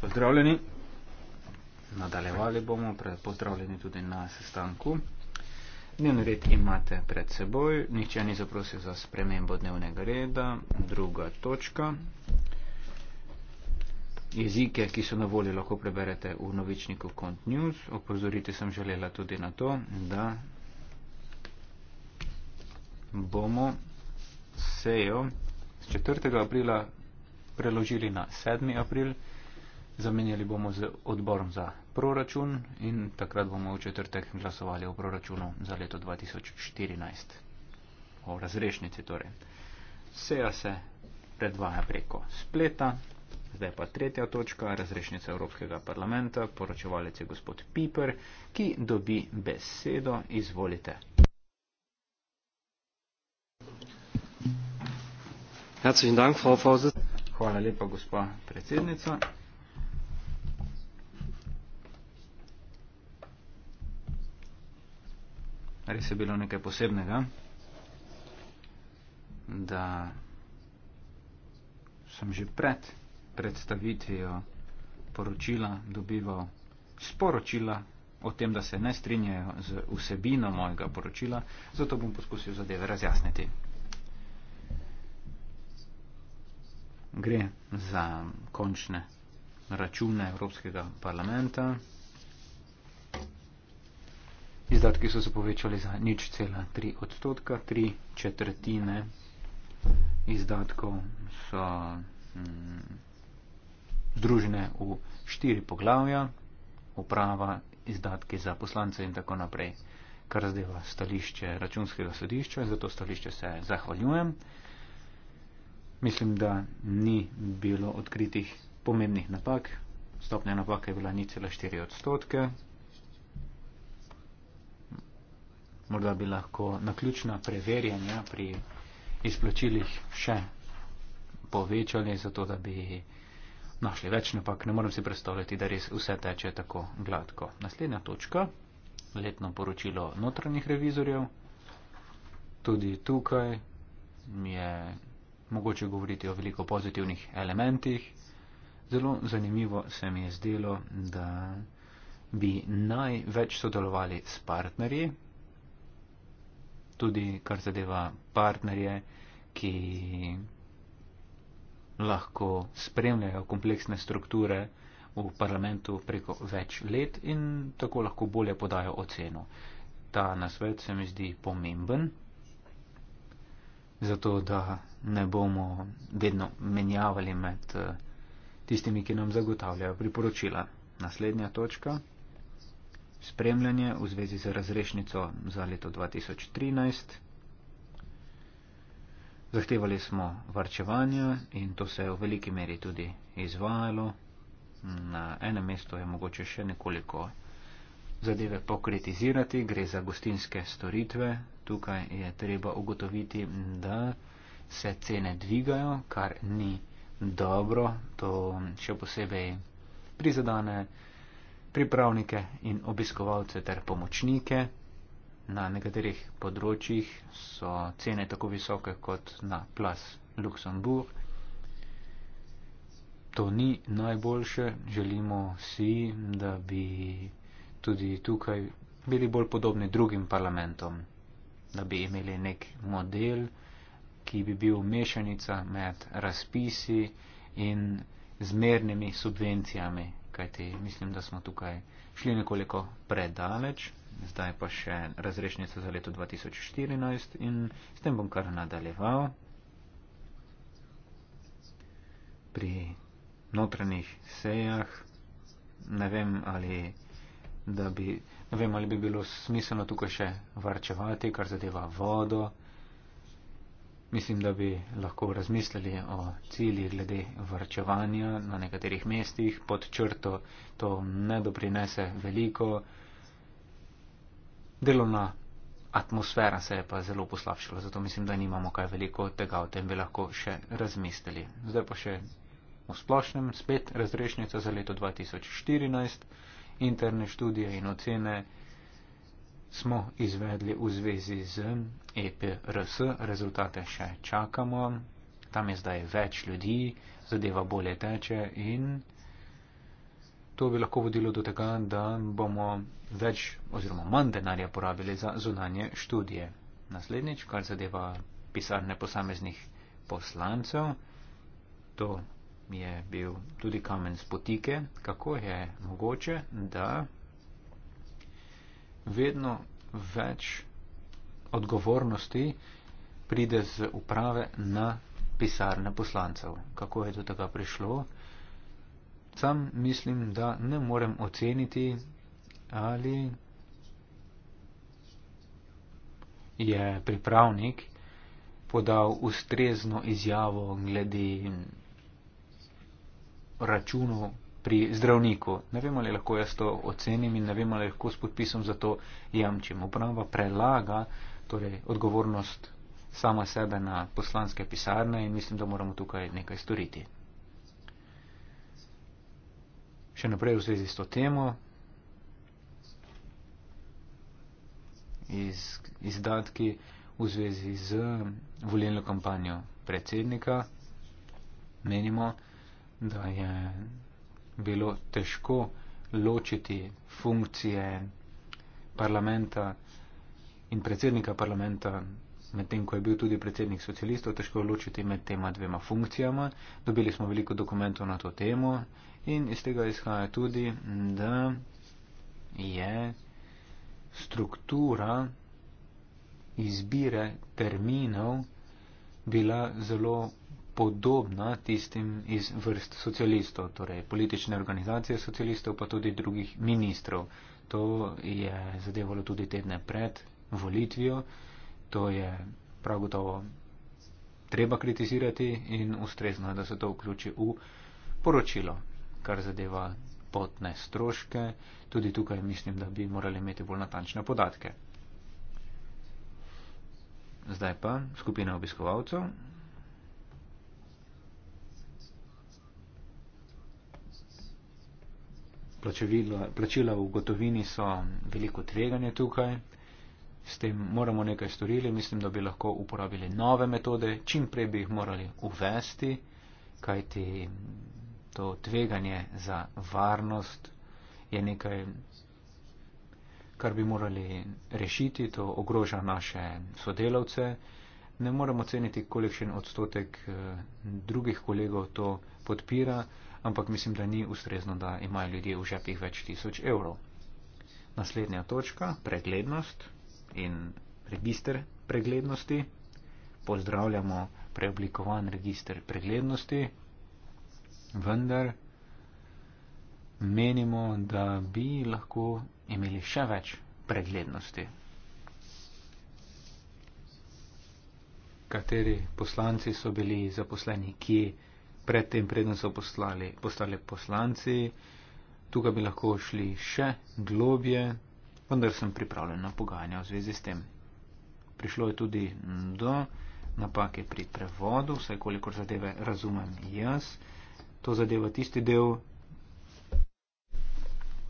Pozdravljeni. Nadaljevali bomo, pozdravljeni tudi na sestanku. Dnevni red imate pred seboj. Nihče ni zaprosil za spremembo dnevnega reda. Druga točka. Jezike, ki so na voljo, lahko preberete v novičniku Cont News. Opozoriti sem želela tudi na to, da bomo sejo z 4. aprila preložili na 7. april. Zamenjali bomo z odborom za proračun in takrat bomo v četrtek glasovali o proračunu za leto 2014. O razrešnici torej. Seja se predvaja preko spleta. Zdaj pa tretja točka, razrešnica Evropskega parlamenta, poročevalec je gospod Piper, ki dobi besedo. Izvolite. Hvala lepa, gospa predsednica. Res je bilo nekaj posebnega, da sem že pred predstavitvijo poročila dobival sporočila o tem, da se ne strinjajo z vsebino mojega poročila, zato bom poskusil zadeve razjasniti. gre za končne račune Evropskega parlamenta. Izdatki so se povečali za nič cela tri odstotka, tri četrtine izdatkov so mm, združene v štiri poglavja, uprava, izdatki za poslance in tako naprej, kar zdeva stališče računskega sodišča in zato stališče se zahvaljujem. Mislim, da ni bilo odkritih pomembnih napak. Stopnja napake je bila 0,4 odstotke. Morda bi lahko naključna preverjanja pri izplačilih še povečali, zato da bi našli več napak. Ne morem si predstavljati, da res vse teče tako gladko. Naslednja točka, letno poročilo notranjih revizorjev. Tudi tukaj je mogoče govoriti o veliko pozitivnih elementih. Zelo zanimivo se mi je zdelo, da bi največ sodelovali s partnerji, tudi kar zadeva partnerje, ki lahko spremljajo kompleksne strukture v parlamentu preko več let in tako lahko bolje podajo oceno. Ta nasvet se mi zdi pomemben zato da ne bomo vedno menjavali med eh, tistimi, ki nam zagotavljajo priporočila. Naslednja točka. Spremljanje v zvezi z razrešnico za leto 2013. Zahtevali smo varčevanje in to se je v veliki meri tudi izvajalo. Na enem mestu je mogoče še nekoliko zadeve pokritizirati, gre za gostinske storitve, tukaj je treba ugotoviti, da se cene dvigajo, kar ni dobro, to še posebej prizadane pripravnike in obiskovalce ter pomočnike. Na nekaterih področjih so cene tako visoke kot na Plas Luksemburg. To ni najboljše, želimo si, da bi tudi tukaj bili bolj podobni drugim parlamentom da bi imeli nek model, ki bi bil mešanica med razpisi in zmernimi subvencijami, kajti mislim, da smo tukaj šli nekoliko predaleč, zdaj pa še razrešnica za leto 2014 in s tem bom kar nadaljeval pri notranjih sejah. Ne vem, ali da bi, ne vem, ali bi bilo smiselno tukaj še varčevati, kar zadeva vodo. Mislim, da bi lahko razmislili o ciljih glede varčevanja na nekaterih mestih. Pod črto to ne doprinese veliko. Delovna atmosfera se je pa zelo poslabšala, zato mislim, da nimamo kaj veliko tega, o tem bi lahko še razmislili. Zdaj pa še v splošnem spet razrešnica za leto 2014 interne študije in ocene smo izvedli v zvezi z EPRS. Rezultate še čakamo. Tam je zdaj več ljudi, zadeva bolje teče in to bi lahko vodilo do tega, da bomo več oziroma manj denarja porabili za zunanje študije. Naslednjič, kar zadeva pisarne posameznih poslancev, to je bil tudi kamen spotike, kako je mogoče, da vedno več odgovornosti pride z uprave na pisarne poslancev. Kako je do tega prišlo? Sam mislim, da ne morem oceniti, ali je pripravnik podal ustrezno izjavo glede računu pri zdravniku. Ne vemo, ali lahko jaz to ocenim in ne vemo, ali lahko s podpisom za to jamčim. Uprava prelaga torej, odgovornost sama sebe na poslanske pisarne in mislim, da moramo tukaj nekaj storiti. Še naprej v zvezi s to temo. Iz, izdatki v zvezi z volilno kampanjo predsednika menimo, da je bilo težko ločiti funkcije parlamenta in predsednika parlamenta, medtem ko je bil tudi predsednik socialistov, težko ločiti med tema dvema funkcijama. Dobili smo veliko dokumentov na to temo in iz tega izhaja tudi, da je struktura izbire terminov bila zelo podobna tistim iz vrst socialistov, torej politične organizacije socialistov, pa tudi drugih ministrov. To je zadevalo tudi tedne pred volitvijo, to je prav gotovo treba kritizirati in ustrezno je, da se to vključi v poročilo, kar zadeva potne stroške. Tudi tukaj mislim, da bi morali imeti bolj natančne podatke. Zdaj pa skupina obiskovalcev. plačila v gotovini so veliko tveganje tukaj. S tem moramo nekaj storili. Mislim, da bi lahko uporabili nove metode. Čim prej bi jih morali uvesti, kajti to tveganje za varnost je nekaj, kar bi morali rešiti. To ogroža naše sodelavce. Ne moremo ceniti, kolikšen odstotek eh, drugih kolegov to podpira ampak mislim, da ni ustrezno, da imajo ljudje v žepih več tisoč evrov. Naslednja točka, preglednost in register preglednosti. Pozdravljamo preoblikovan register preglednosti, vendar menimo, da bi lahko imeli še več preglednosti. Kateri poslanci so bili zaposleni, kje predtem, preden so poslali, postali poslanci, tukaj bi lahko šli še globje, vendar sem pripravljen na pogajanja v zvezi s tem. Prišlo je tudi do napake pri prevodu, vsaj kolikor zadeve razumem jaz. To zadeva tisti del,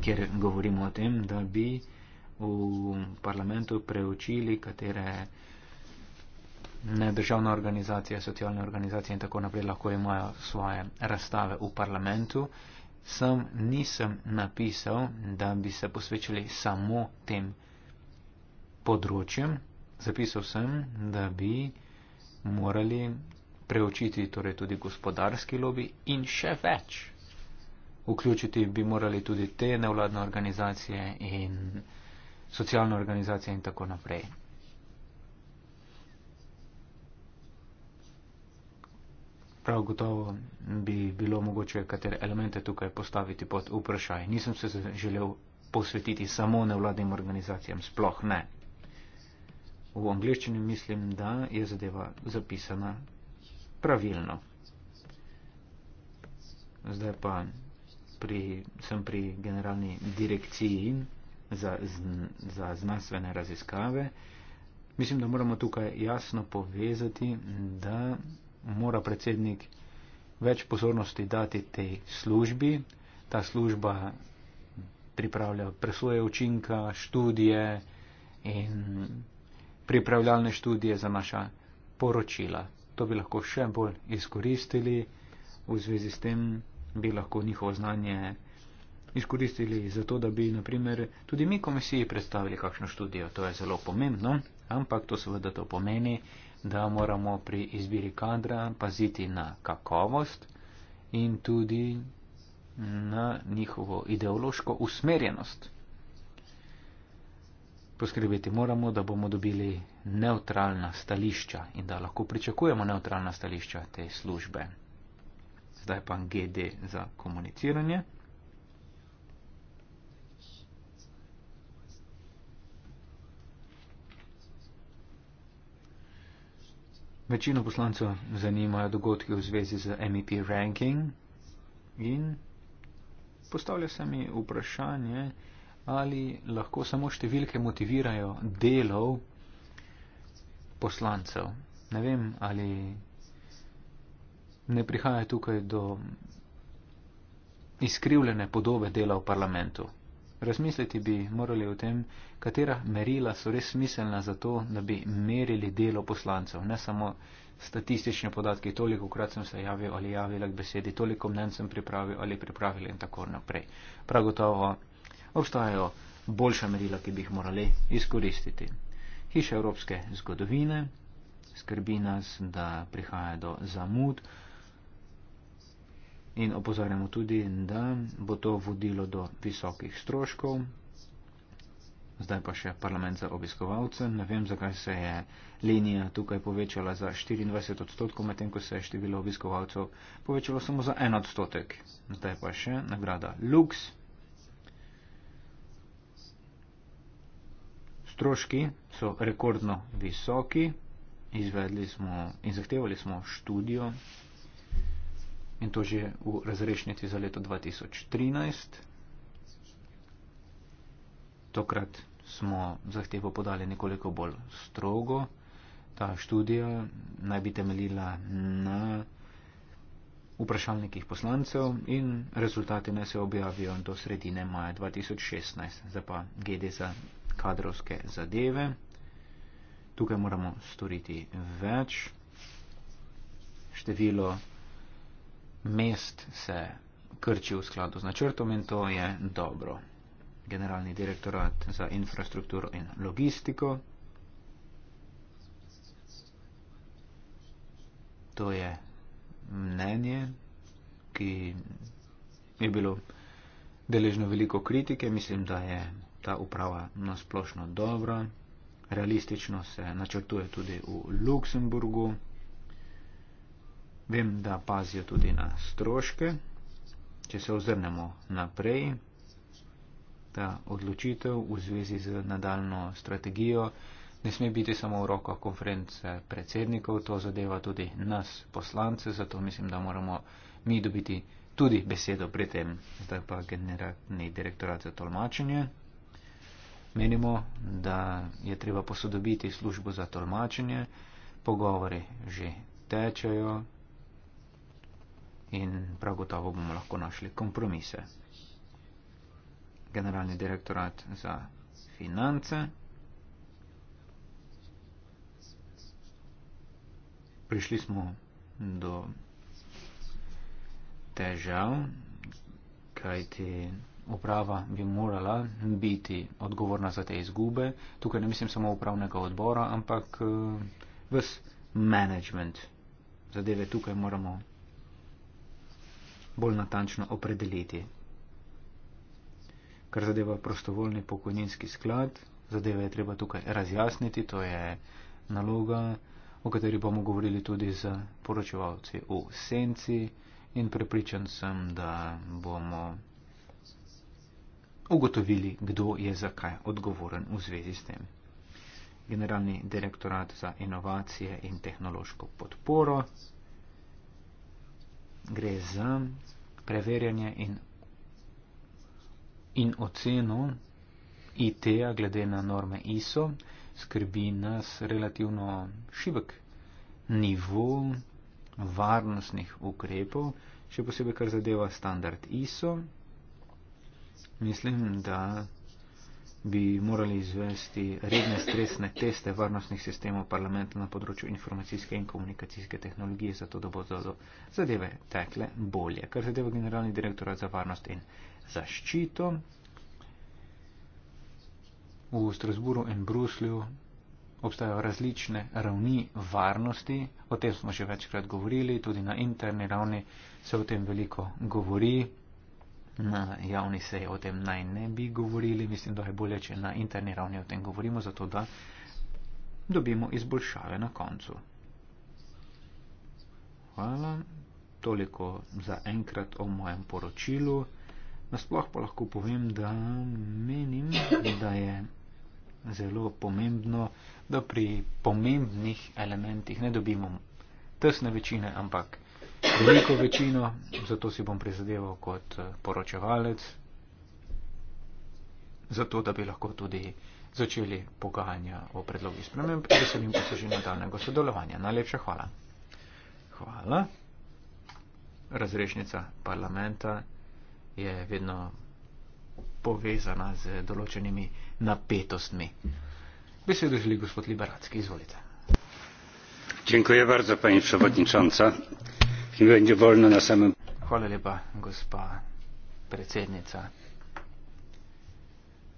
kjer govorimo o tem, da bi v parlamentu preučili, katere ne državne organizacije, socialne organizacije in tako naprej lahko imajo svoje razstave v parlamentu. Sam nisem napisal, da bi se posvečali samo tem področjem. Zapisal sem, da bi morali preučiti torej tudi gospodarski lobi in še več. Vključiti bi morali tudi te nevladne organizacije in socialne organizacije in tako naprej. prav gotovo bi bilo mogoče katere elemente tukaj postaviti pod vprašaj. Nisem se želel posvetiti samo nevladnim organizacijam, sploh ne. V angliščini mislim, da je zadeva zapisana pravilno. Zdaj pa pri, sem pri generalni direkciji za, za znanstvene raziskave. Mislim, da moramo tukaj jasno povezati, da mora predsednik več pozornosti dati tej službi. Ta služba pripravlja presoje učinka, študije in pripravljalne študije za naša poročila. To bi lahko še bolj izkoristili, v zvezi s tem bi lahko njihovo znanje izkoristili za to, da bi naprimer tudi mi komisiji predstavili kakšno študijo. To je zelo pomembno, ampak to seveda to pomeni, da moramo pri izbiri kadra paziti na kakovost in tudi na njihovo ideološko usmerjenost. Poskrbeti moramo, da bomo dobili neutralna stališča in da lahko pričakujemo neutralna stališča te službe. Zdaj pa GD za komuniciranje. Večino poslancev zanimajo dogodki v zvezi z MEP ranking in postavlja se mi vprašanje, ali lahko samo številke motivirajo delov poslancev. Ne vem, ali ne prihaja tukaj do izkrivljene podobe dela v parlamentu. Razmisliti bi morali o tem, katera merila so res smiselna za to, da bi merili delo poslancev, ne samo statistične podatke, toliko krat sem se javil ali javila k besedi, toliko mnen sem pripravil ali pripravil in tako naprej. Prav gotovo obstajajo boljša merila, ki bi jih morali izkoristiti. Hiša evropske zgodovine skrbi nas, da prihaja do zamud. In opozarjamo tudi, da bo to vodilo do visokih stroškov. Zdaj pa še parlament za obiskovalce. Ne vem, zakaj se je linija tukaj povečala za 24 odstotkov, medtem ko se je število obiskovalcev povečalo samo za en odstotek. Zdaj pa še nagrada Lux. Stroški so rekordno visoki. Izvedli smo in zahtevali smo študijo in to že v razrešnici za leto 2013. Tokrat smo zahtevo podali nekoliko bolj strogo. Ta študija naj bi temeljila na vprašalnikih poslancev in rezultati naj se objavijo do sredine maja 2016. Zdaj pa GD za kadrovske zadeve. Tukaj moramo storiti več. Število mest se krči v skladu z načrtom in to je dobro. Generalni direktorat za infrastrukturo in logistiko. To je mnenje, ki je bilo deležno veliko kritike. Mislim, da je ta uprava nasplošno dobra. Realistično se načrtuje tudi v Luksemburgu. Vem, da pazijo tudi na stroške. Če se ozrnemo naprej, ta odločitev v zvezi z nadaljno strategijo ne sme biti samo v rokah konference predsednikov, to zadeva tudi nas poslance, zato mislim, da moramo mi dobiti tudi besedo pri tem. Zdaj pa generalni direktorat za tolmačenje. Menimo, da je treba posodobiti službo za tolmačenje, pogovori že tečejo, in prav gotovo bomo lahko našli kompromise. Generalni direktorat za finance. Prišli smo do težav, kajti uprava bi morala biti odgovorna za te izgube. Tukaj ne mislim samo upravnega odbora, ampak uh, eh, vse management. Zadeve tukaj moramo bolj natančno opredeliti. Kar zadeva prostovoljni pokojninski sklad, zadeve je treba tukaj razjasniti, to je naloga, o kateri bomo govorili tudi z poročevalci v senci in prepričan sem, da bomo ugotovili, kdo je zakaj odgovoren v zvezi s tem. Generalni direktorat za inovacije in tehnološko podporo gre za preverjanje in, in oceno IT-ja glede na norme ISO, skrbi nas relativno šibek nivo varnostnih ukrepov, še posebej kar zadeva standard ISO. Mislim, da bi morali izvesti redne stresne teste varnostnih sistemov parlamenta na področju informacijske in komunikacijske tehnologije, zato da bodo zadeve tekle bolje. Kar zadeva generalni direktor za varnost in zaščito, v Strasburu in Bruslju obstajajo različne ravni varnosti, o tem smo že večkrat govorili, tudi na interni ravni se o tem veliko govori na javni seji o tem naj ne bi govorili. Mislim, da je bolje, če na interni ravni o tem govorimo, zato da dobimo izboljšave na koncu. Hvala. Toliko za enkrat o mojem poročilu. Nasploh pa lahko povem, da menim, da je zelo pomembno, da pri pomembnih elementih ne dobimo tesne večine, ampak veliko večino, zato si bom prizadeval kot eh, poročevalec, zato da bi lahko tudi začeli pogajanja o predlogi sprememb. Veselim pa se že nadaljnega sodelovanja. Najlepša hvala. Hvala. Razrešnica parlamenta je vedno povezana z določenimi napetostmi. Besedo želi gospod Liberacki. Izvolite. Dziękuję bardzo, pani przewodnicząca in vendar voljno na samem. Hvala lepa, gospa predsednica.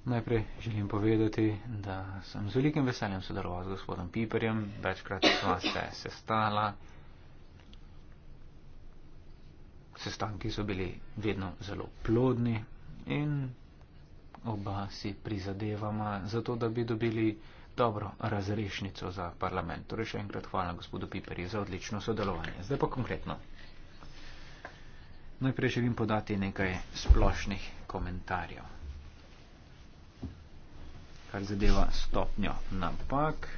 Najprej želim povedati, da sem z velikim veseljem sodeloval z gospodom Piperjem, večkrat sva se sestala. Sestanki so bili vedno zelo plodni in oba si prizadevama za to, da bi dobili dobro razrešnico za parlament. Torej še enkrat hvala gospodu Piperi za odlično sodelovanje. Zdaj pa konkretno. Najprej želim podati nekaj splošnih komentarjev. Kar zadeva stopnjo napak,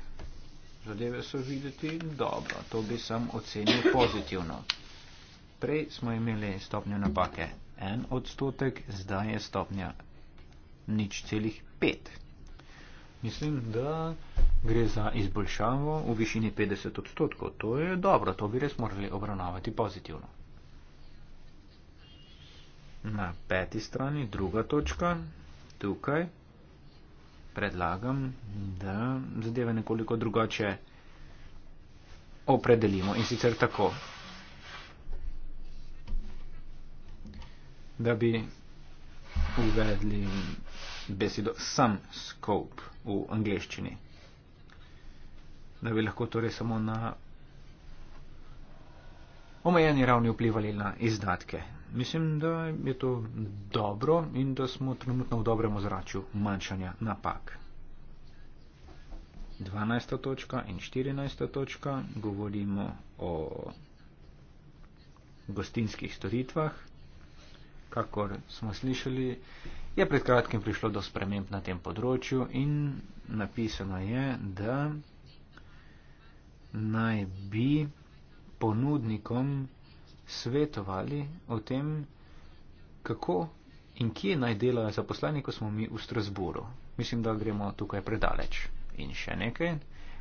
zadeve so videti dobro. To bi sam ocenil pozitivno. Prej smo imeli stopnjo napake en odstotek, zdaj je stopnja nič celih pet. Mislim, da gre za izboljšavo v višini 50 odstotkov. To je dobro, to bi res morali obravnavati pozitivno. Na peti strani, druga točka, tukaj predlagam, da zadeve nekoliko drugače opredelimo in sicer tako, da bi uvedli besedo some scope v angleščini. Da bi lahko torej samo na omejeni ravni vplivali na izdatke. Mislim, da je to dobro in da smo trenutno v dobrem ozračju manjšanja napak. 12. točka in 14. točka govorimo o gostinskih storitvah kakor smo slišali, je pred kratkim prišlo do sprememb na tem področju in napisano je, da naj bi ponudnikom svetovali o tem, kako in kje naj delajo zaposleni, ko smo mi v Strasburu. Mislim, da gremo tukaj predaleč. In še nekaj,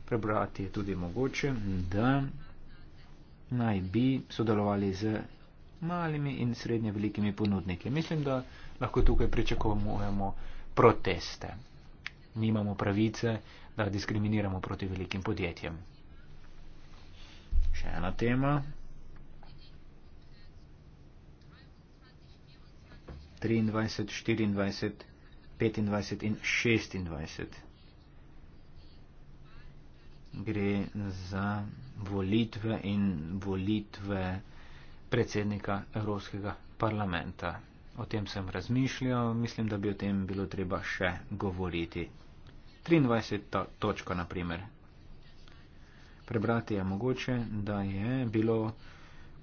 prebrati je tudi mogoče, da naj bi sodelovali z malimi in srednje velikimi ponudniki. Mislim, da lahko tukaj pričakujemo proteste. Nimamo pravice, da diskriminiramo proti velikim podjetjem. Še ena tema. 23, 24, 25 in 26. Gre za volitve in volitve predsednika Evropskega parlamenta. O tem sem razmišljal, mislim, da bi o tem bilo treba še govoriti. 23. To, točka, naprimer. Prebrati je mogoče, da je bilo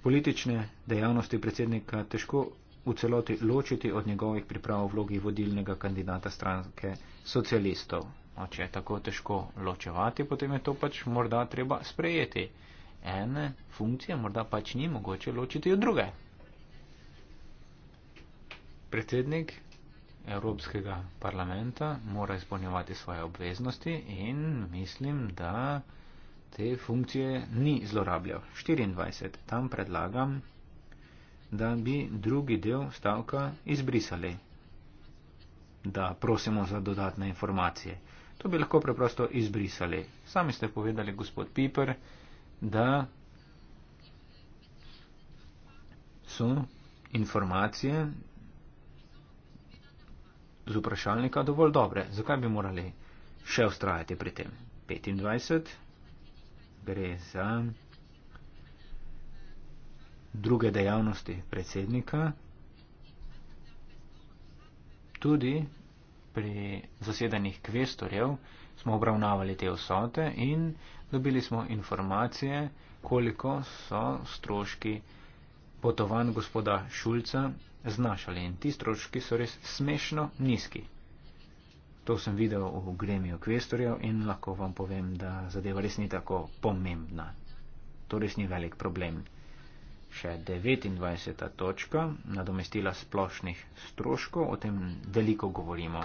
politične dejavnosti predsednika težko v celoti ločiti od njegovih priprav v vlogi vodilnega kandidata stranke socialistov. O, če je tako težko ločevati, potem je to pač morda treba sprejeti ene funkcije, morda pač ni mogoče ločiti od druge. Predsednik Evropskega parlamenta mora izpolnjevati svoje obveznosti in mislim, da te funkcije ni zlorabljal. 24. Tam predlagam, da bi drugi del stavka izbrisali, da prosimo za dodatne informacije. To bi lahko preprosto izbrisali. Sami ste povedali, gospod Piper, da so informacije z vprašalnika dovolj dobre. Zakaj bi morali še ustrajati pri tem? 25 gre za druge dejavnosti predsednika, tudi pri zasedanih kvestorjev smo obravnavali te vsote in dobili smo informacije, koliko so stroški potovanj gospoda Šulca znašali. In ti stroški so res smešno nizki. To sem videl v gremiju kvestorjev in lahko vam povem, da zadeva res ni tako pomembna. To res ni velik problem. Še 29. točka, nadomestila splošnih stroškov, o tem veliko govorimo.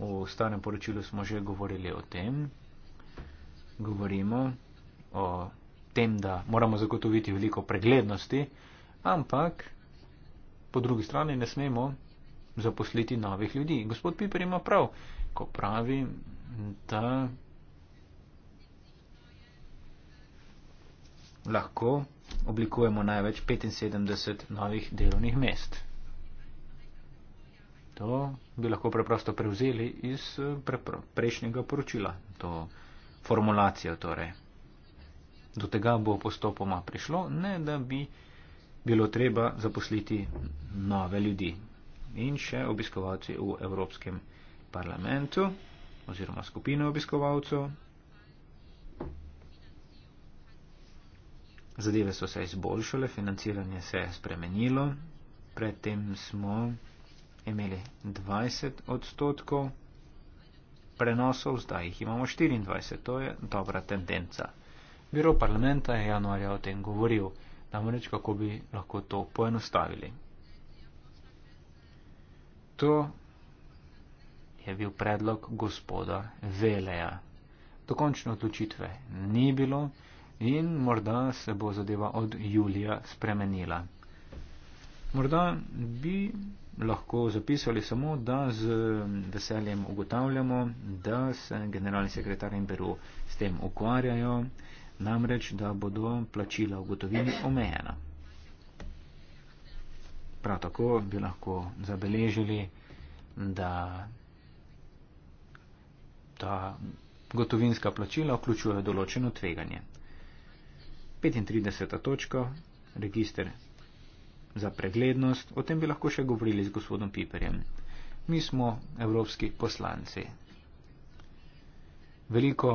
V starem poročilu smo že govorili o tem, govorimo o tem, da moramo zagotoviti veliko preglednosti, ampak po drugi strani ne smemo zaposliti novih ljudi. Gospod Piper ima prav, ko pravi, da lahko oblikujemo največ 75 novih delovnih mest. To bi lahko preprosto prevzeli iz prejšnjega poročila. To formulacijo. Torej. Do tega bo postopoma prišlo, ne da bi bilo treba zaposliti nove ljudi in še obiskovalci v Evropskem parlamentu oziroma skupine obiskovalcev. Zadeve so se izboljšale, financiranje se je spremenilo. Predtem smo imeli 20 odstotkov prenosov, zdaj jih imamo 24, to je dobra tendenca. Biro parlamenta je januarja o tem govoril, namreč kako bi lahko to poenostavili. To je bil predlog gospoda Veleja. Dokončne odločitve ni bilo in morda se bo zadeva od julija spremenila. Morda bi lahko zapisali samo, da z veseljem ugotavljamo, da se generalni sekretar in Peru s tem ukvarjajo, namreč, da bodo plačila v gotovini omejena. Prav tako bi lahko zabeležili, da ta gotovinska plačila vključujejo določeno tveganje. 35. točka. Register za preglednost, o tem bi lahko še govorili z gospodom Piperjem. Mi smo evropski poslanci. Veliko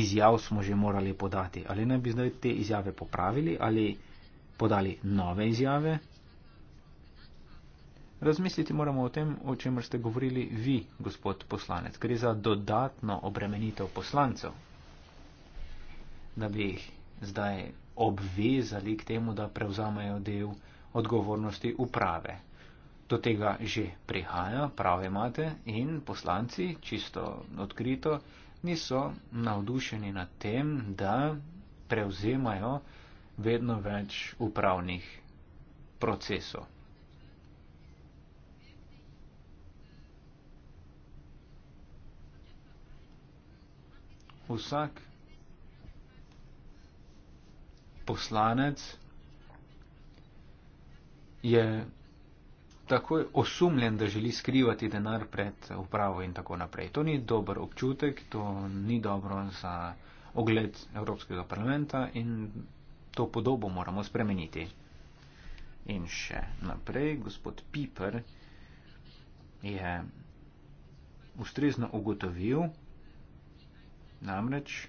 izjav smo že morali podati. Ali naj bi zdaj te izjave popravili ali podali nove izjave? Razmisliti moramo o tem, o čemer ste govorili vi, gospod poslanec. Gre za dodatno obremenitev poslancev, da bi jih zdaj obvezali k temu, da prevzamejo del odgovornosti uprave. Do tega že prihaja, prav imate, in poslanci, čisto odkrito, niso navdušeni nad tem, da prevzemajo vedno več upravnih procesov. Vsak poslanec je takoj osumljen, da želi skrivati denar pred upravo in tako naprej. To ni dober občutek, to ni dobro za ogled Evropskega parlamenta in to podobo moramo spremeniti. In še naprej, gospod Piper je ustrezno ugotovil, namreč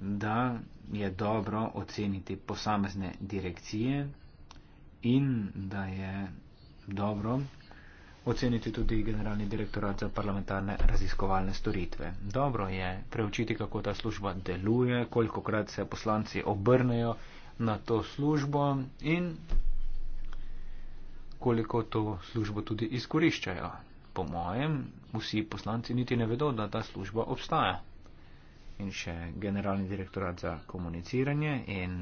da je dobro oceniti posamezne direkcije in da je dobro oceniti tudi generalni direktorat za parlamentarne raziskovalne storitve. Dobro je preučiti, kako ta služba deluje, kolikokrat se poslanci obrnejo na to službo in koliko to službo tudi izkoriščajo. Po mojem, vsi poslanci niti ne vedo, da ta služba obstaja in še generalni direktorat za komuniciranje in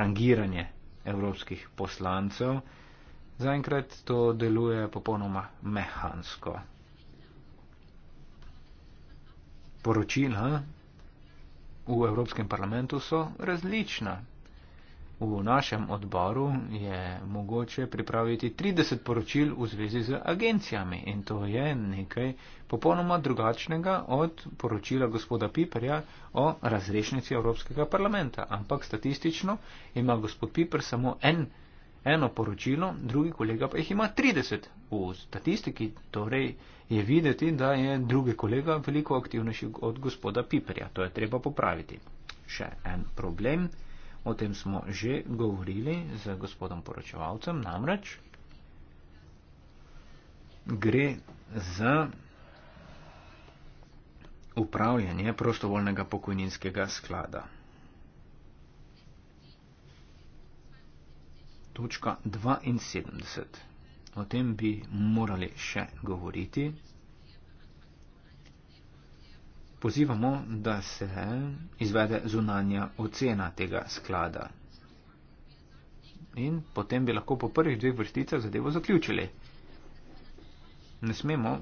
rangiranje evropskih poslancev. Zaenkrat to deluje popolnoma mehansko. Poročila v Evropskem parlamentu so različna. V našem odboru je mogoče pripraviti 30 poročil v zvezi z agencijami in to je nekaj popolnoma drugačnega od poročila gospoda Piperja o razrešnici Evropskega parlamenta. Ampak statistično ima gospod Piper samo en, eno poročilo, drugi kolega pa jih ima 30 v statistiki. Torej je videti, da je drugi kolega veliko aktivnejši od gospoda Piperja. To je treba popraviti. Še en problem. O tem smo že govorili z gospodom poročevalcem, namreč gre za upravljanje prostovoljnega pokojninskega sklada. Točka 72. O tem bi morali še govoriti pozivamo, da se izvede zunanja ocena tega sklada. In potem bi lahko po prvih dveh vrsticah zadevo zaključili. Ne smemo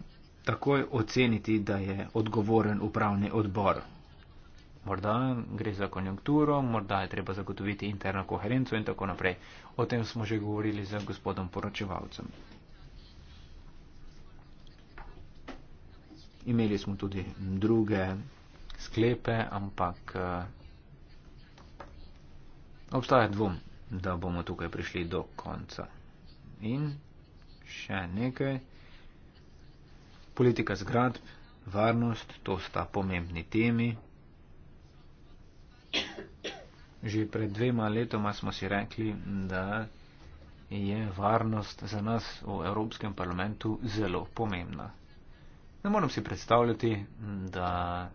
takoj oceniti, da je odgovoren upravni odbor. Morda gre za konjunkturo, morda je treba zagotoviti interno koherenco in tako naprej. O tem smo že govorili z gospodom poročevalcem. Imeli smo tudi druge sklepe, ampak eh, obstaja dvom, da bomo tukaj prišli do konca. In še nekaj. Politika zgradb, varnost, to sta pomembni temi. Že pred dvema letoma smo si rekli, da je varnost za nas v Evropskem parlamentu zelo pomembna ne morem si predstavljati, da.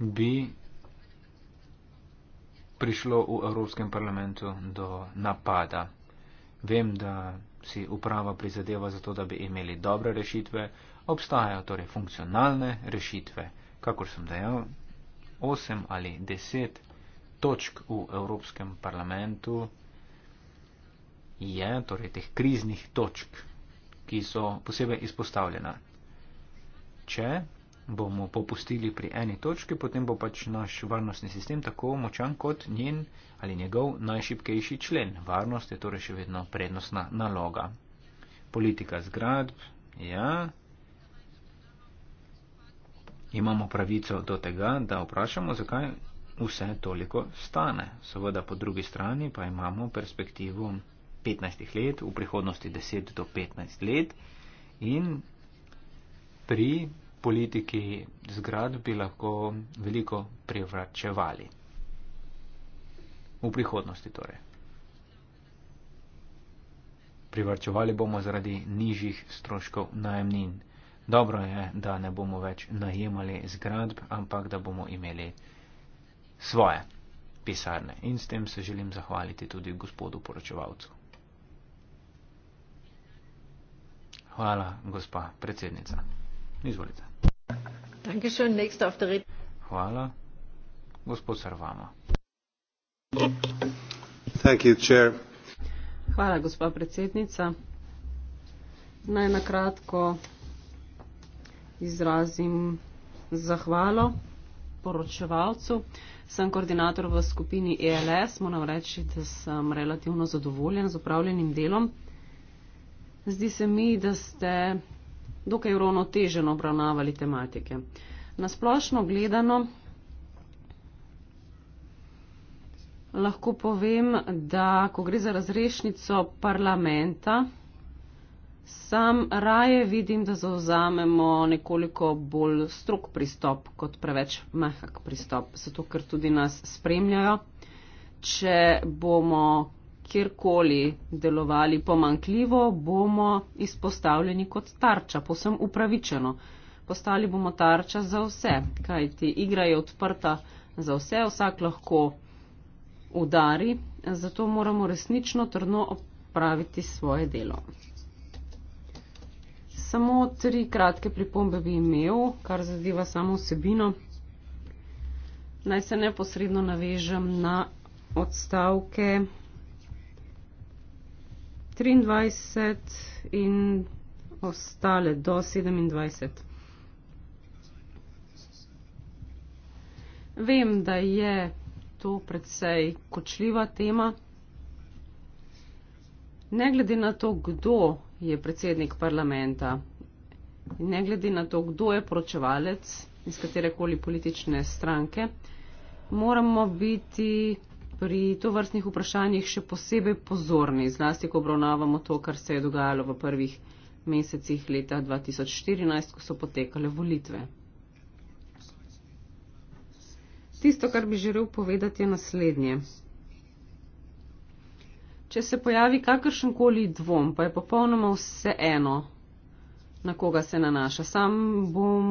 bi prišlo v Evropskem parlamentu do napada. Vem, da si uprava prizadeva za to, da bi imeli dobre rešitve. Obstajajo torej funkcionalne rešitve, kakor sem dejal, 8 ali 10 točk v Evropskem parlamentu je, torej teh kriznih točk, ki so posebej izpostavljena. Če bomo popustili pri eni točki, potem bo pač naš varnostni sistem tako močan kot njen ali njegov najšipkejši člen. Varnost je torej še vedno prednostna naloga. Politika zgradb, ja. Imamo pravico do tega, da vprašamo, zakaj vse toliko stane. Seveda po drugi strani pa imamo perspektivo 15 let, v prihodnosti 10 do 15 let in pri politiki zgrad bi lahko veliko privračevali. V prihodnosti torej. Privarčevali bomo zaradi nižjih stroškov najemnin. Dobro je, da ne bomo več najemali zgradb, ampak da bomo imeli svoje pisarne. In s tem se želim zahvaliti tudi gospodu poročevalcu. Hvala, gospa predsednica. Izvolite. Dankeschön, next auf der Hvala, gospod Sarvama. Thank you, chair. Hvala, gospa predsednica. Naj nakratko izrazim zahvalo poročevalcu. Sem koordinator v skupini ELS. Moram reči, da sem relativno zadovoljen z upravljenim delom. Zdi se mi, da ste dokaj uravnoteženo obravnavali tematike. Nasplošno gledano lahko povem, da ko gre za razrešnico parlamenta, sam raje vidim, da zauzamemo nekoliko bolj strok pristop kot preveč mehak pristop, zato ker tudi nas spremljajo. Če bomo kjerkoli delovali pomankljivo, bomo izpostavljeni kot tarča, posem upravičeno. Postali bomo tarča za vse, kajti igra je odprta za vse, vsak lahko udari, zato moramo resnično trdno opraviti svoje delo. Samo tri kratke pripombe bi imel, kar zadeva samo vsebino. Naj se neposredno navežem na odstavke 23 in ostale do 27. Vem, da je to predvsej kočljiva tema. Ne glede na to, kdo je predsednik parlamenta, ne glede na to, kdo je poročevalec iz katerekoli politične stranke, moramo biti pri to vrstnih vprašanjih še posebej pozorni, zlasti, ko obravnavamo to, kar se je dogajalo v prvih mesecih leta 2014, ko so potekale volitve. Tisto, kar bi želel povedati, je naslednje. Če se pojavi kakršenkoli dvom, pa je popolnoma vse eno, na koga se nanaša. Sam bom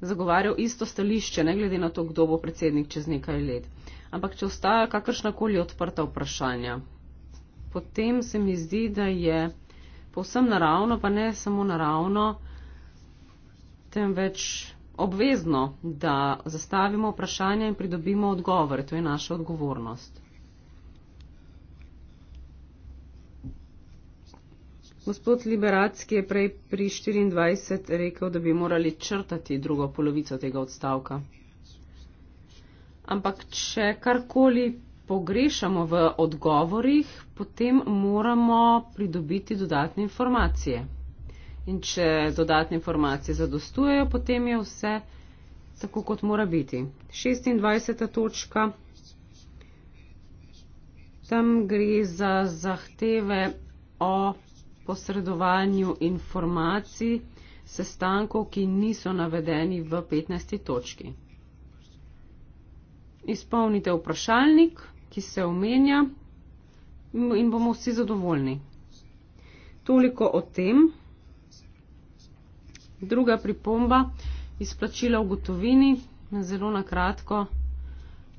zagovarjal isto stališče, ne glede na to, kdo bo predsednik čez nekaj let. Ampak če ostaja kakršnakoli odprta vprašanja, potem se mi zdi, da je povsem naravno, pa ne samo naravno, temveč obvezno, da zastavimo vprašanja in pridobimo odgovore. To je naša odgovornost. Gospod Liberacki je prej pri 24 rekel, da bi morali črtati drugo polovico tega odstavka. Ampak, če karkoli pogrešamo v odgovorih, potem moramo pridobiti dodatne informacije. In če dodatne informacije zadostujejo, potem je vse tako, kot mora biti. 26. točka. Tam gre za zahteve o posredovanju informacij sestankov, ki niso navedeni v 15. točki. Izpolnite vprašalnik, ki se omenja in bomo vsi zadovoljni. Toliko o tem. Druga pripomba, izplačila v gotovini, zelo nakratko,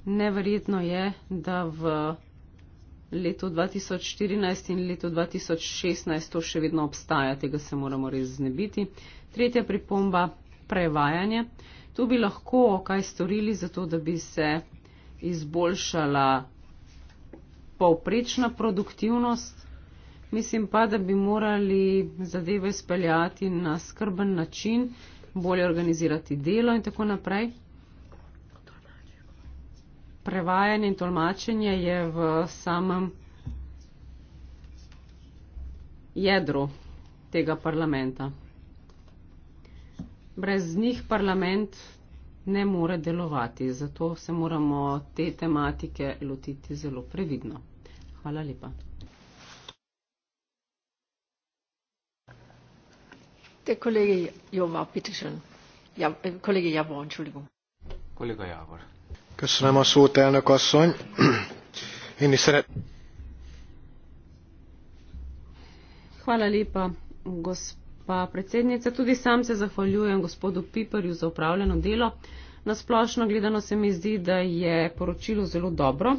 neverjetno je, da v leto 2014 in leto 2016 to še vedno obstaja, tega se moramo res znebiti. Tretja pripomba, prevajanje. Tu bi lahko kaj storili za to, da bi se izboljšala povprečna produktivnost. Mislim pa, da bi morali zadeve speljati na skrben način, bolje organizirati delo in tako naprej prevajanje in tolmačenje je v samem jedru tega parlamenta. Brez njih parlament ne more delovati, zato se moramo te tematike lotiti zelo previdno. Hvala lepa. Te kolegi, jo vabite še. Ja, kolegi Javor, čuligo. Kolega Javor köszönöm a szót elnök asszony én is szeret Hvala lepa, gospa predsednica. Tudi sam se zahvaljujem gospodu Piperju za upravljeno delo. Nasplošno gledano se mi zdi, da je poročilo zelo dobro.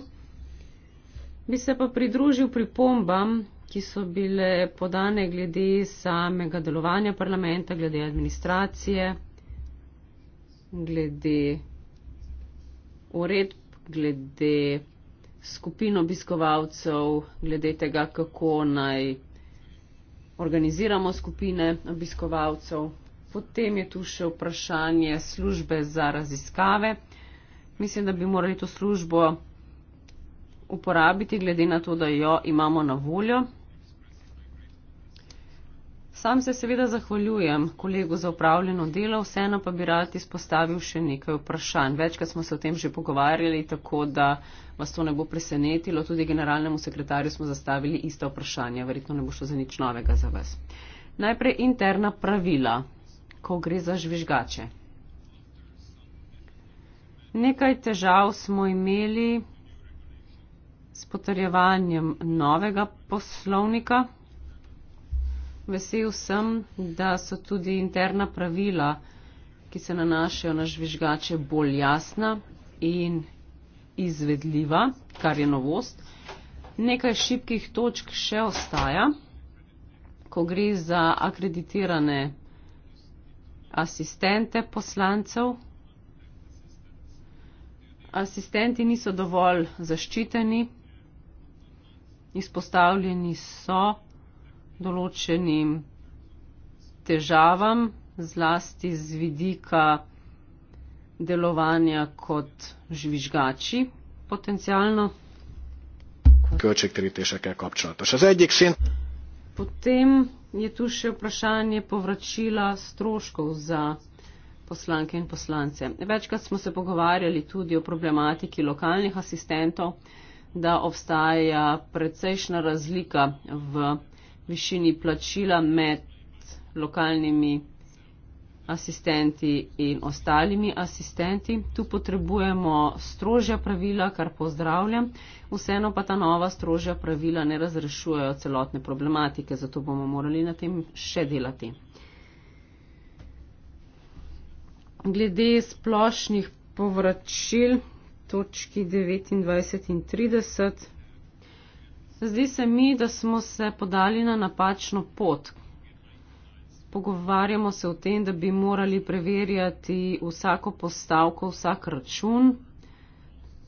Bi se pa pridružil pripombam, ki so bile podane glede samega delovanja parlamenta, glede administracije, glede uredb, glede skupin obiskovalcev, glede tega, kako naj organiziramo skupine obiskovalcev. Potem je tu še vprašanje službe za raziskave. Mislim, da bi morali to službo uporabiti glede na to, da jo imamo na voljo. Sam se seveda zahvaljujem kolegu za upravljeno delo, vseeno pa bi rad izpostavil še nekaj vprašanj. Večkrat smo se o tem že pogovarjali, tako da vas to ne bo presenetilo. Tudi generalnemu sekretarju smo zastavili ista vprašanja, verjetno ne bo šlo za nič novega za vas. Najprej interna pravila, ko gre za žvižgače. Nekaj težav smo imeli s potrjevanjem novega poslovnika vesel sem, da so tudi interna pravila, ki se nanašajo na žvižgače, bolj jasna in izvedljiva, kar je novost. Nekaj šibkih točk še ostaja, ko gre za akreditirane asistente poslancev. Asistenti niso dovolj zaščiteni, izpostavljeni so določenim težavam, zlasti z vidika delovanja kot žvižgači potencialno. Potem je tu še vprašanje povračila stroškov za poslanke in poslance. Večkrat smo se pogovarjali tudi o problematiki lokalnih asistentov, da obstaja precejšna razlika v višini plačila med lokalnimi asistenti in ostalimi asistenti. Tu potrebujemo strožja pravila, kar pozdravljam. Vseeno pa ta nova strožja pravila ne razrešujejo celotne problematike, zato bomo morali na tem še delati. Glede splošnih povračil točki 29 in 30. Zdi se mi, da smo se podali na napačno pot. Pogovarjamo se o tem, da bi morali preverjati vsako postavko, vsak račun.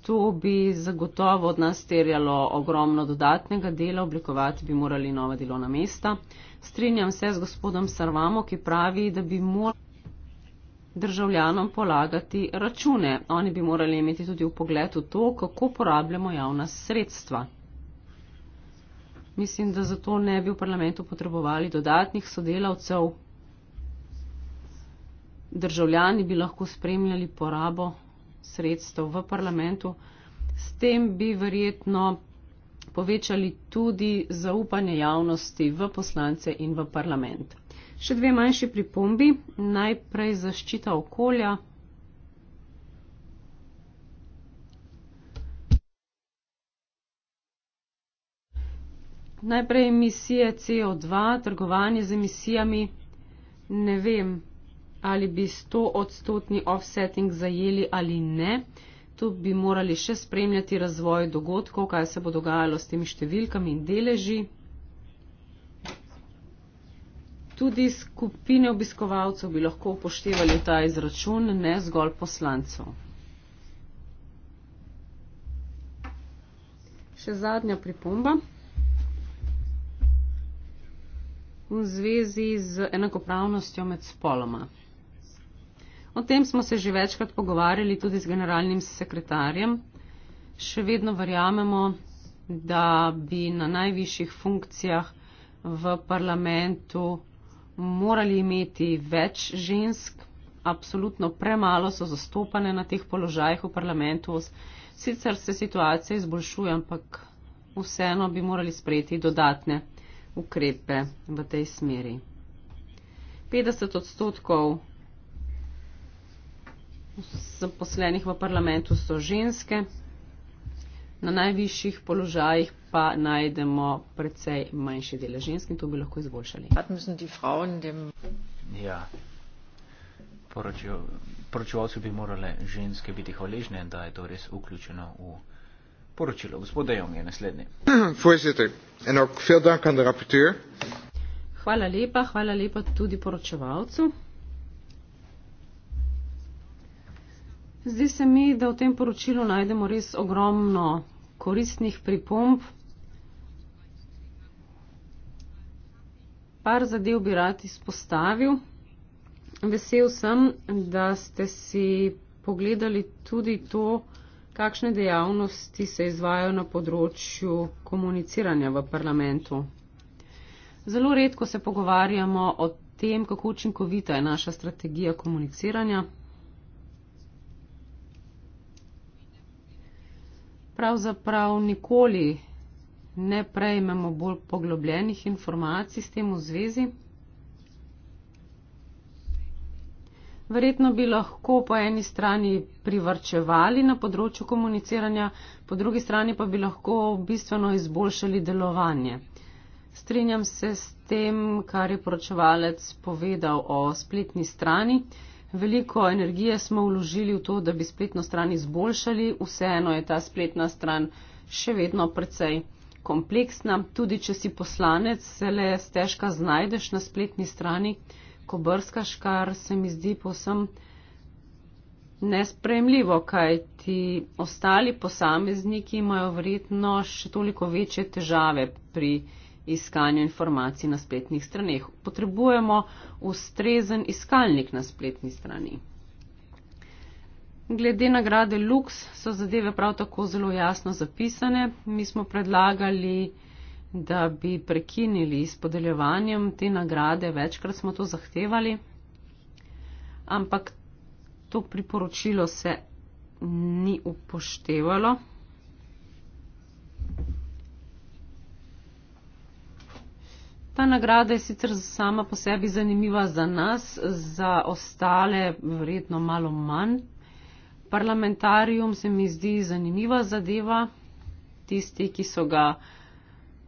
To bi zagotovo od nas terjalo ogromno dodatnega dela, oblikovati bi morali nova delovna mesta. Strinjam se z gospodom Sarvamo, ki pravi, da bi morali državljanom polagati račune. Oni bi morali imeti tudi v pogledu to, kako porabljamo javna sredstva mislim, da zato ne bi v parlamentu potrebovali dodatnih sodelavcev. Državljani bi lahko spremljali porabo sredstev v parlamentu. S tem bi verjetno povečali tudi zaupanje javnosti v poslance in v parlament. Še dve manjši pripombi. Najprej zaščita okolja. najprej emisije CO2, trgovanje z emisijami. Ne vem, ali bi 100 odstotni offsetting zajeli ali ne. Tu bi morali še spremljati razvoj dogodkov, kaj se bo dogajalo s temi številkami in deleži. Tudi skupine obiskovalcev bi lahko upoštevali ta izračun, ne zgolj poslancev. Še zadnja pripomba. v zvezi z enakopravnostjo med spoloma. O tem smo se že večkrat pogovarjali tudi z generalnim sekretarjem. Še vedno verjamemo, da bi na najvišjih funkcijah v parlamentu morali imeti več žensk. Absolutno premalo so zastopane na teh položajih v parlamentu. Sicer se situacija izboljšuje, ampak vseeno bi morali sprejeti dodatne ukrepe v tej smeri. 50 odstotkov poslenih v parlamentu so ženske, na najvišjih položajih pa najdemo precej manjše dele žensk in to bi lahko izboljšali. Ja, poročevalci bi morale ženske biti hvaležne, da je to res vključeno v poročilo. Gospod Dejong je naslednji. Voorzitter, en ook veel dank aan de rapporteur. Hvala lepa, hvala lepa tudi poročevalcu. Zdi se mi, da v tem poročilu najdemo res ogromno koristnih pripomb. Par zadev bi rad izpostavil. Vesel sem, da ste si pogledali tudi to, Kakšne dejavnosti se izvajo na področju komuniciranja v parlamentu? Zelo redko se pogovarjamo o tem, kako učinkovita je naša strategija komuniciranja. Pravzaprav nikoli ne prejmemo bolj poglobljenih informacij s tem v zvezi. Verjetno bi lahko po eni strani privrčevali na področju komuniciranja, po drugi strani pa bi lahko bistveno izboljšali delovanje. Strinjam se s tem, kar je poročevalec povedal o spletni strani. Veliko energije smo vložili v to, da bi spletno stran izboljšali, vseeno je ta spletna stran še vedno precej kompleksna. Tudi, če si poslanec, se le stežka znajdeš na spletni strani ko brskaš, kar se mi zdi posem nespremljivo, kaj ti ostali posamezniki imajo verjetno še toliko večje težave pri iskanju informacij na spletnih straneh. Potrebujemo ustrezen iskalnik na spletni strani. Glede nagrade Lux so zadeve prav tako zelo jasno zapisane. Mi smo predlagali da bi prekinili s podeljevanjem te nagrade, večkrat smo to zahtevali, ampak to priporočilo se ni upoštevalo. Ta nagrada je sicer sama po sebi zanimiva za nas, za ostale verjetno malo manj. Parlamentarium se mi zdi zanimiva zadeva. Tisti, ki so ga uh,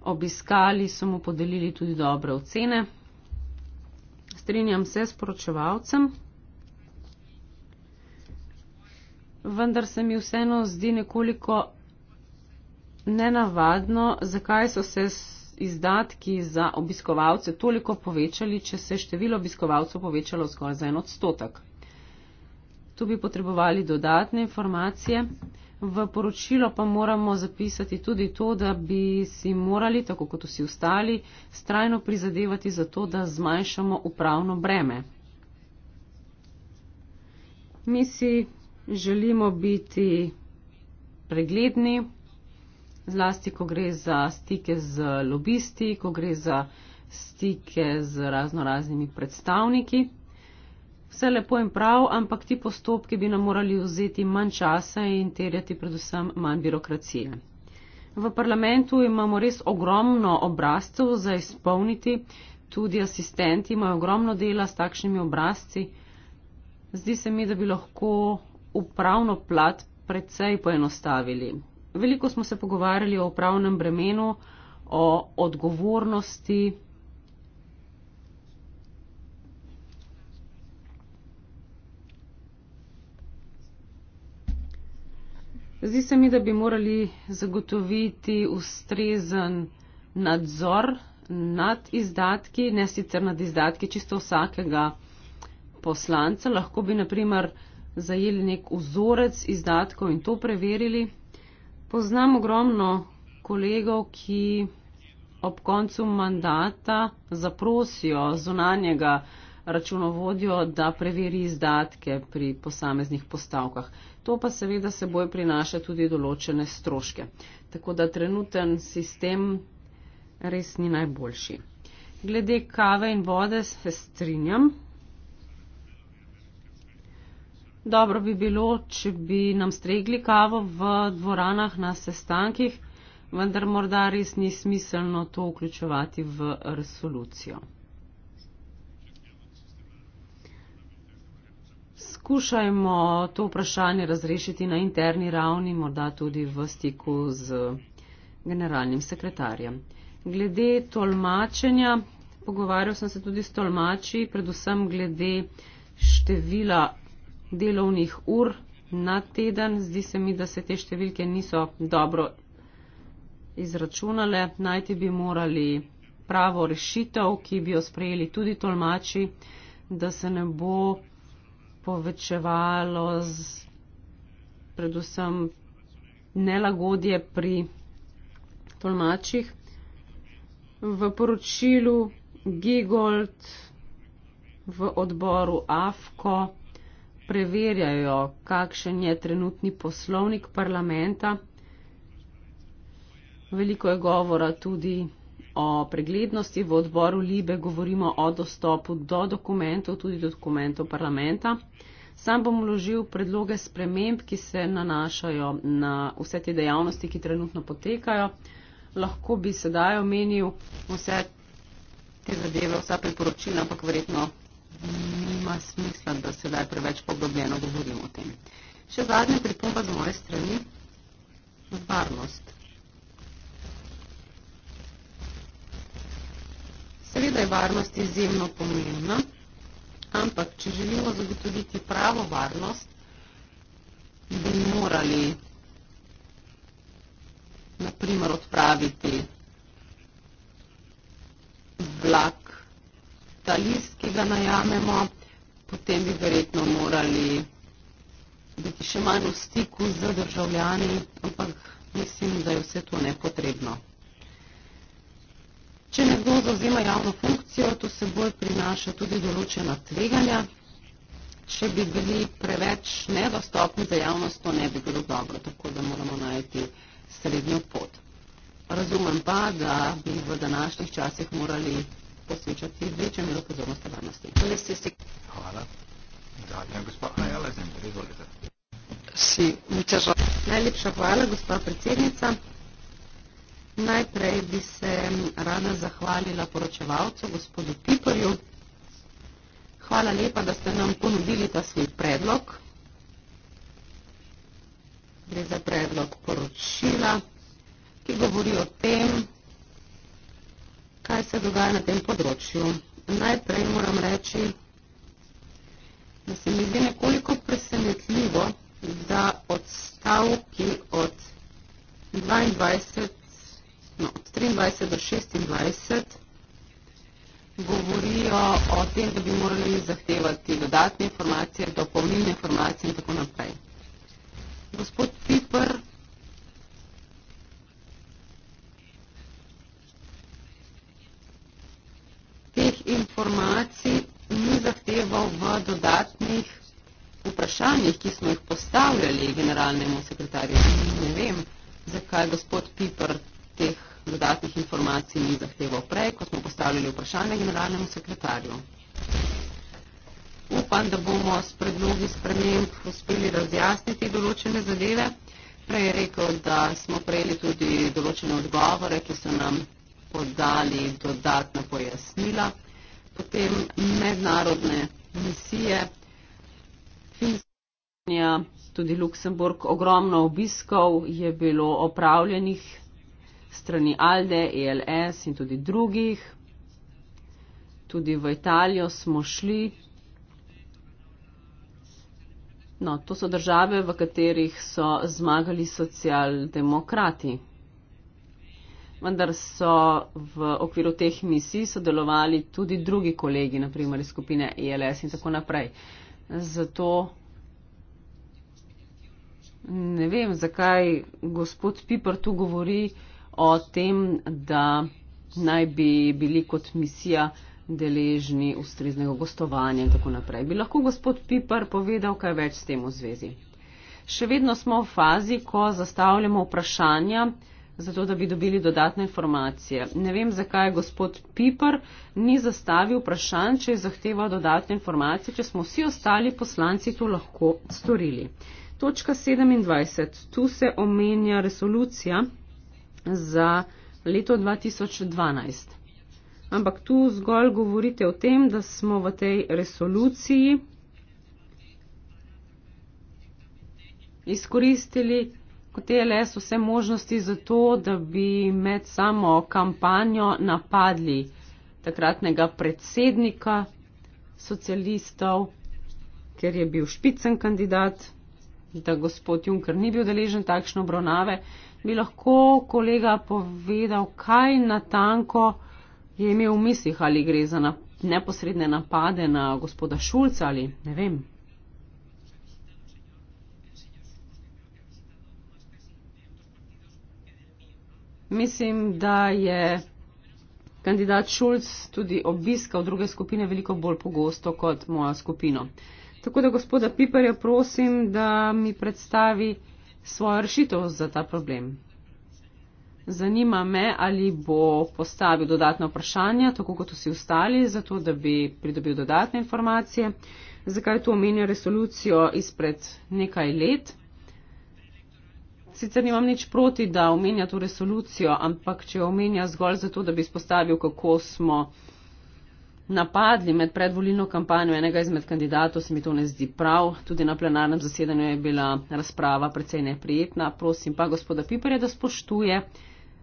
obiskali, so mu podelili tudi dobre ocene. Strinjam se s poročevalcem, vendar se mi vseeno zdi nekoliko nenavadno, zakaj so se izdatki za obiskovalce toliko povečali, če se je število obiskovalcev povečalo zgolj za en odstotek. Tu bi potrebovali dodatne informacije. V poročilo pa moramo zapisati tudi to, da bi si morali, tako kot vsi ostali, strajno prizadevati za to, da zmanjšamo upravno breme. Mi si želimo biti pregledni, zlasti, ko gre za stike z lobisti, ko gre za stike z raznoraznimi predstavniki vse lepo in prav, ampak ti postopki bi nam morali vzeti manj časa in terjati predvsem manj birokracije. V parlamentu imamo res ogromno obrazcev za izpolniti, tudi asistenti imajo ogromno dela s takšnimi obrazci. Zdi se mi, da bi lahko upravno plat predvsej poenostavili. Veliko smo se pogovarjali o upravnem bremenu, o odgovornosti. Zdi se mi, da bi morali zagotoviti ustrezen nadzor nad izdatki, ne sicer nad izdatki čisto vsakega poslanca. Lahko bi naprimer zajeli nek vzorec izdatkov in to preverili. Poznam ogromno kolegov, ki ob koncu mandata zaprosijo zunanjega računovodjo, da preveri izdatke pri posameznih postavkah. To pa seveda seboj prinaša tudi določene stroške. Tako da trenuten sistem res ni najboljši. Glede kave in vode se strinjam. Dobro bi bilo, če bi nam stregli kavo v dvoranah na sestankih, vendar morda res ni smiselno to vključevati v resolucijo. poskušajmo to vprašanje razrešiti na interni ravni, morda tudi v stiku z generalnim sekretarjem. Glede tolmačenja, pogovarjal sem se tudi s tolmači, predvsem glede števila delovnih ur na teden. Zdi se mi, da se te številke niso dobro izračunale. Najti bi morali pravo rešitev, ki bi jo sprejeli tudi tolmači, da se ne bo povečevalo z predvsem nelagodje pri tolmačih. V poročilu Gigold v odboru AFKO preverjajo, kakšen je trenutni poslovnik parlamenta. Veliko je govora tudi o preglednosti v odboru Libe, govorimo o dostopu do dokumentov, tudi do dokumentov parlamenta. Sam bom vložil predloge sprememb, ki se nanašajo na vse te dejavnosti, ki trenutno potekajo. Lahko bi sedaj omenil vse te zadeve, vsa priporočila, ampak verjetno nima smisla, da sedaj preveč podrobljeno govorim o tem. Še zadnja pripomba z moje strani. Varnost. Seveda je varnost izjemno pomembna, ampak če želimo zagotoviti pravo varnost, bi morali naprimer odpraviti vlak talist, ki ga najamemo, potem bi verjetno morali biti še manj v stiku z državljani, ampak mislim, da je vse to nepotrebno. Če nekdo zavzema javno funkcijo, to seboj prinaša tudi določena tveganja. Če bi bili preveč nedostopni za javnost, to ne bi bilo dobro, tako da moramo najti srednjo pot. Razumem pa, da bi v današnjih časih morali posvečati večjo mero pozornosti varnosti. Hvala. Zadnja gospa Ajala, zdaj mi prizvolite. Si, mi težava. Najlepša hvala, gospa predsednica. Najprej bi se rada zahvalila poročevalcu, gospodu Piperju. Hvala lepa, da ste nam ponudili ta svoj predlog. Gre za predlog poročila, ki govori o tem, kaj se dogaja na tem področju. Najprej moram reči, da se mi zdi nekoliko presenetljivo, da odstavki od 22 no, od 23 do 26 govorijo o tem, da bi morali zahtevati dodatne informacije, dopolnilne informacije in tako naprej. Gospod Piper teh informacij ni zahteval v dodatnih vprašanjih, ki smo jih postavljali generalnemu sekretarju. Ne vem, zakaj gospod Piper teh dodatnih informacij ni zahteval prej, ko smo postavljali vprašanje generalnemu sekretarju. Upam, da bomo s predlogi sprememb uspeli razjasniti določene zadeve. Prej je rekel, da smo prejeli tudi določene odgovore, ki so nam podali dodatna pojasnila. Potem mednarodne misije, Finska, tudi Luksemburg, ogromno obiskov je bilo opravljenih strani Alde, ELS in tudi drugih. Tudi v Italijo smo šli. No, to so države, v katerih so zmagali socialdemokrati. Vendar so v okviru teh misij sodelovali tudi drugi kolegi, naprimer iz skupine ELS in tako naprej. Zato ne vem, zakaj gospod Piper tu govori o tem, da naj bi bili kot misija deležni ustreznega gostovanja in tako naprej. Bi lahko gospod Pipar povedal kaj več s tem v zvezi? Še vedno smo v fazi, ko zastavljamo vprašanja, zato da bi dobili dodatne informacije. Ne vem, zakaj gospod Pipar ni zastavil vprašanj, če je zahteval dodatne informacije, če smo vsi ostali poslanci to lahko storili. Točka 27. Tu se omenja resolucija za leto 2012. Ampak tu zgolj govorite o tem, da smo v tej resoluciji izkoristili kot TLS vse možnosti za to, da bi med samo kampanjo napadli takratnega predsednika socialistov, ker je bil špicen kandidat da gospod Juncker ni bil deležen takšne obravnave, bi lahko kolega povedal, kaj natanko je imel v mislih, ali gre za na, neposredne napade na gospoda Šulca ali ne vem. Mislim, da je kandidat Šulc tudi obiskal druge skupine veliko bolj pogosto kot moja skupina. Tako da gospoda Piperja prosim, da mi predstavi svojo rešitev za ta problem. Zanima me, ali bo postavil dodatna vprašanja, tako kot vsi ostali, zato da bi pridobil dodatne informacije, zakaj tu omenja resolucijo izpred nekaj let. Sicer nimam nič proti, da omenja to resolucijo, ampak če jo omenja zgolj zato, da bi izpostavil, kako smo napadli med predvolilno kampanjo enega izmed kandidatov, se mi to ne zdi prav. Tudi na plenarnem zasedanju je bila razprava precej neprijetna. Prosim pa gospoda Piperja, da spoštuje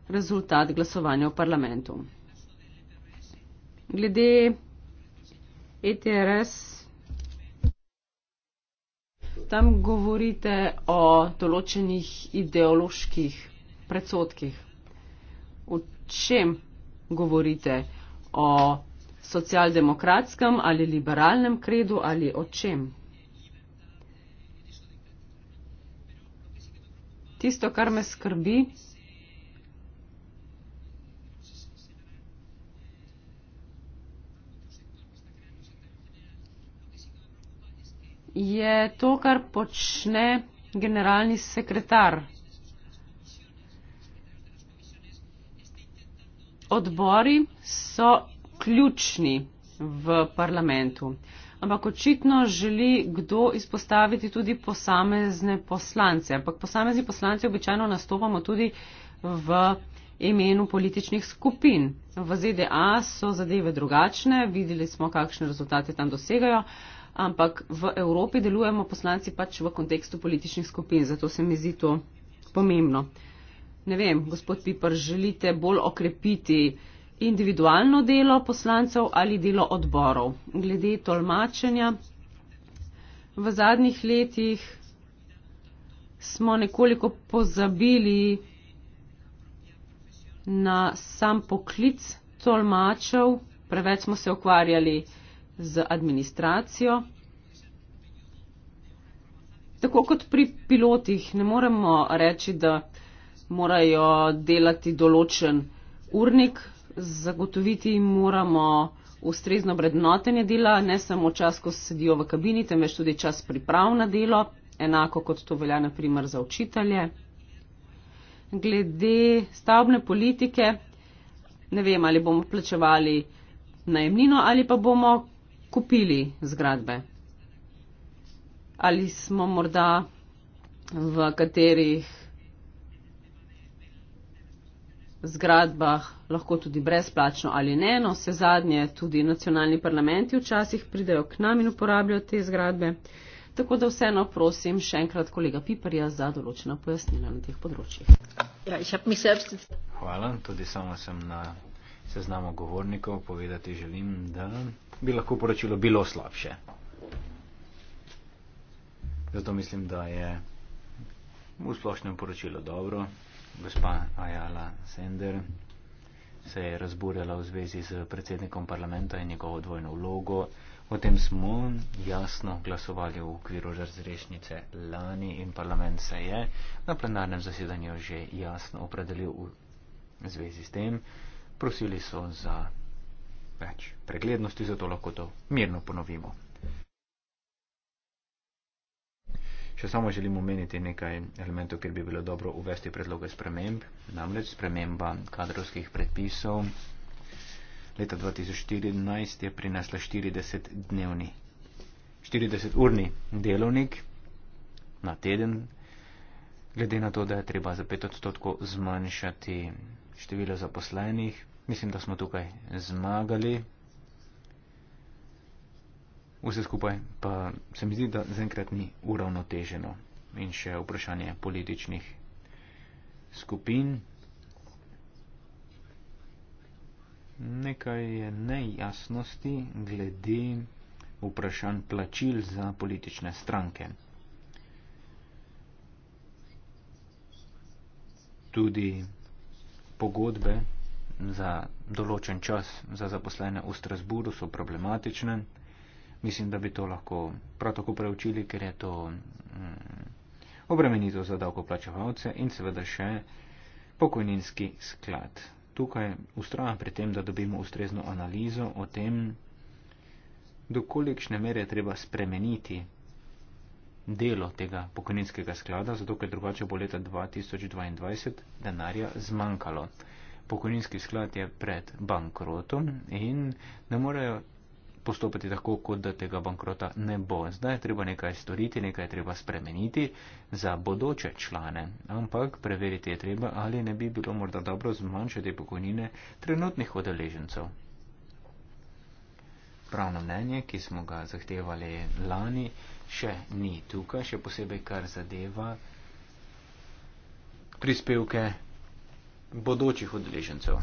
rezultat glasovanja v parlamentu. Glede ETRS. Tam govorite o določenih ideoloških predsotkih. O čem govorite? O socialdemokratskem ali liberalnem kredu ali o čem. Tisto, kar me skrbi, je to, kar počne generalni sekretar odbori so ključni v parlamentu. Ampak očitno želi kdo izpostaviti tudi posamezne poslance. Ampak posamezni poslanci običajno nastopamo tudi v imenu političnih skupin. V ZDA so zadeve drugačne, videli smo, kakšne rezultate tam dosegajo, ampak v Evropi delujemo poslanci pač v kontekstu političnih skupin, zato se mi zdi to pomembno. Ne vem, gospod Piper, želite bolj okrepiti individualno delo poslancev ali delo odborov. Glede tolmačenja v zadnjih letih smo nekoliko pozabili na sam poklic tolmačev, preveč smo se ukvarjali z administracijo. Tako kot pri pilotih, ne moremo reči, da morajo delati določen urnik zagotoviti moramo ustrezno brednotenje dela, ne samo čas, ko sedijo v kabini, temveč tudi čas priprav na delo, enako kot to velja naprimer za učitelje. Glede stavbne politike, ne vem, ali bomo plačevali najemnino ali pa bomo kupili zgradbe. Ali smo morda v katerih zgradbah, lahko tudi brezplačno ali ne. No, vse zadnje, tudi nacionalni parlamenti včasih pridejo k nam in uporabljajo te zgradbe. Tako da vseeno prosim še enkrat kolega Piperja za določena pojasnila na teh področjih. Ja, Hvala, tudi sama sem na seznamu govornikov. Povedati želim, da bi lahko poročilo bilo slabše. Zato mislim, da je v splošnem poročilu dobro gospa Ajala Sender se je razburjala v zvezi z predsednikom parlamenta in njegovo dvojno vlogo. O tem smo jasno glasovali v okviru razrešnice lani in parlament se je na plenarnem zasedanju že jasno opredelil v zvezi s tem. Prosili so za več preglednosti, zato lahko to mirno ponovimo. Še samo želim omeniti nekaj elementov, kjer bi bilo dobro uvesti predloge sprememb, namreč sprememba kadrovskih predpisov. Leta 2014 je prinesla 40-dnevni, 40-urni delovnik na teden, glede na to, da je treba za 5 odstotkov zmanjšati število zaposlenih. Mislim, da smo tukaj zmagali, vse skupaj pa se mi zdi, da zaenkrat ni uravnoteženo. In še vprašanje političnih skupin. Nekaj je nejasnosti glede vprašanj plačil za politične stranke. Tudi pogodbe za določen čas za zaposlene v Strasburu so problematične mislim, da bi to lahko prav tako preučili, ker je to mm, obremenitev za davkoplačevalce in seveda še pokojninski sklad. Tukaj ustrajam pri tem, da dobimo ustrezno analizo o tem, dokolikšne mere je treba spremeniti delo tega pokojninskega sklada, zato ker drugače bo leta 2022 denarja zmanjkalo. Pokojninski sklad je pred bankrotom in ne morejo postopati tako, kot da tega bankrota ne bo. Zdaj je treba nekaj storiti, nekaj je treba spremeniti za bodoče člane, ampak preveriti je treba, ali ne bi bilo morda dobro zmanjšati pokojnine trenutnih odeležencev. Pravno mnenje, ki smo ga zahtevali lani, še ni tukaj, še posebej kar zadeva prispevke bodočih odeležencev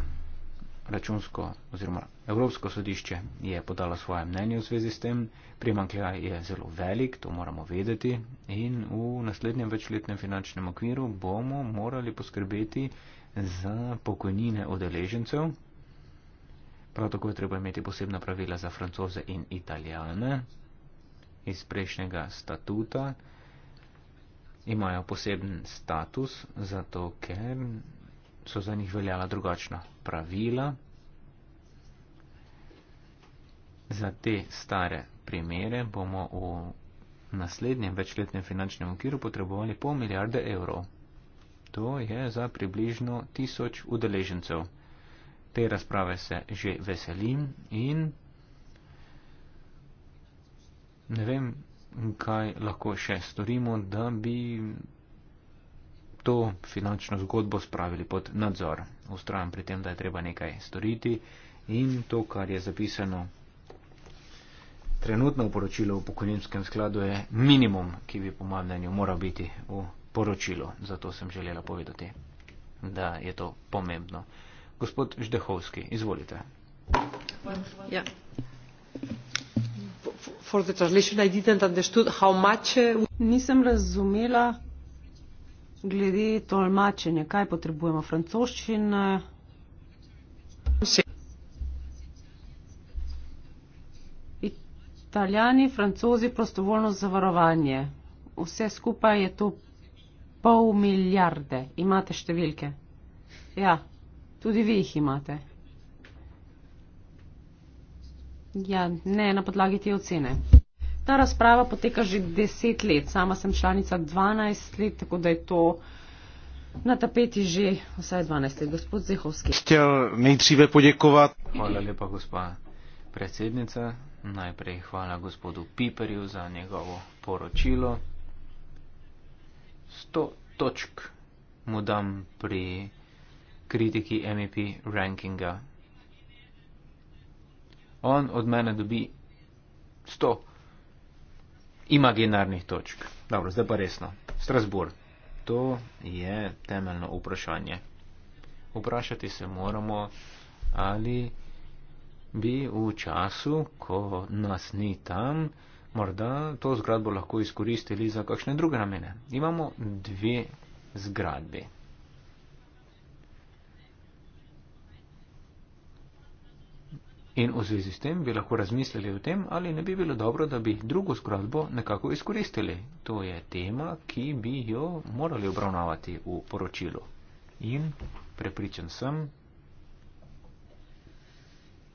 računsko oziroma Evropsko sodišče je podalo svoje mnenje v zvezi s tem. Primankljaj je zelo velik, to moramo vedeti in v naslednjem večletnem finančnem okviru bomo morali poskrbeti za pokojnine odeležencev. Prav tako je treba imeti posebna pravila za francoze in italijane iz prejšnjega statuta. Imajo poseben status, zato ker so za njih veljala drugačna pravila. Za te stare primere bomo v naslednjem večletnem finančnem okviru potrebovali pol milijarde evrov. To je za približno tisoč udeležencev. Te razprave se že veselim in ne vem, kaj lahko še storimo, da bi to finančno zgodbo spravili pod nadzor. Ustrajam pri tem, da je treba nekaj storiti in to, kar je zapisano trenutno v poročilu v pokojninskem skladu, je minimum, ki bi po mojem mnenju moral biti v poročilu. Zato sem želela povedati, da je to pomembno. Gospod Ždehovski, izvolite. Ja. For the translation I didn't understood how much... Uh, Nisem razumela, Glede tolmačenja, kaj potrebujemo? Francoščina? Italijani, francozi, prostovoljno zavarovanje. Vse skupaj je to pol milijarde. Imate številke? Ja, tudi vi jih imate. Ja, ne, na podlagi te ocene ta razprava poteka že deset let. Sama sem članica dvanajst let, tako da je to na tapeti že vsaj dvanajst let. Gospod Zehovski. Htjel najprej poděkovat. Hvala lepa, gospa predsednica. Najprej hvala gospodu Piperju za njegovo poročilo. Sto točk mu dam pri kritiki MEP rankinga. On od mene dobi 100 imaginarnih točk. Dobro, zdaj pa resno. Strasbourg. To je temeljno vprašanje. Vprašati se moramo, ali bi v času, ko nas ni tam, morda to zgradbo lahko izkoristili za kakšne druge namene. Imamo dve zgradbi. In v zvezi s tem bi lahko razmislili o tem, ali ne bi bilo dobro, da bi drugo zgradbo nekako izkoristili. To je tema, ki bi jo morali obravnavati v poročilu. In prepričan sem,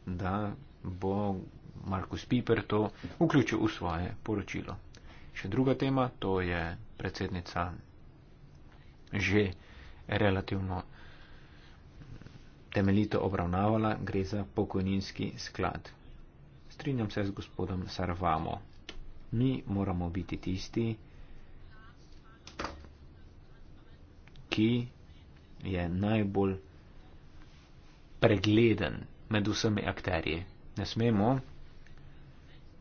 da bo Markus Piper to vključil v svoje poročilo. Še druga tema, to je predsednica že relativno temeljito obravnavala, gre za pokojninski sklad. Strinjam se z gospodom Sarvamo. Mi moramo biti tisti, ki je najbolj pregleden med vsemi akterji. Ne smemo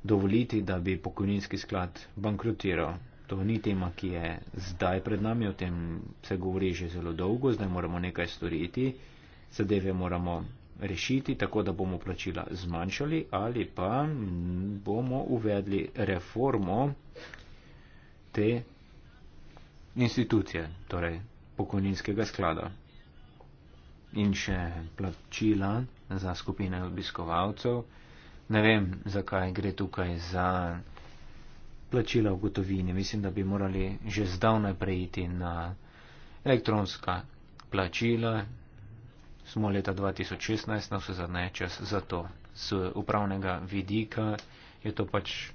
dovoliti, da bi pokojninski sklad bankrotiral. To ni tema, ki je zdaj pred nami, o tem se govori že zelo dolgo, zdaj moramo nekaj storiti zadeve moramo rešiti tako, da bomo plačila zmanjšali ali pa bomo uvedli reformo te institucije, torej pokojninskega sklada in še plačila za skupine obiskovalcev. Ne vem, zakaj gre tukaj za plačila v gotovini. Mislim, da bi morali že zdavnaj preiti na elektronska plačila, smo leta 2016 na vse zadnje čas za to. Z upravnega vidika je to pač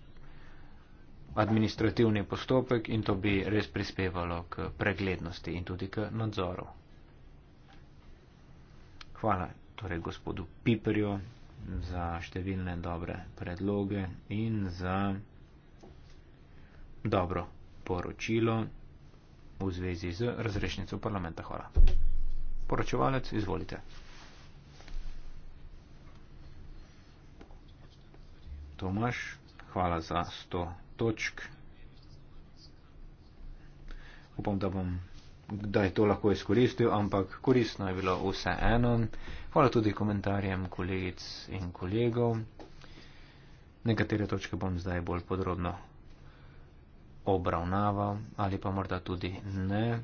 administrativni postopek in to bi res prispevalo k preglednosti in tudi k nadzoru. Hvala torej gospodu Piperju za številne dobre predloge in za dobro poročilo v zvezi z razrešnico parlamenta. Hvala poročevalec, izvolite. Tomaš, hvala za 100 točk. Upam, da bom kdaj to lahko izkoristil, ampak koristno je bilo vse eno. Hvala tudi komentarjem kolegic in kolegov. Nekatere točke bom zdaj bolj podrobno obravnaval ali pa morda tudi ne.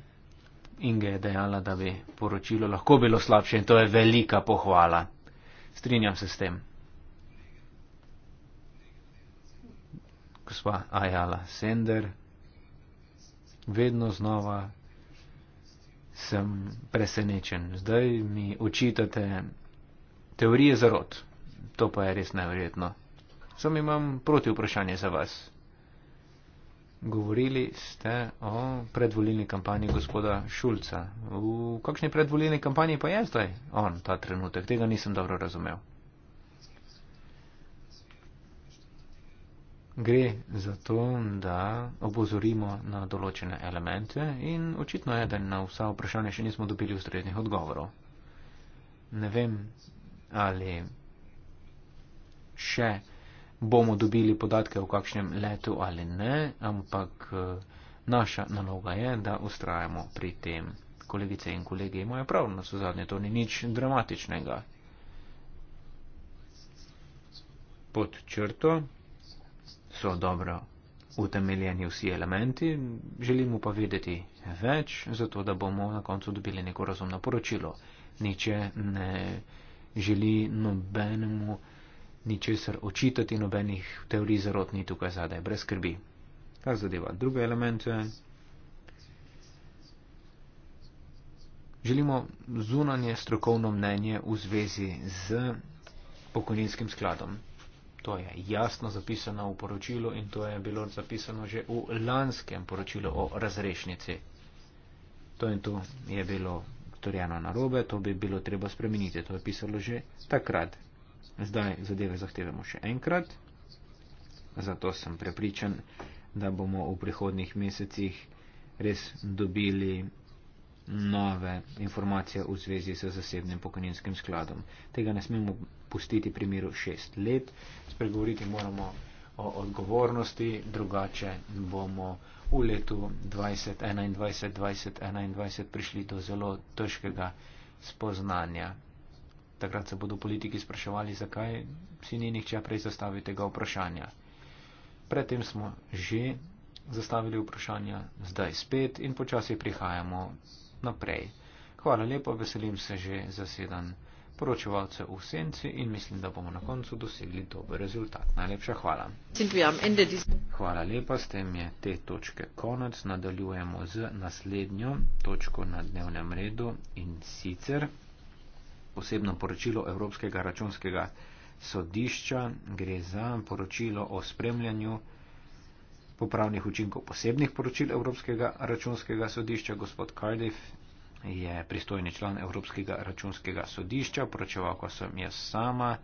Inge je dejala, da bi poročilo lahko bilo slabše in to je velika pohvala. Strinjam se s tem. Gospa Ajala Sender, vedno znova sem presenečen. Zdaj mi očitate teorije zarod. To pa je res nevrjetno. Sam imam proti vprašanje za vas. Govorili ste o predvoljeni kampanji gospoda Šulca. V kakšni predvoljeni kampanji pa je zdaj on ta trenutek? Tega nisem dobro razumel. Gre za to, da obozorimo na določene elemente in očitno je, da na vsa vprašanja še nismo dobili ustreznih odgovorov. Ne vem, ali še bomo dobili podatke o kakšnem letu ali ne, ampak eh, naša naloga je, da ustrajamo pri tem. Kolegice in kolegi imajo prav, na so zadnje, to ni nič dramatičnega. Pod črto so dobro utemeljeni vsi elementi, želimo pa vedeti več, zato da bomo na koncu dobili neko razumno poročilo. Niče ne želi nobenemu ničesar očitati, nobenih teorij zarot ni tukaj zadaj, brez skrbi. Kar zadeva druge elemente, želimo zunanje strokovno mnenje v zvezi z pokojninskim skladom. To je jasno zapisano v poročilu in to je bilo zapisano že v lanskem poročilu o razrešnici. To in to je bilo torjeno na robe, to bi bilo treba spremeniti, to je pisalo že takrat, Zdaj zadeve zahtevamo še enkrat. Zato sem prepričan, da bomo v prihodnih mesecih res dobili nove informacije v zvezi s zasebnim pokojninskim skladom. Tega ne smemo pustiti pri miru šest let. Spregovoriti moramo o odgovornosti, drugače bomo v letu 2021-2021 prišli do zelo težkega spoznanja Takrat se bodo politiki spraševali, zakaj si ni nihče prej zastavil tega vprašanja. Predtem smo že zastavili vprašanja, zdaj spet in počasi prihajamo naprej. Hvala lepa, veselim se že zasedan poročevalce v senci in mislim, da bomo na koncu dosegli dober rezultat. Najlepša hvala. Hvala lepa, s tem je te točke konec. Nadaljujemo z naslednjo točko na dnevnem redu in sicer posebno poročilo Evropskega računskega sodišča, gre za poročilo o spremljanju popravnih učinkov posebnih poročil Evropskega računskega sodišča. Gospod Cardiff je pristojni član Evropskega računskega sodišča, poročeval, ko sem jaz sama.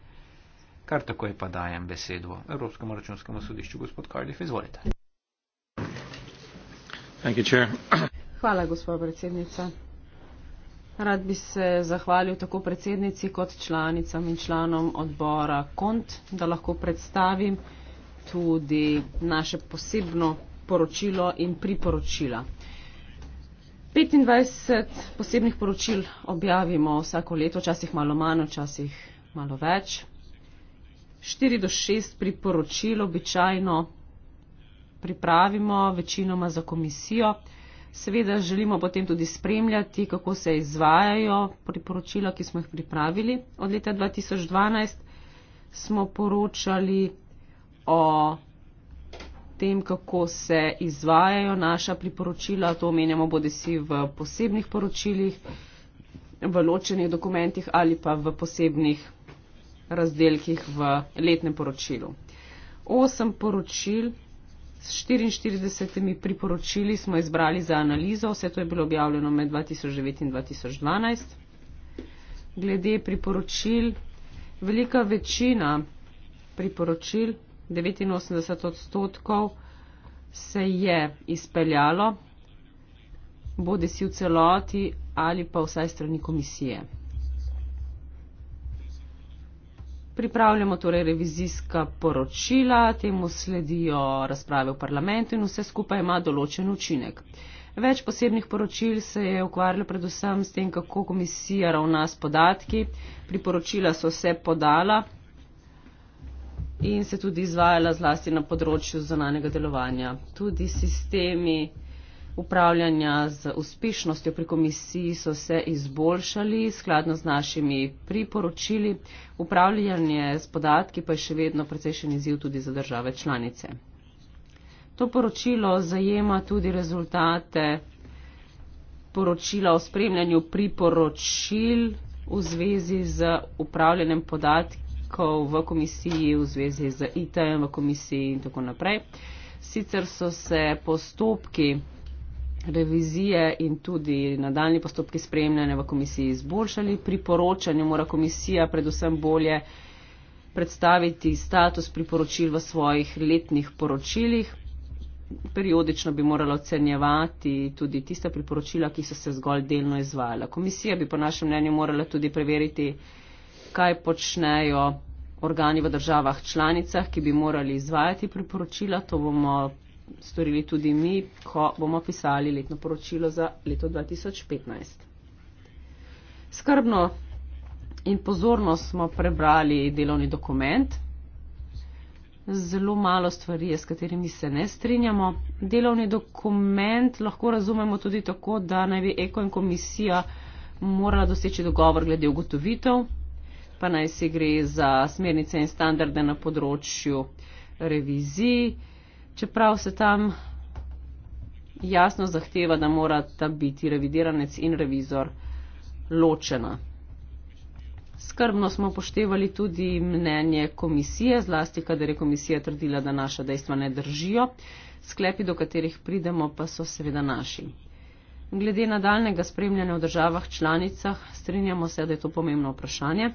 Kar takoj pa dajem besedo Evropskemu računskemu sodišču, gospod Cardiff, izvolite. Hvala, gospod predsednica. Rad bi se zahvalil tako predsednici kot članicam in članom odbora KONT, da lahko predstavim tudi naše posebno poročilo in priporočila. 25 posebnih poročil objavimo vsako leto, včasih malo manj, včasih malo več. 4 do 6 priporočil običajno pripravimo večinoma za komisijo. Seveda želimo potem tudi spremljati, kako se izvajajo priporočila, ki smo jih pripravili. Od leta 2012 smo poročali o tem, kako se izvajajo naša priporočila. To omenjamo bodi si v posebnih poročilih, v ločenih dokumentih ali pa v posebnih razdelkih v letnem poročilu. Osem poročil S 44 priporočili smo izbrali za analizo, vse to je bilo objavljeno med 2009 in 2012. Glede priporočil, velika večina priporočil, 89 odstotkov, se je izpeljalo, bodi si v celoti ali pa vsaj strani komisije. pripravljamo torej revizijska poročila, temu sledijo razprave v parlamentu in vse skupaj ima določen učinek. Več posebnih poročil se je ukvarjalo predvsem s tem, kako komisija ravna s podatki. Priporočila so se podala in se tudi izvajala zlasti na področju zunanjega delovanja. Tudi sistemi upravljanja z uspešnostjo pri komisiji so se izboljšali skladno z našimi priporočili. Upravljanje s podatki pa je še vedno precejšen izziv tudi za države članice. To poročilo zajema tudi rezultate poročila o spremljanju priporočil v zvezi z upravljanjem podatkov v komisiji, v zvezi z IT-em v komisiji in tako naprej. Sicer so se postopki revizije in tudi nadaljni postopki spremljanja v komisiji izboljšali. Pri poročanju mora komisija predvsem bolje predstaviti status priporočil v svojih letnih poročilih. Periodično bi morala ocenjevati tudi tiste priporočila, ki so se zgolj delno izvajala. Komisija bi po našem mnenju morala tudi preveriti, kaj počnejo organi v državah članicah, ki bi morali izvajati priporočila. To bomo storili tudi mi, ko bomo pisali letno poročilo za leto 2015. Skrbno in pozorno smo prebrali delovni dokument. Zelo malo stvari je, s katerimi se ne strinjamo. Delovni dokument lahko razumemo tudi tako, da naj bi Eko in komisija morala doseči dogovor glede ugotovitev, pa naj se gre za smernice in standarde na področju revizij, čeprav se tam jasno zahteva, da mora ta biti revideranec in revizor ločena. Skrbno smo poštevali tudi mnenje komisije, zlasti kadar je komisija trdila, da naša dejstva ne držijo, sklepi, do katerih pridemo, pa so seveda naši. Glede nadaljnega spremljanja v državah članicah, strinjamo se, da je to pomembno vprašanje.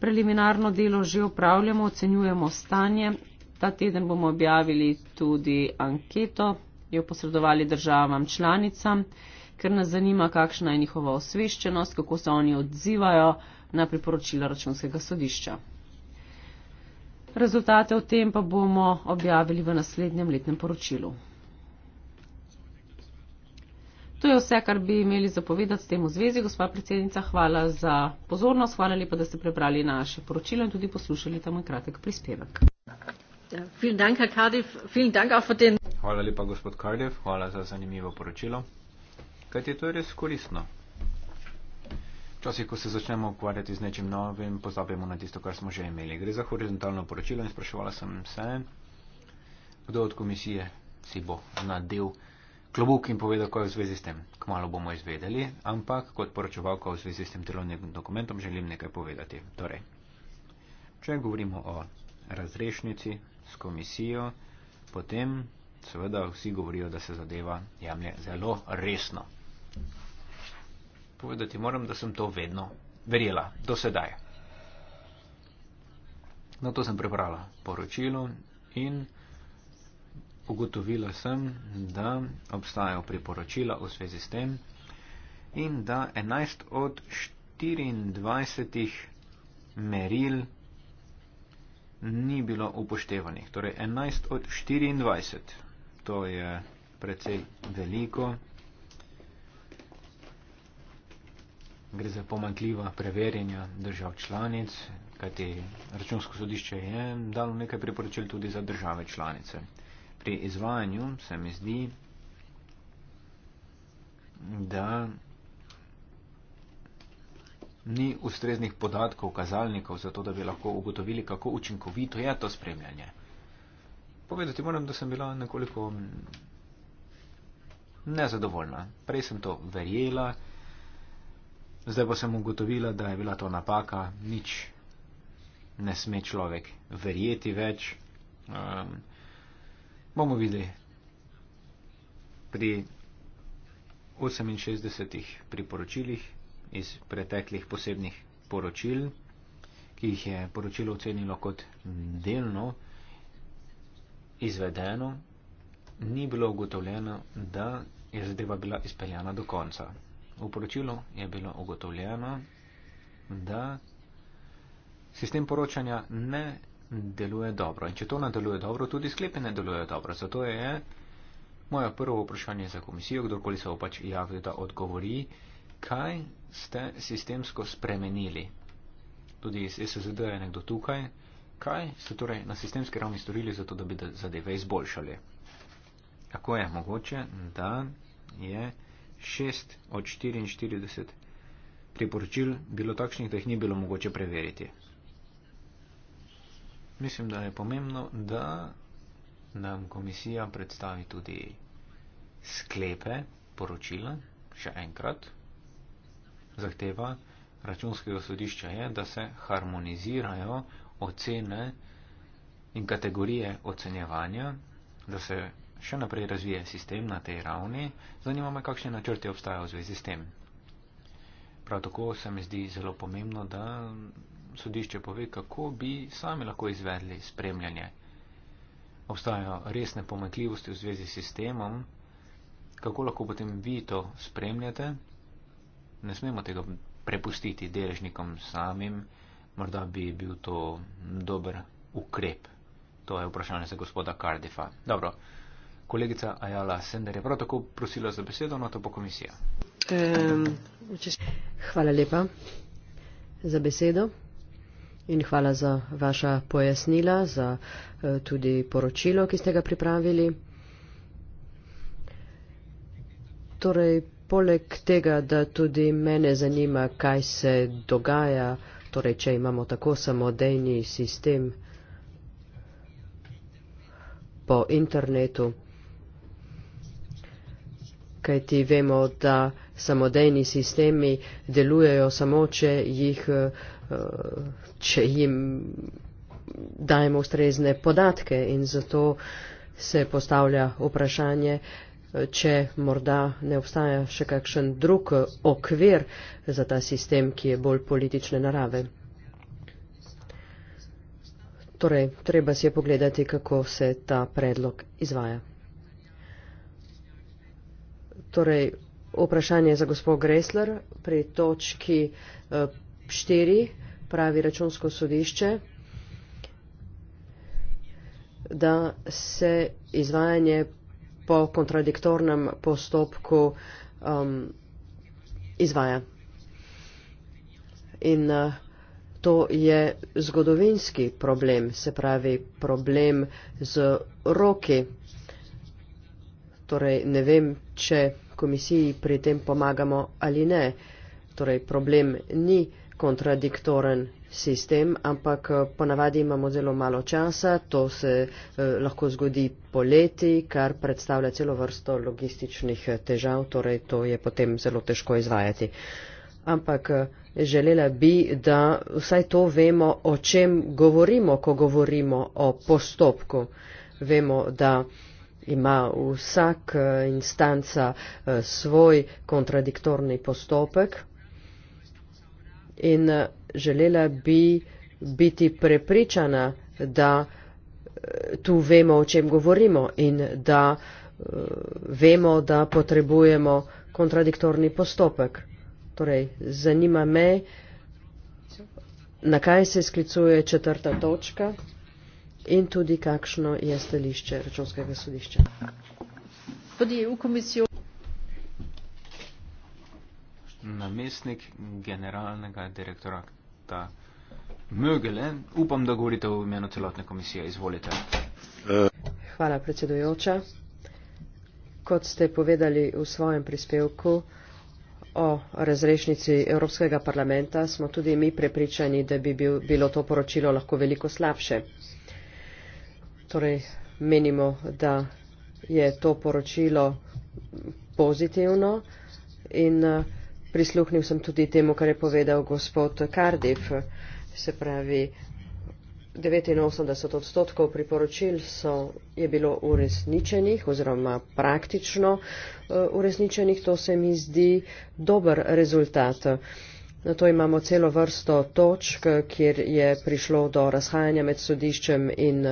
Preliminarno delo že upravljamo, ocenjujemo stanje, Ta teden bomo objavili tudi anketo, jo posredovali državam članicam, ker nas zanima, kakšna je njihova osveščenost, kako se oni odzivajo na priporočila računskega sodišča. Rezultate o tem pa bomo objavili v naslednjem letnem poročilu. To je vse, kar bi imeli zapovedati s tem v zvezi. Gospa predsednica, hvala za pozornost, hvala lepa, da ste prebrali naše poročilo in tudi poslušali tam kratek prispevek. Ja, vielen Dank, Herr Cardiff. Vielen Dank auch für den. Hvala lepa, gospod Cardiff. Hvala za zanimivo poročilo. Kaj ti to je res koristno? Včasih, ko se začnemo ukvarjati z nečim novim, pozabimo na tisto, kar smo že imeli. Gre za horizontalno poročilo in spraševala sem se, kdo od komisije si bo nadel klobuk in povedal, kaj je v zvezi s tem. Kmalo bomo izvedeli, ampak kot poročevalka v zvezi s tem telovnim dokumentom želim nekaj povedati. Torej, če govorimo o razrešnici, s komisijo, potem seveda vsi govorijo, da se zadeva jemlje zelo resno. Povedati moram, da sem to vedno verjela, do sedaj. Na to sem prebrala poročilo in ugotovila sem, da obstajajo priporočila v svezi s tem in da 11 od 24 meril ni bilo upoštevanih. Torej 11 od 24, to je precej veliko. Gre za pomankljiva preverjanja držav članic, kajti računsko sodišče je dalo nekaj priporočil tudi za države članice. Pri izvajanju se mi zdi, da ni ustreznih podatkov, kazalnikov, zato da bi lahko ugotovili, kako učinkovito je to spremljanje. Povedati moram, da sem bila nekoliko mm, nezadovoljna. Prej sem to verjela, zdaj pa sem ugotovila, da je bila to napaka, nič ne sme človek verjeti več. Um, bomo videli pri 68 priporočilih, iz preteklih posebnih poročil, ki jih je poročilo ocenilo kot delno izvedeno, ni bilo ugotovljeno, da je zadeva bila izpeljana do konca. V poročilu je bilo ugotovljeno, da sistem poročanja ne deluje dobro. In če to ne deluje dobro, tudi sklepe ne delujejo dobro. Zato je moje prvo vprašanje za komisijo, kdorkoli se bo pač javil, da odgovori, kaj ste sistemsko spremenili. Tudi iz SSD je nekdo tukaj. Kaj ste torej na sistemski ravni storili za to, da bi zadeve izboljšali? Kako je mogoče, da je 6 od 44 priporočil bilo takšnih, da jih ni bilo mogoče preveriti? Mislim, da je pomembno, da nam komisija predstavi tudi sklepe poročila, še enkrat, zahteva računskega sodišča je, da se harmonizirajo ocene in kategorije ocenjevanja, da se še naprej razvije sistem na tej ravni. Zanima me, kakšne načrte obstajajo v zvezi s tem. Prav tako se mi zdi zelo pomembno, da sodišče pove, kako bi sami lahko izvedli spremljanje. Obstajajo resne pomakljivosti v zvezi s sistemom, kako lahko potem vi to spremljate ne smemo tega prepustiti deležnikom samim, morda bi bil to dober ukrep. To je vprašanje za gospoda Cardiffa. Dobro, kolegica Ajala Sender je prav tako prosila za besedo, no to bo komisija. Hvala lepa za besedo in hvala za vaša pojasnila, za eh, tudi poročilo, ki ste ga pripravili. Torej, poleg tega, da tudi mene zanima, kaj se dogaja, torej, če imamo tako samodejni sistem po internetu, kaj ti vemo, da samodejni sistemi delujejo samo, če jih, eh, če jim dajemo ustrezne podatke in zato se postavlja vprašanje, če morda ne obstaja še kakšen drug okvir za ta sistem, ki je bolj politične narave. Torej, treba si je pogledati, kako se ta predlog izvaja. Torej, vprašanje za gospod Gresler pri točki 4 eh, pravi računsko sodišče, da se izvajanje po kontradiktornem postopku um, izvaja. In uh, to je zgodovinski problem, se pravi problem z roki. Torej, ne vem, če komisiji pri tem pomagamo ali ne. Torej, problem ni kontradiktoren, sistem, ampak eh, ponavadi imamo zelo malo časa, to se eh, lahko zgodi poleti, kar predstavlja celo vrsto logističnih eh, težav, torej to je potem zelo težko izvajati. Ampak eh, želela bi, da vsaj to vemo, o čem govorimo, ko govorimo o postopku. Vemo, da ima vsak instanca svoj kontradiktorni postopek in želela bi biti prepričana, da eh, tu vemo, o čem govorimo in da eh, vemo, da potrebujemo kontradiktorni postopek. Torej, zanima me, na kaj se sklicuje četrta točka in tudi kakšno je stališče računskega sodišča. Namestnik generalnega direktorata gospoda Mögele. Upam, da govorite v imenu celotne komisije. Izvolite. Hvala, predsedujoča. Kot ste povedali v svojem prispevku o razrešnici Evropskega parlamenta, smo tudi mi prepričani, da bi bil, bilo to poročilo lahko veliko slabše. Torej, menimo, da je to poročilo pozitivno in uh, prisluhnil sem tudi temu, kar je povedal gospod Cardiff, se pravi 89 odstotkov priporočil so, je bilo uresničenih oziroma praktično eh, uresničenih, to se mi zdi dober rezultat. Uh, Na to imamo celo vrsto točk, kjer je prišlo do razhajanja med sodiščem in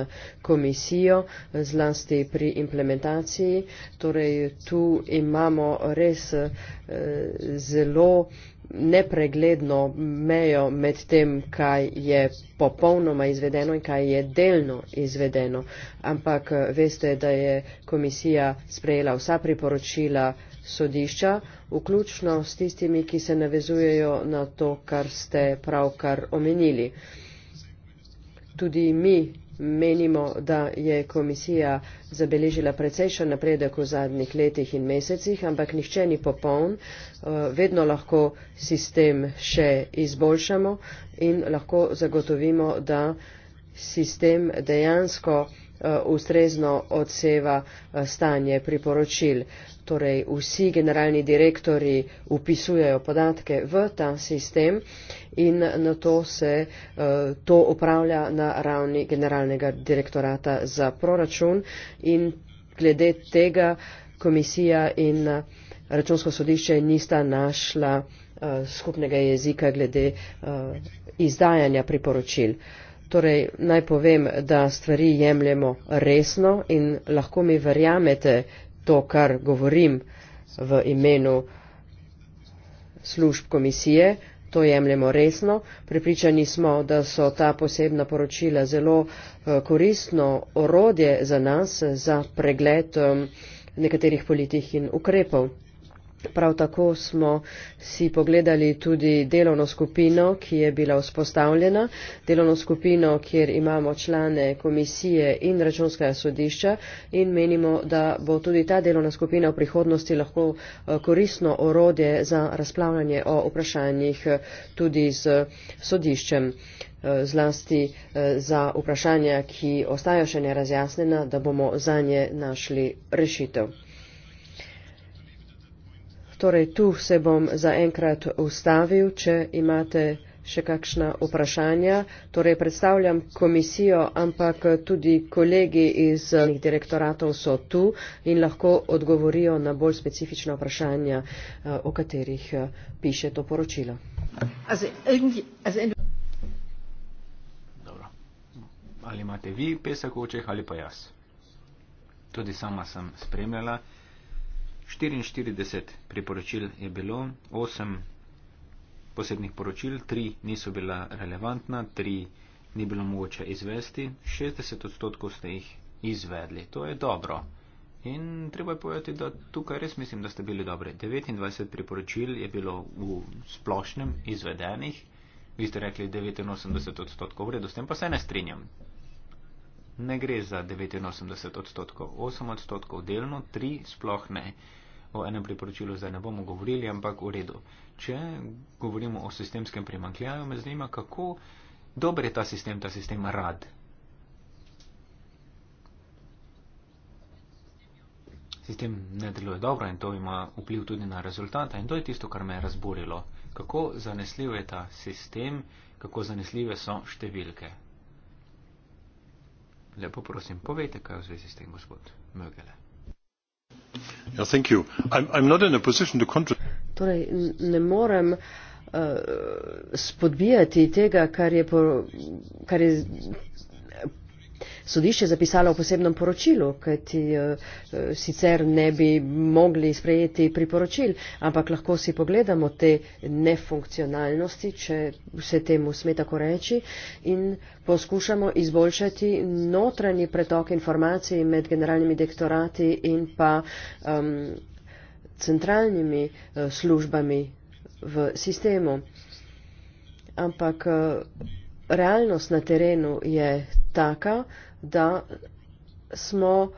komisijo, zlasti pri implementaciji. Torej, tu imamo res eh, zelo nepregledno mejo med tem, kaj je popolnoma izvedeno in kaj je delno izvedeno. Ampak eh, veste, da je komisija sprejela vsa priporočila sodišča, vključno s tistimi, ki se navezujejo na to, kar ste pravkar omenili. Tudi mi menimo, da je komisija zabeležila precejšen napredek v zadnjih letih in mesecih, ampak nihče ni popoln, eh, vedno lahko sistem še izboljšamo in lahko zagotovimo, da sistem dejansko Eh, ustrezno odseva eh, stanje priporočil. Torej, vsi generalni direktori upisujejo podatke v ta sistem in na to se eh, to upravlja na ravni generalnega direktorata za proračun in glede tega komisija in računsko sodišče nista našla skupnega jezika glede izdajanja priporočil. Torej, naj povem, da stvari jemljemo resno in lahko mi verjamete to, kar govorim v imenu služb komisije. To jemljemo resno. Pripričani smo, da so ta posebna poročila zelo eh, koristno orodje za nas, za pregled eh, nekaterih politik in ukrepov. Prav tako smo si pogledali tudi delovno skupino, ki je bila vzpostavljena, delovno skupino, kjer imamo člane komisije in računskega sodišča in menimo, da bo tudi ta delovna skupina v prihodnosti lahko eh, koristno orodje za razplavljanje o vprašanjih eh, tudi z eh, sodiščem zlasti za vprašanja, ki ostajo še nerazjasnjena, da bomo za nje našli rešitev. Torej, tu se bom zaenkrat ustavil, če imate še kakšna vprašanja. Torej, predstavljam komisijo, ampak tudi kolegi iz direktoratov so tu in lahko odgovorijo na bolj specifična vprašanja, eh, o katerih eh, piše to poročilo. Dobro. Ali imate vi pesek v očeh ali pa jaz? Tudi sama sem spremljala. 44 priporočil je bilo, 8 posebnih poročil, 3 niso bila relevantna, 3 ni bilo mogoče izvesti, 60 odstotkov ste jih izvedli. To je dobro. In treba je povedati, da tukaj res mislim, da ste bili dobri. 29 priporočil je bilo v splošnem izvedenih. Vi ste rekli 89 odstotkov, v redu, s tem pa se ne strinjam. Ne gre za 89 odstotkov, 8 odstotkov delno, 3 sploh ne o enem priporočilu zdaj ne bomo govorili, ampak v redu. Če govorimo o sistemskem primankljaju, me zanima, kako dober je ta sistem, ta sistem rad. Sistem ne deluje dobro in to ima vpliv tudi na rezultate in to je tisto, kar me je razborilo. Kako zanesljiv je ta sistem, kako zanesljive so številke. Lepo prosim, povejte, kaj v zvezi s tem, gospod Mögele torej ne morem uh, spodbijati tega kar je, po, kar je sodišče zapisalo v posebnem poročilu, kajti eh, eh, sicer ne bi mogli sprejeti priporočil, ampak lahko si pogledamo te nefunkcionalnosti, če se temu sme tako reči, in poskušamo izboljšati notranji pretok informacij med generalnimi dektorati in pa um, centralnimi eh, službami v sistemu. Ampak uh, realnost na terenu je taka, da smo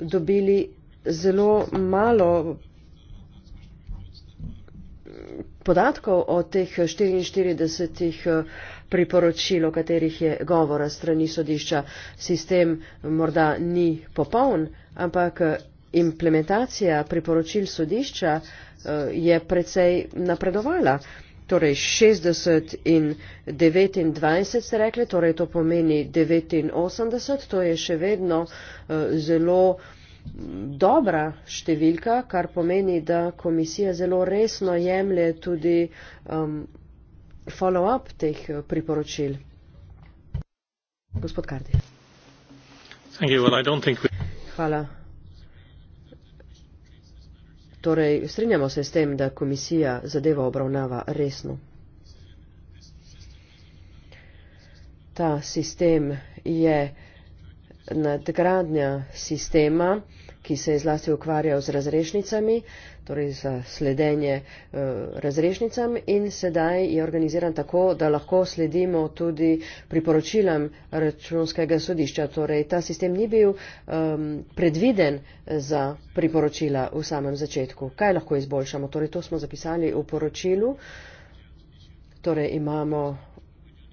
dobili zelo malo podatkov o teh 44 eh, priporočil, o katerih je govora strani sodišča. Sistem morda ni popoln, ampak eh, implementacija priporočil sodišča eh, je precej napredovala torej 60 in 29 ste rekli, torej to pomeni 89, to je še vedno eh, zelo mm, dobra številka, kar pomeni, da komisija zelo resno jemlje tudi um, follow-up teh eh, priporočil. Gospod Kardi. Hvala. Torej, strinjamo se s tem, da komisija zadevo obravnava resno. Ta sistem je nadgradnja sistema, ki se je zlasti ukvarjal z razrešnicami, torej za sledenje eh, razrešnicam in sedaj je organiziran tako, da lahko sledimo tudi priporočilam računskega sodišča. Torej, ta sistem ni bil um, predviden za priporočila v samem začetku. Kaj lahko izboljšamo? Torej, to smo zapisali v poročilu. Torej, imamo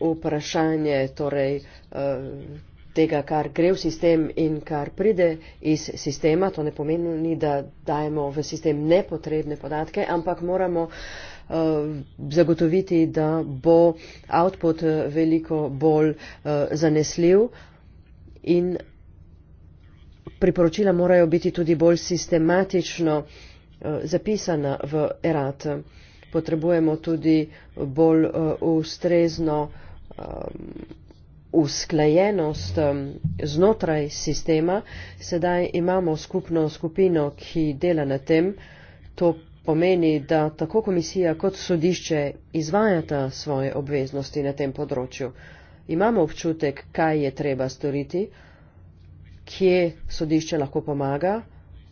vprašanje. Torej, um, tega, kar gre v sistem in kar pride iz sistema. To ne pomeni, da dajemo v sistem nepotrebne podatke, ampak moramo eh, zagotoviti, da bo output eh, veliko bolj eh, zanesljiv in priporočila morajo biti tudi bolj sistematično zapisana v erat. Potrebujemo tudi bolj ustrezno usklajenost znotraj sistema. Sedaj imamo skupno skupino, ki dela na tem. To pomeni, da tako komisija kot sodišče izvajata svoje obveznosti na tem področju. Imamo občutek, kaj je treba storiti, kje sodišče lahko pomaga.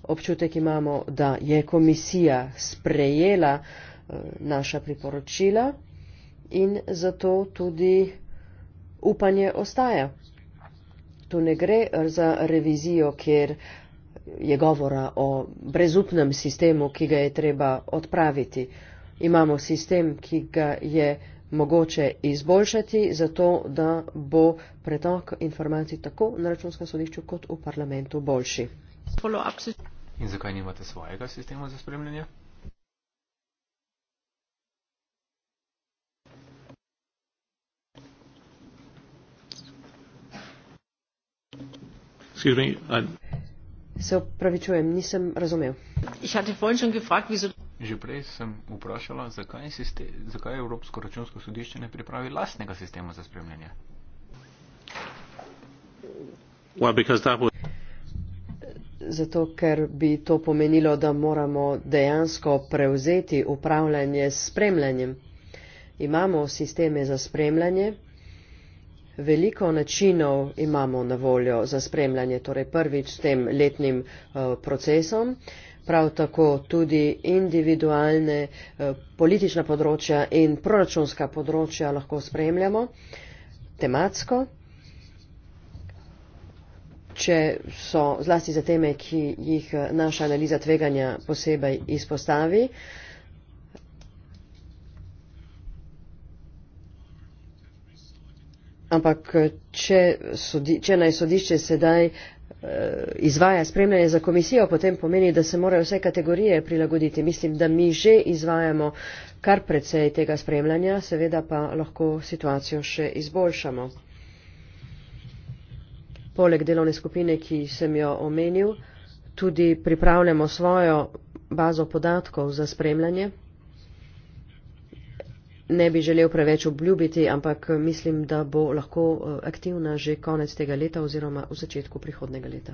Občutek imamo, da je komisija sprejela eh, naša priporočila in zato tudi upanje ostaja. Tu ne gre za revizijo, kjer je govora o brezupnem sistemu, ki ga je treba odpraviti. Imamo sistem, ki ga je mogoče izboljšati, zato da bo pretok informacij tako na računskem sodišču kot v parlamentu boljši. In zakaj nimate svojega sistema za spremljanje? Excuse me. I'm Se opravičujem, nisem razumel. Že prej sem vprašala, zakaj, sistem, zakaj Evropsko računsko sodišče ne pripravi lastnega sistema za spremljanje. Well, Zato, ker bi to pomenilo, da moramo dejansko prevzeti upravljanje s spremljanjem. Imamo sisteme za spremljanje. Veliko načinov imamo na voljo za spremljanje, torej prvič s tem letnim eh, procesom, prav tako tudi individualne eh, politična področja in proračunska področja lahko spremljamo tematsko. Če so zlasti za teme, ki jih eh, naša analiza tveganja posebej izpostavi, Ampak, eh, če, sodi, če naj sodišče sedaj eh, izvaja spremljanje za komisijo, potem pomeni, da se morajo vse kategorije prilagoditi. Mislim, da mi že izvajamo kar precej tega spremljanja, seveda pa lahko situacijo še izboljšamo. Poleg delovne skupine, ki sem jo omenil, tudi pripravljamo svojo bazo podatkov za spremljanje ne bi želel preveč obljubiti, ampak eh, mislim, da bo lahko eh, aktivna že konec tega leta oziroma v začetku prihodnega leta.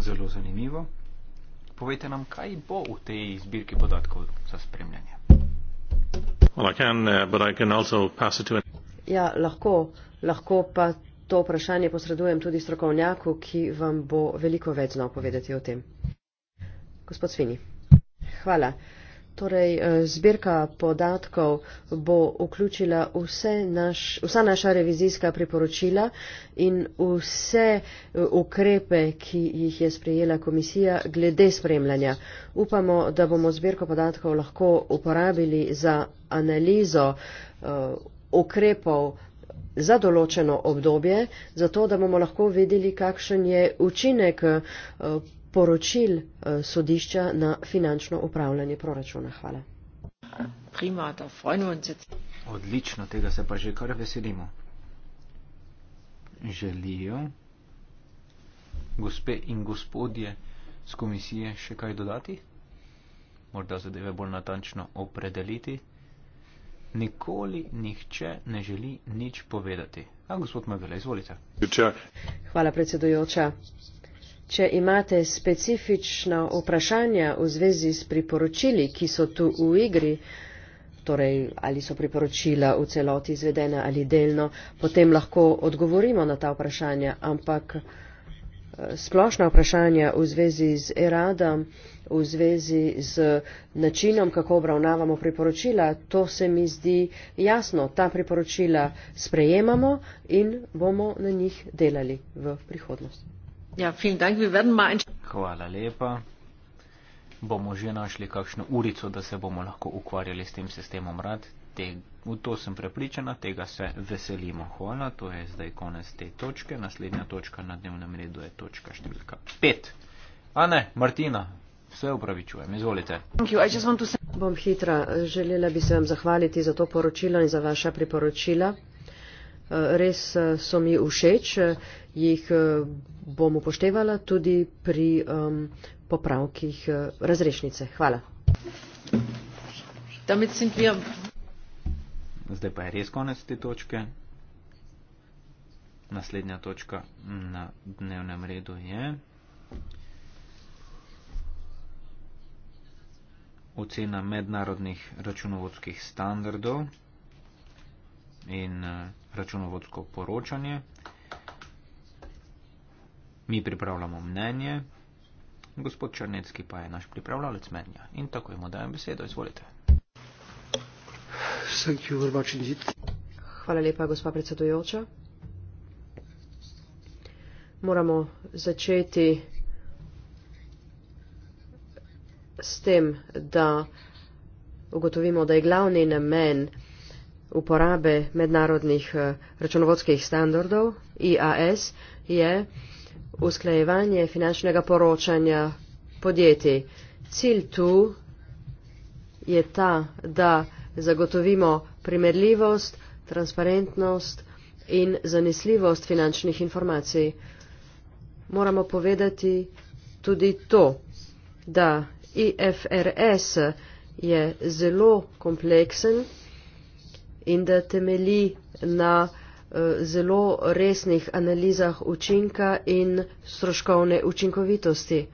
Zelo zanimivo. Povejte nam, kaj bo v tej zbirki podatkov za spremljanje. Well, can, uh, can an... Ja, lahko, lahko pa to vprašanje posredujem tudi strokovnjaku, ki vam bo veliko več znal povedati o tem. Gospod Svini. Hvala. Torej, eh, zbirka podatkov bo vključila vse naš, vsa naša revizijska priporočila in vse eh, ukrepe, ki jih je sprejela komisija glede spremljanja. Upamo, da bomo zbirko podatkov lahko uporabili za analizo eh, ukrepov za določeno obdobje, zato da bomo lahko videli, kakšen je učinek poročil eh, sodišča na finančno upravljanje proračuna. Hvala. Prima, da se... Odlično, tega se pa že kar veselimo. Želijo gospe in gospodje z komisije še kaj dodati? Morda zadeve bolj natančno opredeliti? Nikoli nihče ne želi nič povedati. A gospod Magdalena, izvolite. Hvala predsedujoča. Če imate specifična vprašanja v zvezi s priporočili, ki so tu v igri, torej ali so priporočila v celoti izvedena ali delno, potem lahko odgovorimo na ta vprašanja, ampak eh, splošna vprašanja v zvezi z eradom, v zvezi z načinom, kako obravnavamo priporočila, to se mi zdi jasno. Ta priporočila sprejemamo in bomo na njih delali v prihodnosti. Ja, Hvala lepa. Bomo že našli kakšno urico, da se bomo lahko ukvarjali s tem sistemom rad. Te, v to sem prepričana, tega se veselimo. Hvala, to je zdaj konec te točke. Naslednja točka na dnevnem redu je točka številka 5. A ne, Martina, vse upravičujem, izvolite. Bom hitra. Želela bi se vam zahvaliti za to poročilo in za vaša priporočila. Eh, res eh, so mi všeč jih eh, bom upoštevala tudi pri um, popravkih uh, razrešnice. Hvala. Zdaj pa je res konec te točke. Naslednja točka na dnevnem redu je ocena mednarodnih računovodskih standardov in eh, računovodsko poročanje mi pripravljamo mnenje, gospod Črnecki pa je naš pripravljalec mnenja. In tako jim dajem besedo, izvolite. Hvala lepa, gospa predsedujoča. Moramo začeti s tem, da ugotovimo, da je glavni namen uporabe mednarodnih eh, računovodskih standardov IAS je usklajevanje finančnega poročanja podjetij. Cilj tu je ta, da zagotovimo primerljivost, transparentnost in zanesljivost finančnih informacij. Moramo povedati tudi to, da IFRS je zelo kompleksen in da temeli na Eh, zelo resnih analizah učinka in stroškovne učinkovitosti.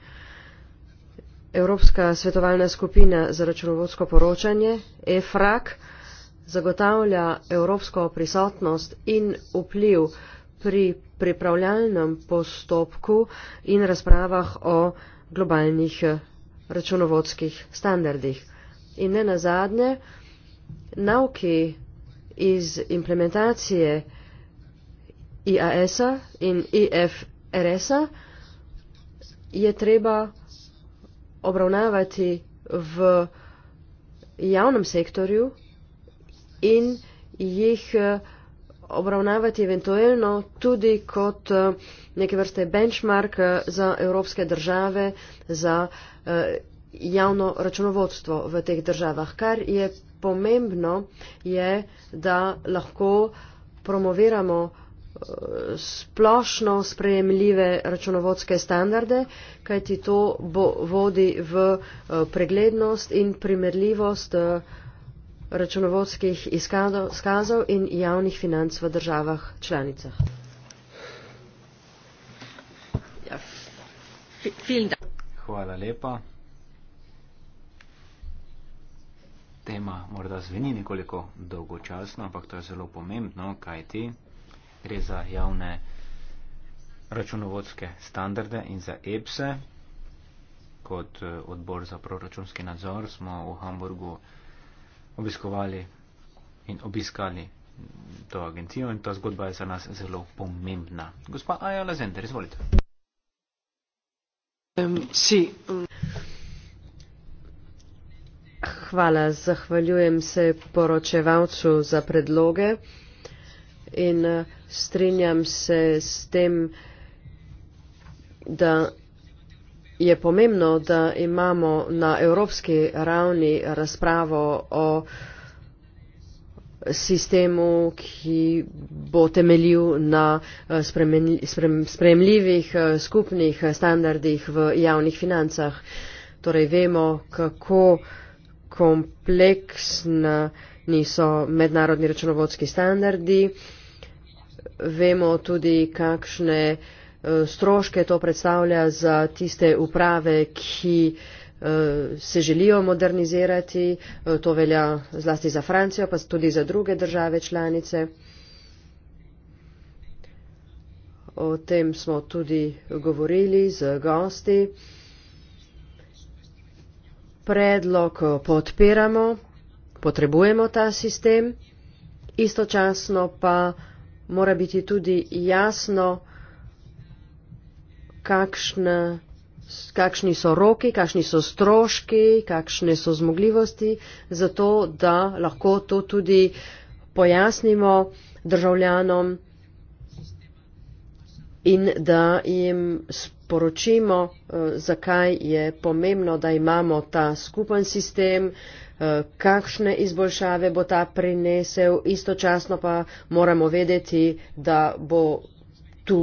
Evropska svetovalna skupina za računovodsko poročanje, EFRAK, zagotavlja evropsko prisotnost in vpliv pri pripravljalnem postopku in razpravah o globalnih eh, računovodskih standardih. In ne nazadnje, nauki iz implementacije IAS-a in EFRS-a je treba obravnavati v javnem sektorju in jih eh, obravnavati eventualno tudi kot eh, neke vrste benchmark eh, za evropske države, za javno računovodstvo v teh državah. Kar je pomembno, je, da lahko promoviramo vsega, splošno sprejemljive računovodske standarde, kajti to bo, vodi v eh, preglednost in primerljivost eh, računovodskih izkazov in javnih financ v državah članicah. Ja, Hvala lepa. Tema morda zveni nekoliko dolgočasno, ampak to je zelo pomembno, kajti gre za javne računovodske standarde in za EPSE. Kot eh, odbor za proračunski nadzor smo v Hamburgu obiskovali in obiskali to agencijo in ta zgodba je za nas zelo pomembna. Gospa Aja Lazender, izvolite. Si. Hvala, zahvaljujem se poročevalcu za predloge in eh, strinjam se s tem, da je pomembno, da imamo na evropski ravni razpravo o sistemu, ki bo temeljil na eh, spremljivih eh, skupnih standardih v javnih financah. Torej vemo, kako kompleksni so mednarodni računovodski standardi vemo tudi, kakšne eh, stroške to predstavlja za tiste uprave, ki eh, se želijo modernizirati. Eh, to velja zlasti za Francijo, pa tudi za druge države članice. O tem smo tudi govorili z gosti. Predlog podpiramo, potrebujemo ta sistem, istočasno pa mora biti tudi jasno, kakšne, kakšni so roki, kakšni so stroški, kakšne so zmogljivosti, zato da lahko to tudi pojasnimo državljanom in da jim poročimo, eh, zakaj je pomembno, da imamo ta skupen sistem, eh, kakšne izboljšave bo ta prinesel, istočasno pa moramo vedeti, da bo tu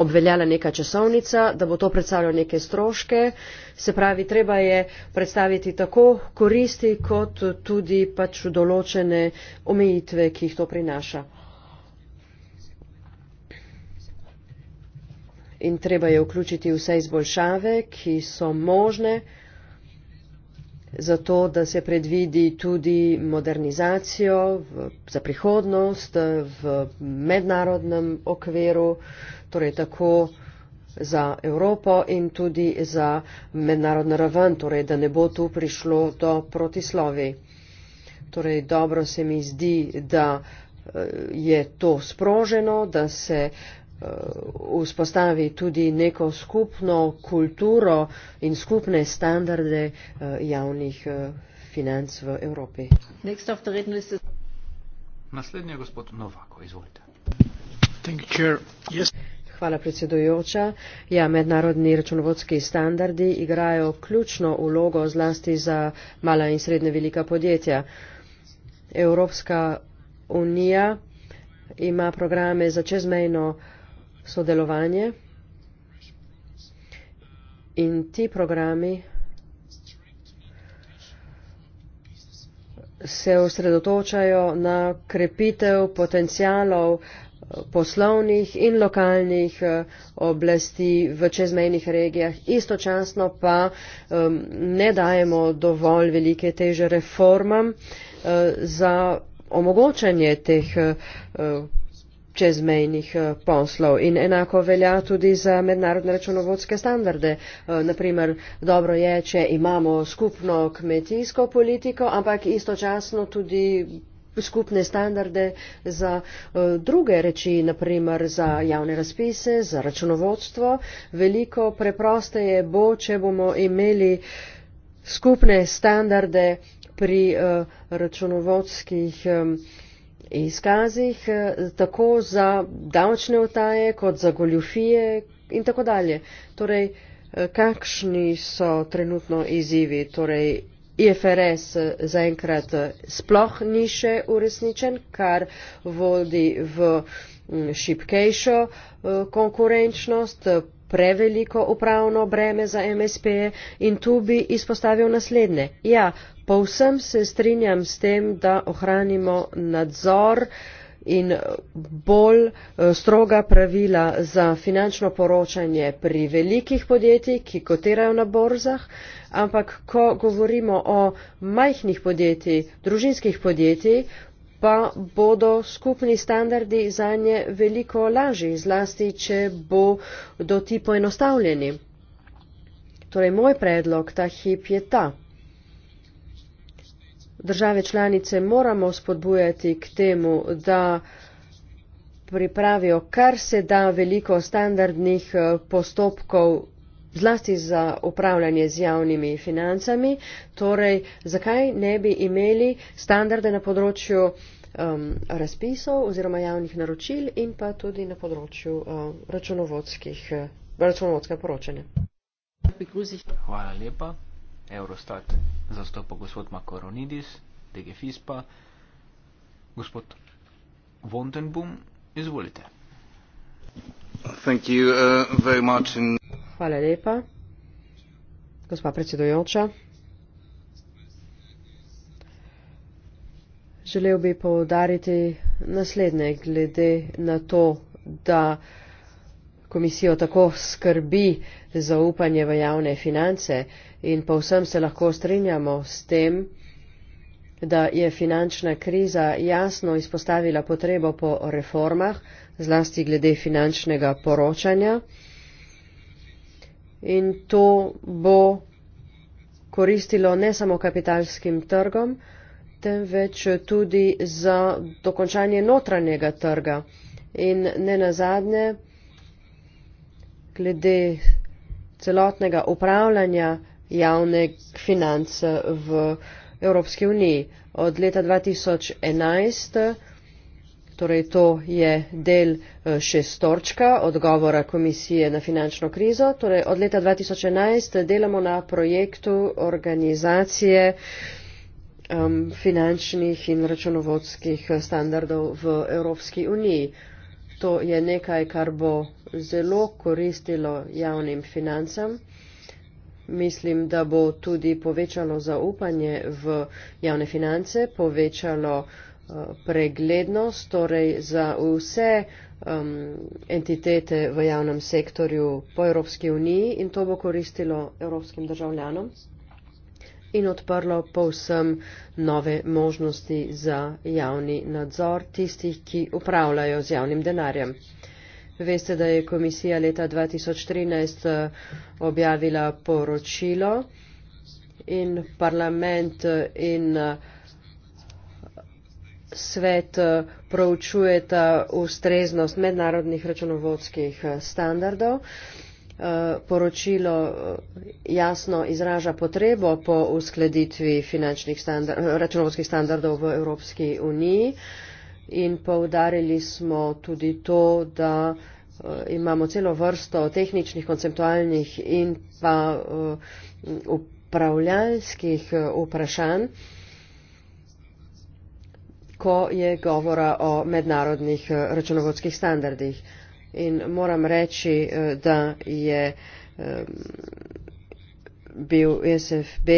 obveljala neka časovnica, da bo to predstavljalo neke stroške. Se pravi, treba je predstaviti tako koristi, kot tudi pač določene omejitve, ki jih to prinaša. in treba je vključiti vse izboljšave, ki so možne, zato da se predvidi tudi modernizacijo v, za prihodnost v mednarodnem okviru, torej tako za Evropo in tudi za mednarodno raven, torej da ne bo tu prišlo do protislovi. Torej dobro se mi zdi, da eh, je to sproženo, da se Eh, vzpostavi tudi neko skupno kulturo in skupne standarde eh, javnih eh, financ v Evropi. Naslednji je gospod Novako, izvolite. Hvala predsedujoča. Ja, mednarodni računovodski standardi igrajo ključno ulogo zlasti za mala in srednje velika podjetja. Evropska unija ima programe za čezmejno uh, sodelovanje in ti programi se osredotočajo na krepitev potencijalov eh, poslovnih in lokalnih eh, oblasti v čezmejnih regijah. Istočasno pa ne dajemo dovolj velike teže reformam eh, za omogočanje teh čezmejnih eh, poslov. In enako velja tudi za mednarodne računovodske standarde. Eh, naprimer, dobro je, če imamo skupno kmetijsko politiko, ampak istočasno tudi skupne standarde za eh, druge reči, naprimer za javne razpise, za računovodstvo. Veliko preprosteje bo, če bomo imeli skupne standarde pri računovodskih izkazih, eh, tako za davčne vtaje, kot za goljufije in tako dalje. Torej, eh, kakšni so trenutno izzivi? Torej, IFRS eh, zaenkrat sploh ni še uresničen, kar vodi v mm, šipkejšo konkurenčnost, preveliko upravno breme za MSP in tu bi izpostavil naslednje. Ja, povsem se strinjam s tem, da ohranimo nadzor in bolj eh, stroga pravila za finančno poročanje pri velikih podjetjih, ki kotirajo na borzah, ampak ko govorimo o majhnih podjetjih, družinskih podjetjih, pa bodo skupni standardi za nje veliko lažji, zlasti, če bo do ti poenostavljeni. Torej, moj predlog ta hip je ta države članice moramo spodbujati k temu, da pripravijo kar se da veliko standardnih eh, postopkov zlasti za upravljanje z javnimi financami. Torej, zakaj ne bi imeli standarde na področju um, razpisov oziroma javnih naročil in pa tudi na področju um, eh, računovodskega eh, poročanja? Hvala lepa. Eurostat zastopa gospod Makaronidis, DG FISPA. Gospod Vontenbum, izvolite. You, uh, in... Hvala lepa, gospa predsedujoča. Želel bi poudariti naslednje glede na to, da komisijo tako skrbi zaupanje v javne finance in pa vsem se lahko strinjamo s tem, da je finančna kriza jasno izpostavila potrebo po reformah, zlasti glede finančnega poročanja. In to bo koristilo ne samo kapitalskim trgom, temveč tudi za dokončanje notranjega trga. In ne nazadnje, glede celotnega upravljanja javne financ v Evropski uniji. Od leta 2011, torej to je del eh, šestorčka odgovora Komisije na finančno krizo, torej od leta 2011 delamo na projektu organizacije um, finančnih in računovodskih standardov v Evropski uniji. To je nekaj, kar bo zelo koristilo javnim financam. Mislim, da bo tudi povečalo zaupanje v javne finance, povečalo eh, preglednost, torej za vse um, entitete v javnem sektorju po Evropski uniji in to bo koristilo evropskim državljanom in odprlo povsem nove možnosti za javni nadzor tistih, ki upravljajo z javnim denarjem. Veste, da je komisija leta 2013 eh, objavila poročilo in parlament eh, in eh, svet proučujeta ustreznost mednarodnih računovodskih standardov. Eh, poročilo eh, jasno izraža potrebo po uskladitvi finančnih standard, eh, računovskih standardov v Evropski uniji in poudarili smo tudi to, da imamo celo vrsto tehničnih, konceptualnih in pa upravljalskih vprašanj, ko je govora o mednarodnih računovodskih standardih in moram reči, eh, da je bil SFB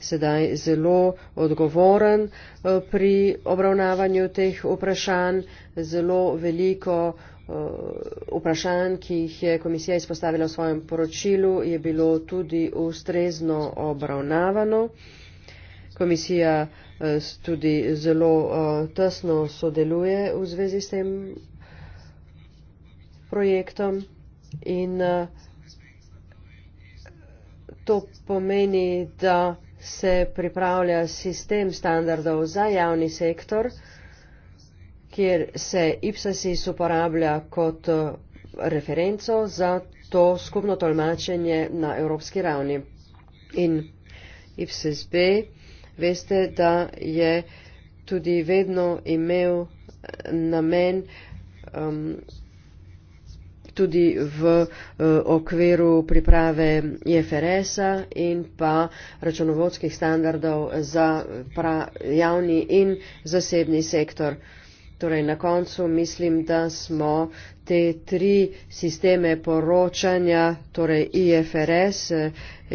sedaj zelo odgovoren eh, pri obravnavanju teh vprašanj, zelo veliko eh, vprašanj, ki jih je komisija izpostavila v svojem poročilu, je bilo tudi ustrezno obravnavano. Komisija tudi zelo tesno sodeluje v zvezi s tem projektom in eh, to pomeni, da se pripravlja sistem standardov za javni sektor, kjer se IPSASIS uporablja kot eh, referenco za to skupno tolmačenje na evropski ravni. In IPSIS B, veste, da je tudi vedno imel namen um, tudi v eh, okviru priprave IFRS-a e in pa računovodskih standardov za javni in zasebni sektor. Torej, na koncu mislim, da smo te tri sisteme poročanja, torej IFRS, e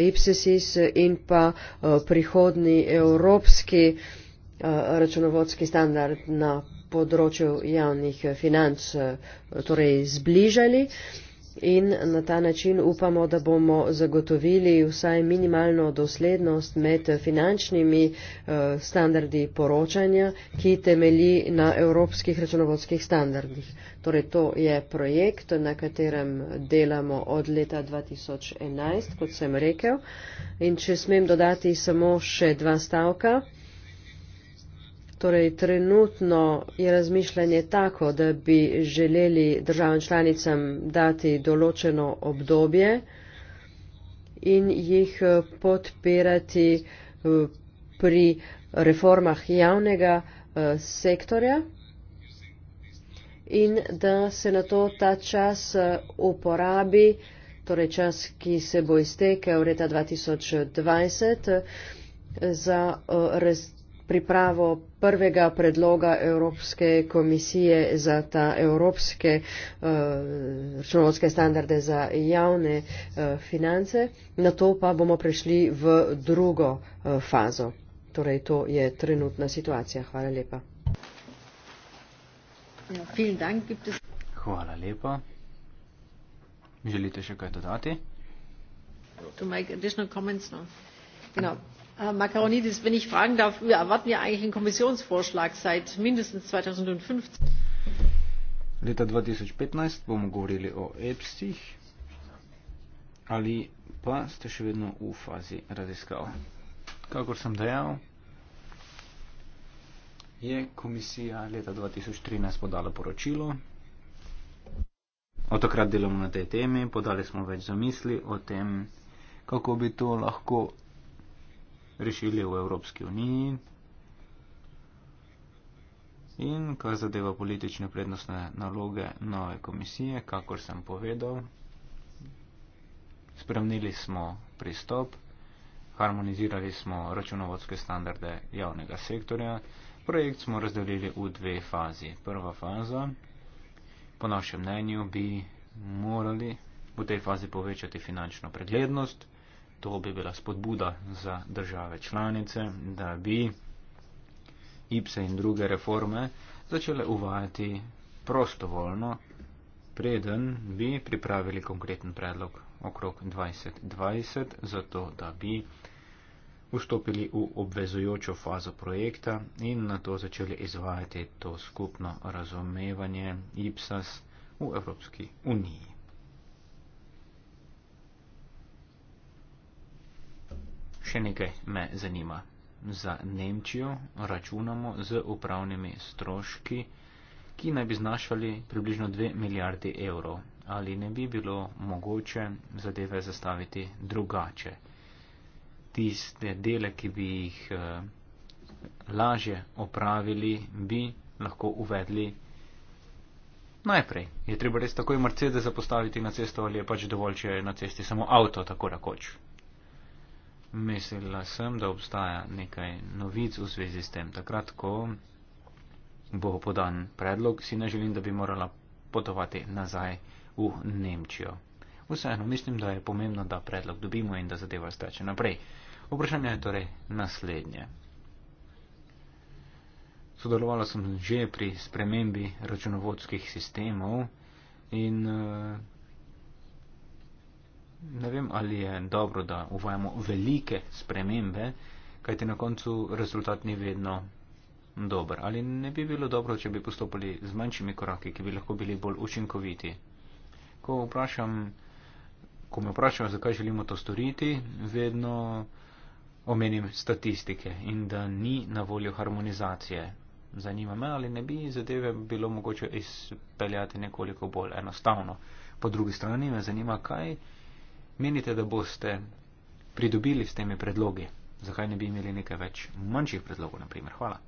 IPSIS e in pa eh, prihodni evropski sistem, Eh, računovodski standard na področju javnih eh, financ eh, torej zbližali in na ta način upamo, da bomo zagotovili vsaj minimalno doslednost med finančnimi standardi poročanja, ki temelji na evropskih računovodskih standardih. Torej, to je projekt, na katerem delamo od leta 2011, kot sem rekel. In če smem dodati samo še dva stavka. Torej, trenutno je razmišljanje tako, da bi želeli državam članicam dati določeno obdobje in jih eh, podpirati eh, pri reformah javnega eh, sektorja in da se na to ta čas uporabi, torej čas, ki se bo iztekel leta 2020, za razmišljanje pripravo prvega predloga Evropske komisije za ta evropske uh, računovodske standarde za javne uh, finance. Na to pa bomo prišli v drugo uh, fazo. Torej, to je trenutna situacija. Hvala lepa. Ja, Hvala lepa. Želite še kaj dodati? To make additional comments now. You know, herr makarónides wenn ich fragen darf wir erwarten ja eigentlich einen kommissionsvorschlag seit mindestens. zweitausendfünfzehn Je komisija leta 2013 podala poročilo, od takrat delamo na tej temi, podali smo več zamisli o tem, kako bi to lahko rešili v Evropski uniji. In kar zadeva politične prednostne naloge nove komisije, kakor sem povedal, spremnili smo pristop, harmonizirali smo računovodske standarde javnega sektorja, projekt smo razdelili v dve fazi. Prva faza, po našem mnenju, bi morali v tej fazi povečati finančno preglednost to bi bila spodbuda za države članice, da bi IPSE in druge reforme začele uvajati prostovoljno, preden bi pripravili konkreten predlog okrog 2020, zato da bi vstopili v obvezujočo fazo projekta in na to začeli izvajati to skupno razumevanje IPSAS v Evropski uniji. Še nekaj me zanima. Za Nemčijo računamo z upravnimi stroški, ki naj bi znašali približno 2 milijardi evrov. Ali ne bi bilo mogoče zadeve zastaviti drugače? Tiste dele, ki bi jih eh, lažje opravili, bi lahko uvedli najprej. Je treba res takoj Mercedes zapostaviti na cesto ali je pač dovolj, če je na cesti samo avto, tako rakoč. Mislila sem, da obstaja nekaj novic v zvezi s tem. Takrat, ko bo podan predlog, si ne želim, da bi morala potovati nazaj v Nemčijo. Vseeno mislim, da je pomembno, da predlog dobimo in da zadeva steče naprej. Vprašanje je torej naslednje. Sodelovala sem že pri spremembi računovodskih sistemov in uh, ne vem, ali je dobro, da uvajamo velike spremembe, kajti na koncu rezultat ni vedno dober. Ali ne bi bilo dobro, če bi postopili z manjšimi koraki, ki bi lahko bili bolj učinkoviti? Ko, vprašam, ko me vprašajo, zakaj želimo to storiti, vedno omenim statistike in da ni na voljo harmonizacije. Zanima me, ali ne bi zadeve bilo mogoče izpeljati nekoliko bolj enostavno. Po drugi strani me zanima, kaj menite, da boste pridobili s temi predlogi? Zakaj ne bi imeli nekaj več manjših predlogov, na primer? Hvala.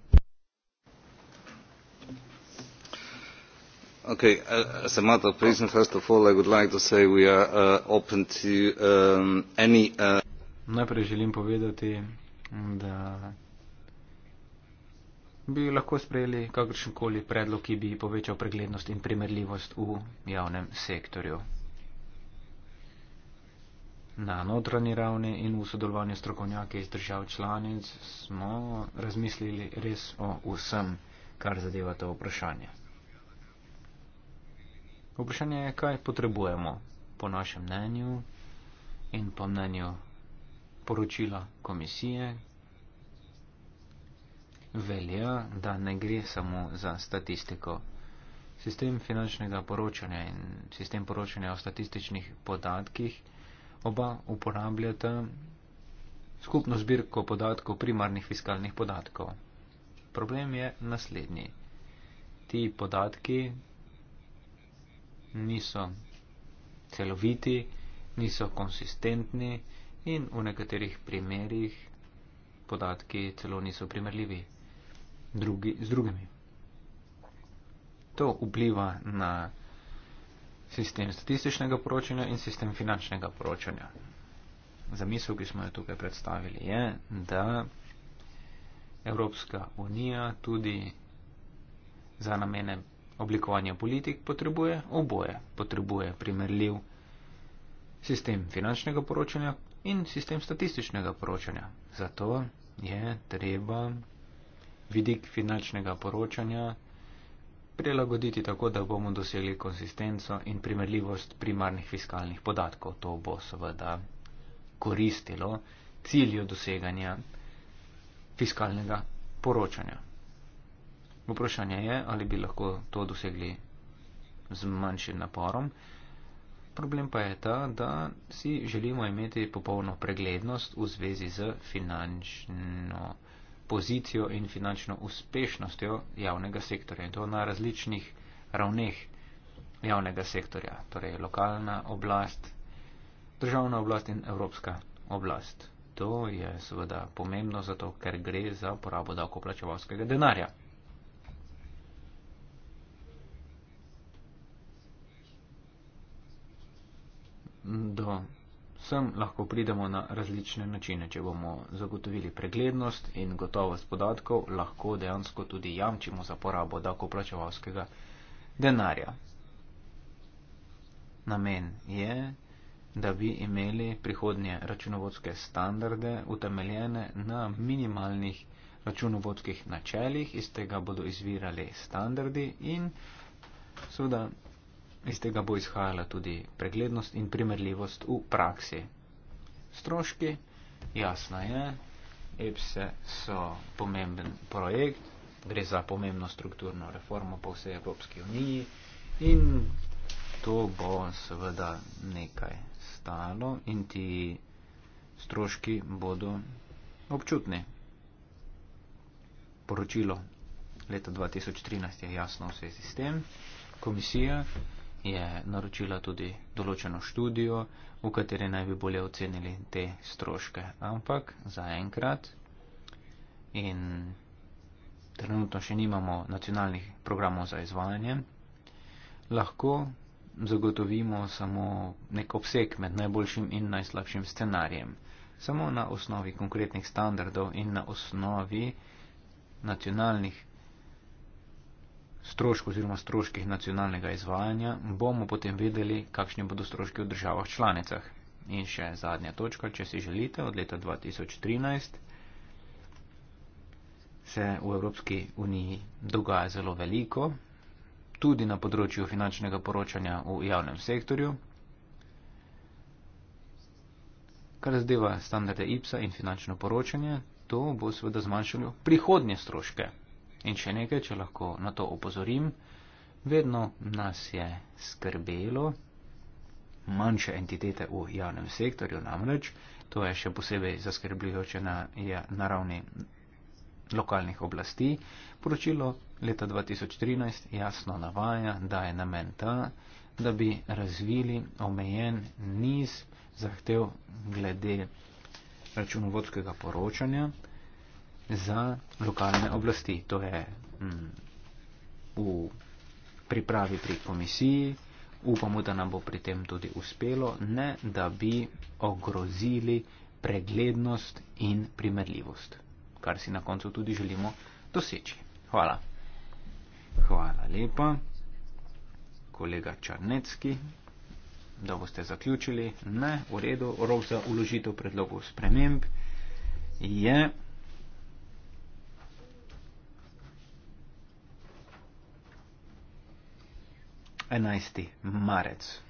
Okay, as a matter of prison, first of all, I would like to say we are uh, open to um, any. Uh Najprej želim povedati, da bi lahko sprejeli kakršenkoli predlog, ki bi povečal preglednost in primerljivost v javnem sektorju na notranji ravni in v sodelovanju strokovnjake iz držav članic smo razmislili res o vsem, kar zadeva to vprašanje. Vprašanje je, kaj potrebujemo po našem mnenju in po mnenju poročila komisije. Velja, da ne gre samo za statistiko. Sistem finančnega poročanja in sistem poročanja o statističnih podatkih oba uporabljata skupno zbirko podatkov primarnih fiskalnih podatkov. Problem je naslednji. Ti podatki niso celoviti, niso konsistentni in v nekaterih primerjih podatki celo niso primerljivi drugi, z drugimi. To vpliva na sistem statističnega poročanja in sistem finančnega poročanja. Zamisel, ki smo jo tukaj predstavili, je, da Evropska unija tudi za namene oblikovanja politik potrebuje oboje. Potrebuje primerljiv sistem finančnega poročanja in sistem statističnega poročanja. Zato je treba vidik finančnega poročanja prilagoditi tako, da bomo dosegli konsistenco in primerljivost primarnih fiskalnih podatkov. To bo seveda koristilo cilju doseganja fiskalnega poročanja. Vprašanje je, ali bi lahko to dosegli z manjšim naporom. Problem pa je ta, da si želimo imeti popolno preglednost v zvezi z finančno pozicijo in finančno uspešnostjo javnega sektorja in to na različnih ravneh javnega sektorja, torej lokalna oblast, državna oblast in evropska oblast. To je seveda pomembno zato, ker gre za porabo davkoplačevalskega denarja. Do sem lahko pridemo na različne načine. Če bomo zagotovili preglednost in gotovost podatkov, lahko dejansko tudi jamčimo za porabo davkoplačevalskega denarja. Namen je, da bi imeli prihodnje računovodske standarde utemeljene na minimalnih računovodskih načeljih, iz tega bodo izvirali standardi in seveda Iz tega bo izhajala tudi preglednost in primerljivost v praksi. Stroški, jasno je, EPSE so pomemben projekt, gre za pomembno strukturno reformo po vsej Evropski uniji in to bo seveda nekaj stalo in ti stroški bodo občutni. Poročilo leta 2013 je jasno vse sistem. Komisija je naročila tudi določeno študijo, v kateri naj bi bolje ocenili te stroške. Ampak zaenkrat in trenutno še nimamo nacionalnih programov za izvajanje, lahko zagotovimo samo nek obseg med najboljšim in najslabšim scenarijem. Samo na osnovi konkretnih standardov in na osnovi nacionalnih stroškov oziroma stroških nacionalnega izvajanja, bomo potem vedeli, kakšni bodo stroški v državah članicah. In še zadnja točka, če si želite, od leta 2013 se v Evropski uniji dogaja zelo veliko, tudi na področju finančnega poročanja v javnem sektorju, kar zadeva standarde IPS-a in finančno poročanje, to bo seveda zmanjšalo prihodnje stroške. In še nekaj, če lahko na to opozorim, vedno nas je skrbelo, manjše entitete v javnem sektorju namreč, to je še posebej zaskrbljujoče na, na ravni lokalnih oblasti. Poročilo leta 2013 jasno navaja, da je namen ta, da bi razvili omejen niz zahtev glede računovodskega poročanja, za lokalne oblasti. To je mm, v pripravi pri komisiji. Upamo, da nam bo pri tem tudi uspelo, ne da bi ogrozili preglednost in primerljivost, kar si na koncu tudi želimo doseči. Hvala. Hvala lepa, kolega Črnecki, da boste zaključili. Ne, v redu, rok za uložitev predlogov sprememb je. 11. marec.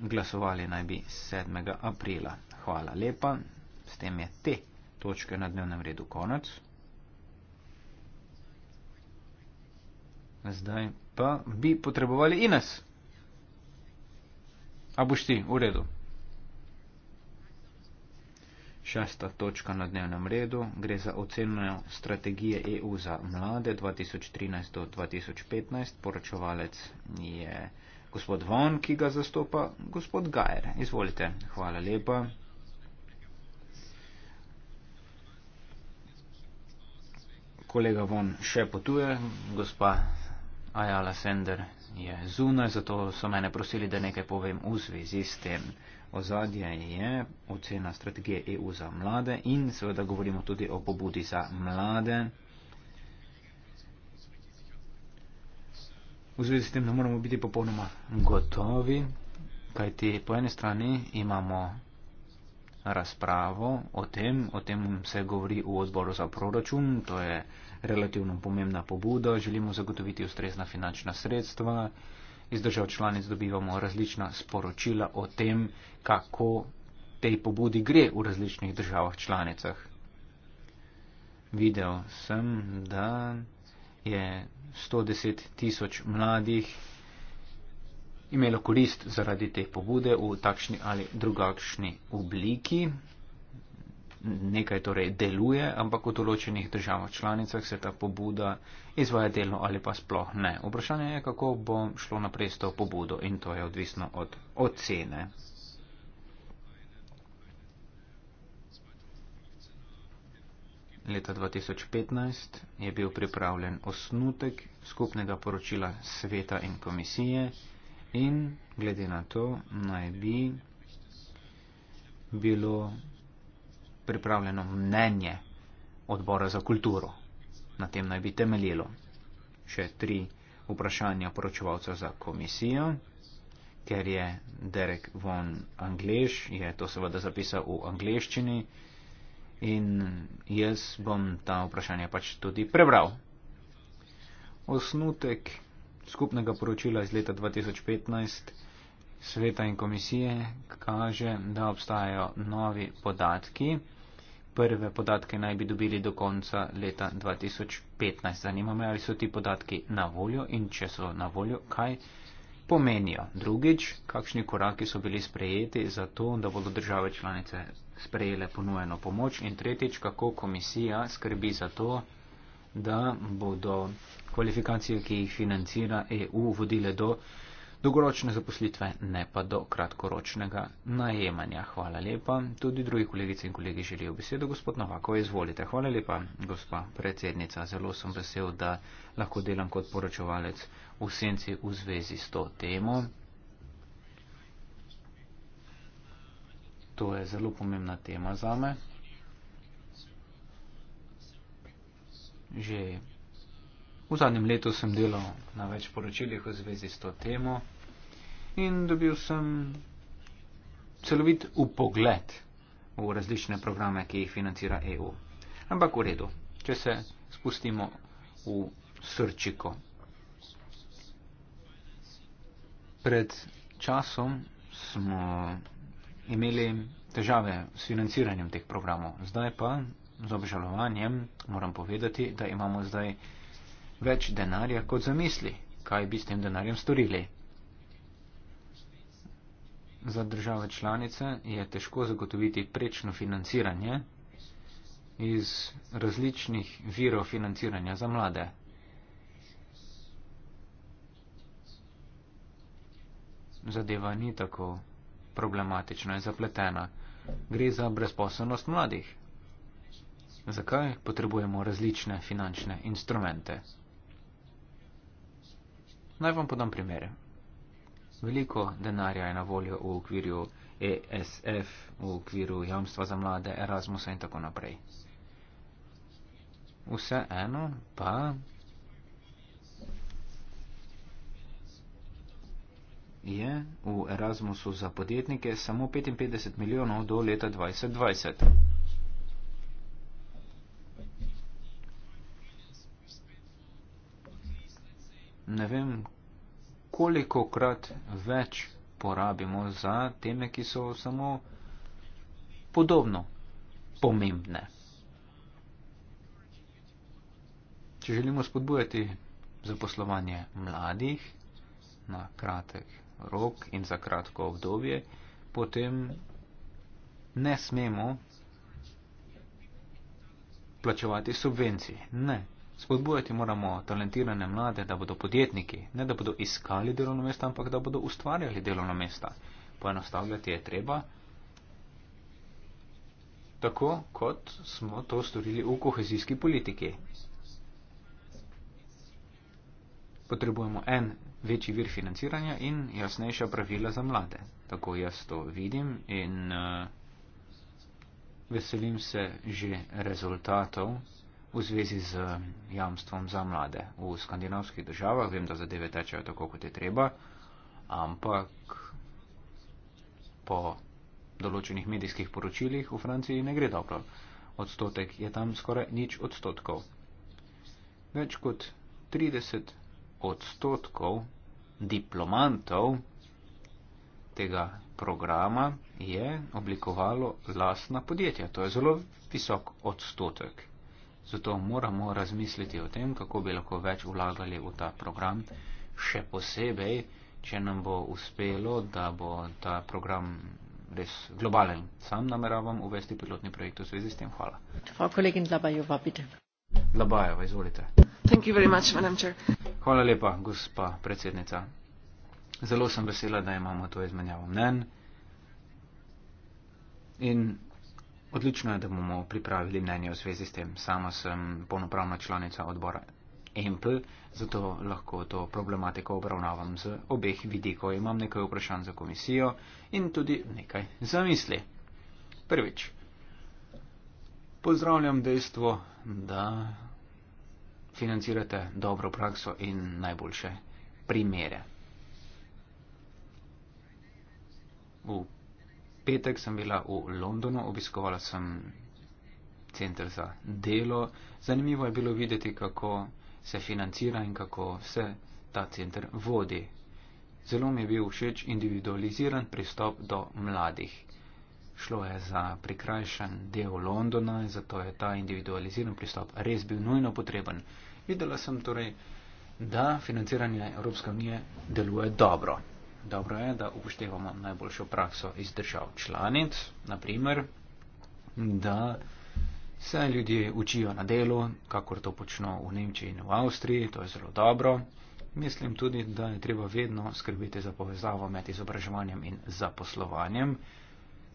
Glasovali naj bi 7. aprila. Hvala lepa, s tem je te točke na dnevnem redu konec. Zdaj pa bi potrebovali Ines. A boš ti v redu? Šesta točka na dnevnem redu gre za oceno strategije EU za mlade 2013-2015. Poročevalec je gospod Von, ki ga zastopa gospod Gajer. Izvolite. Hvala lepa. Kolega Von še potuje, gospa Ajala Sender je zunaj, zato so mene prosili, da nekaj povem v zvezi s tem ozadje je ocena strategije EU za mlade in seveda govorimo tudi o pobudi za mlade. V zvezi s tem ne moramo biti popolnoma gotovi, kajti po eni strani imamo razpravo o tem, o tem se govori v odboru za proračun, to je relativno pomembna pobuda, želimo zagotoviti ustrezna finančna sredstva iz držav članic dobivamo različna sporočila o tem, kako tej pobudi gre v različnih državah članicah. Videl sem, da je 110 tisoč mladih imelo korist zaradi te pobude v takšni ali drugačni obliki nekaj torej deluje, ampak v določenih državah članicah se ta pobuda izvaja delno ali pa sploh ne. Vprašanje je, kako bo šlo naprej s to pobudo in to je odvisno od ocene. Leta 2015 je bil pripravljen osnutek skupnega poročila sveta in komisije in glede na to naj bi bilo pripravljeno mnenje odbora za kulturo. Na tem naj bi temeljilo še tri vprašanja poročevalca za komisijo, ker je Derek von Anglež, je to seveda zapisal v angleščini in jaz bom ta vprašanja pač tudi prebral. Osnutek skupnega poročila iz leta 2015 sveta in komisije kaže, da obstajajo novi podatki. Prve podatke naj bi dobili do konca leta 2015. Zanima me, ali so ti podatki na voljo in če so na voljo, kaj pomenijo. Drugič, kakšni koraki so bili sprejeti za to, da bodo države članice sprejele ponujeno pomoč. In tretjič, kako komisija skrbi za to, da bodo kvalifikacije, ki jih financira EU, vodile do dolgoročne zaposlitve, ne pa do kratkoročnega najemanja. Hvala lepa. Tudi drugi kolegice in kolegi želijo besedo. Gospod Novako, izvolite. Hvala lepa, gospa predsednica. Zelo sem vesel, da lahko delam kot poročevalec v senci v zvezi s to temo. To je zelo pomembna tema za me. Že v zadnjem letu sem delal na več poročilih v zvezi s to temo in dobil sem celovit upogled v različne programe, ki jih financira EU. Ampak v redu, če se spustimo v srčiko. Pred časom smo imeli težave s financiranjem teh programov. Zdaj pa, z obžalovanjem, moram povedati, da imamo zdaj več denarja kot zamisli, kaj bi s tem denarjem storili za države članice je težko zagotoviti prečno financiranje iz različnih virov financiranja za mlade. Zadeva ni tako problematična in zapletena. Gre za brezposobnost mladih. Zakaj potrebujemo različne finančne instrumente? Naj vam podam primere veliko denarja je na voljo v okviru ESF, v okviru jamstva za mlade, Erasmusa in tako naprej. Vseeno pa je v Erasmusu za podjetnike samo 55 milijonov do leta 2020. Ne vem, kolikokrat več porabimo za teme, ki so samo podobno pomembne. Če želimo spodbujati zaposlovanje mladih na kratek rok in za kratko obdobje, potem ne smemo plačevati subvencij. Ne, Spodbujati moramo talentirane mlade, da bodo podjetniki, ne da bodo iskali delovno mesto, ampak da bodo ustvarjali delovno mesto. Poenostavljati je treba, tako kot smo to storili v kohezijski politiki. Potrebujemo en večji vir financiranja in jasnejša pravila za mlade. Tako jaz to vidim in uh, veselim se že rezultatov v zvezi z jamstvom za mlade. V skandinavskih državah vem, da zadeve tečejo tako, kot je treba, ampak po določenih medijskih poročilih v Franciji ne gre dobro. Odstotek je tam skoraj nič odstotkov. Več kot 30 odstotkov diplomantov tega programa je oblikovalo lastna podjetja. To je zelo visok odstotek. Zato moramo razmisliti o tem, kako bi lahko več vlagali v ta program, še posebej, če nam bo uspelo, da bo ta program res globalen. Sam nameravam uvesti pilotni projekt v zvezi s tem. Hvala. Hvala, kolegin Dlabajova, vidim. Dlabajova, izvolite. Thank you very much, Hvala lepa, gospa predsednica. Zelo sem vesela, da imamo to izmenjavo mnen. In Odlično je, da bomo pripravili mnenje v zvezi s tem. Sama sem polnopravna članica odbora EMP, zato lahko to problematiko obravnavam z obeh vidikov. Imam nekaj vprašanj za komisijo in tudi nekaj zamisli. Prvič. Pozdravljam dejstvo, da financirate dobro prakso in najboljše primere petek sem bila v Londonu, obiskovala sem center za delo. Zanimivo je bilo videti, kako se financira in kako se ta center vodi. Zelo mi je bil všeč individualiziran pristop do mladih. Šlo je za prikrajšan del Londona in zato je ta individualiziran pristop res bil nujno potreben. Videla sem torej, da financiranje Evropske unije deluje dobro dobro je, da upoštevamo najboljšo prakso iz držav članic, naprimer, da se ljudje učijo na delu, kakor to počno v Nemčiji in v Avstriji, to je zelo dobro. Mislim tudi, da je treba vedno skrbeti za povezavo med izobraževanjem in zaposlovanjem.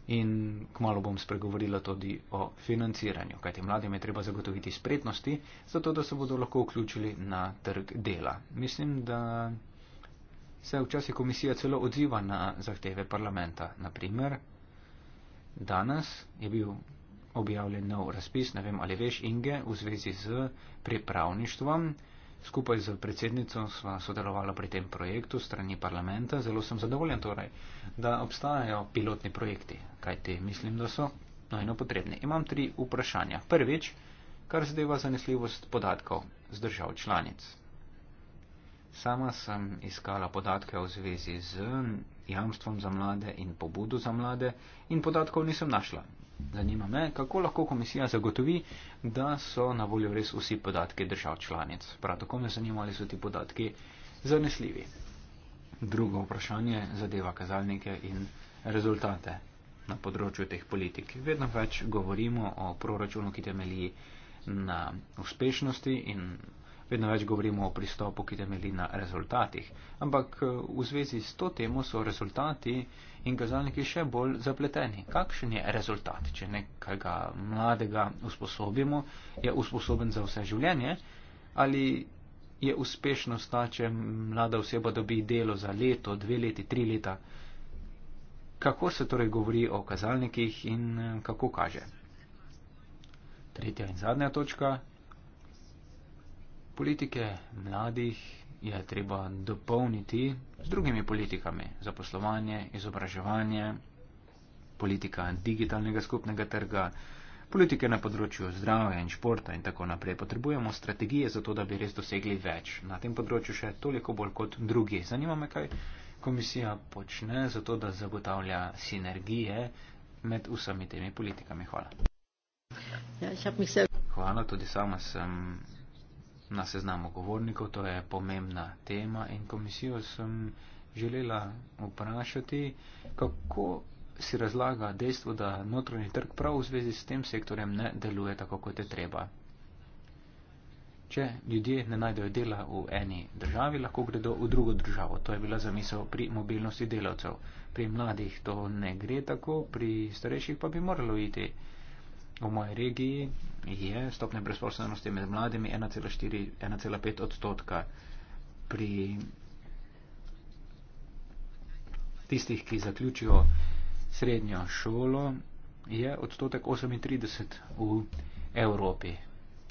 In kmalo bom spregovorila tudi o financiranju, kajti mladim je treba zagotoviti spretnosti, zato da se bodo lahko vključili na trg dela. Mislim, da se včasih komisija celo odziva na zahteve parlamenta. Naprimer, danes je bil objavljen nov razpis, ne vem ali veš, Inge, v zvezi z pripravništvom. Skupaj z predsednico sva sodelovala pri tem projektu strani parlamenta. Zelo sem zadovoljen torej, da obstajajo pilotni projekti, kaj te mislim, da so nojno potrebni. Imam tri vprašanja. Prvič, kar zadeva zanesljivost podatkov z držav članic. Sama sem iskala podatke o zvezi z jamstvom za mlade in pobudo za mlade in podatkov nisem našla. Zanima me, kako lahko komisija zagotovi, da so na voljo res vsi podatki držav članic. Prav tako me zanima, ali so ti podatki zanesljivi. Drugo vprašanje zadeva kazalnike in rezultate na področju teh politik. Vedno več govorimo o proračunu, ki temelji na uspešnosti in vedno več govorimo o pristopu, ki temeli na rezultatih. Ampak eh, v zvezi s to temo so rezultati in kazalniki še bolj zapleteni. Kakšen je rezultat, če nekega mladega usposobimo, je usposoben za vse življenje ali je uspešnost ta, če mlada oseba dobi delo za leto, dve leti, tri leta. Kako se torej govori o kazalnikih in eh, kako kaže? Tretja in zadnja točka Politike mladih je treba dopolniti z drugimi politikami za poslovanje, izobraževanje, politika digitalnega skupnega trga, politike na področju zdravja in športa in tako naprej. Potrebujemo strategije za to, da bi res dosegli več na tem področju še toliko bolj kot drugi. Zanima me, kaj komisija počne za to, da zagotavlja sinergije med vsemi temi politikami. Hvala. Ja, Hvala, tudi sama sem na seznamu govornikov, to je pomembna tema in komisijo sem želela vprašati, kako si razlaga dejstvo, da notranji trg prav v zvezi s tem sektorjem ne deluje tako, kot je treba. Če ljudje ne najdejo dela v eni državi, lahko gredo v drugo državo. To je bila zamisel pri mobilnosti delavcev. Pri mladih to ne gre tako, pri starejših pa bi moralo iti. V moji regiji je stopnja brezposobnosti med mladimi 1,5 odstotka. Pri tistih, ki zaključijo srednjo šolo, je odstotek 38 v Evropi.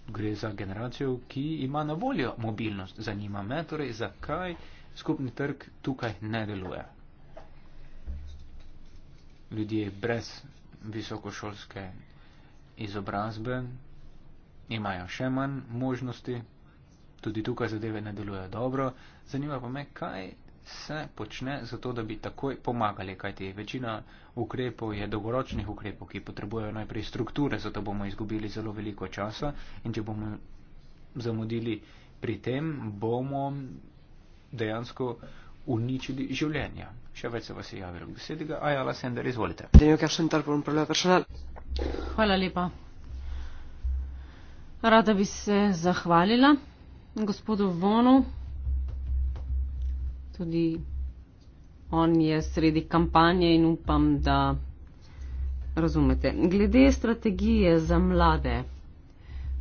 Gre za generacijo, ki ima na voljo mobilnost. Zanima me torej, zakaj skupni trg tukaj ne deluje. Ljudje brez visokošolske izobrazbe, imajo še manj možnosti, tudi tukaj zadeve ne delujejo dobro. Zanima pa me, kaj se počne za to, da bi takoj pomagali, kajti večina ukrepov je dolgoročnih ukrepov, ki potrebujejo najprej strukture, zato bomo izgubili zelo veliko časa in če bomo zamudili pri tem, bomo dejansko uničili življenja. Še več se vas je javil k besedi, Ajala Sender, izvolite. Hvala lepa. Rada bi se zahvalila gospodu Vonu. Tudi on je sredi kampanje in upam, da razumete. Glede strategije za mlade.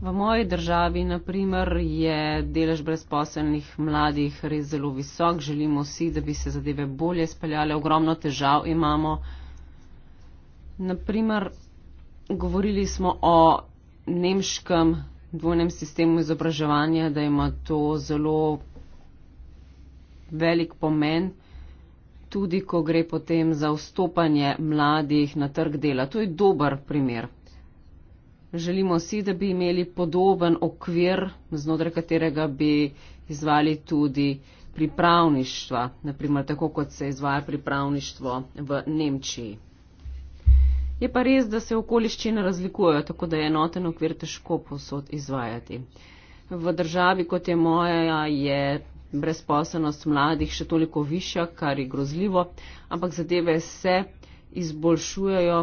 V moji državi, na primer, je delež brezposelnih mladih res zelo visok. Želimo si, da bi se zadeve bolje speljale. Ogromno težav imamo. Naprimer, govorili smo o nemškem dvojnem sistemu izobraževanja, da ima to zelo velik pomen, tudi ko gre potem za vstopanje mladih na trg dela. To je dober primer. Želimo si, da bi imeli podoben okvir, znotraj katerega bi izvali tudi pripravništva, naprimer tako, kot se izvaja pripravništvo v Nemčiji. Je pa res, da se okoliščine razlikujejo, tako da je enoten okvir težko posod izvajati. V državi, kot je moja, je brezposobnost mladih še toliko višja, kar je grozljivo, ampak zadeve se izboljšujejo,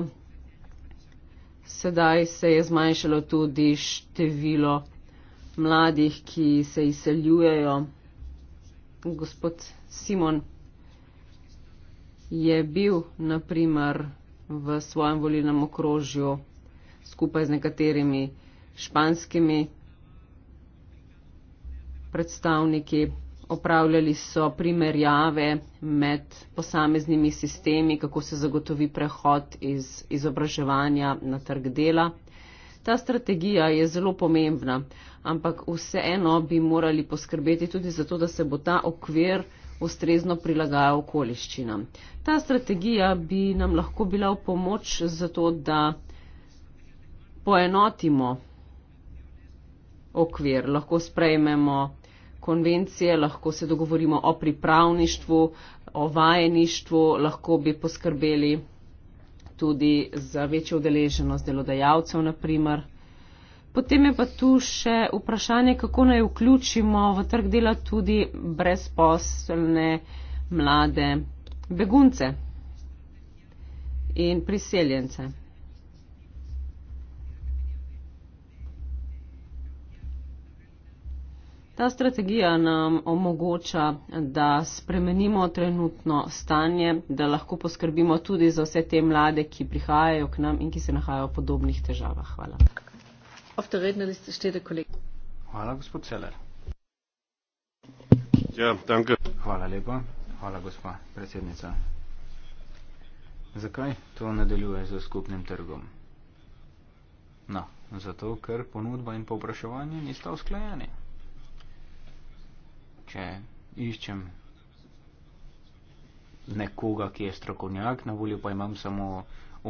Sedaj se je zmanjšalo tudi število mladih, ki se izseljujejo. Gospod Simon je bil, naprimer, v svojem volilnem okrožju skupaj z nekaterimi španskimi predstavniki opravljali so primerjave med posameznimi sistemi, kako se zagotovi prehod iz izobraževanja na trg dela. Ta strategija je zelo pomembna, ampak vseeno bi morali poskrbeti tudi za to, da se bo ta okvir ustrezno prilagaja okoliščinam. Ta strategija bi nam lahko bila v pomoč za to, da poenotimo okvir, lahko sprejmemo konvencije, lahko se dogovorimo o pripravništvu, o vajeništvu, lahko bi poskrbeli tudi za večjo udeleženost delodajalcev, naprimer. Potem je pa tu še vprašanje, kako naj vključimo v trg dela tudi brezposelne mlade begunce in priseljence. Ta strategija nam omogoča, da spremenimo trenutno stanje, da lahko poskrbimo tudi za vse te mlade, ki prihajajo k nam in ki se nahajajo v podobnih težavah. Hvala. Hvala, gospod Celer. Ja, Hvala lepa. Hvala, gospa predsednica. Zakaj to nadaljuje z skupnim trgom? No, zato, ker ponudba in povpraševanje nista usklajeni če iščem nekoga, ki je strokovnjak, na voljo pa imam samo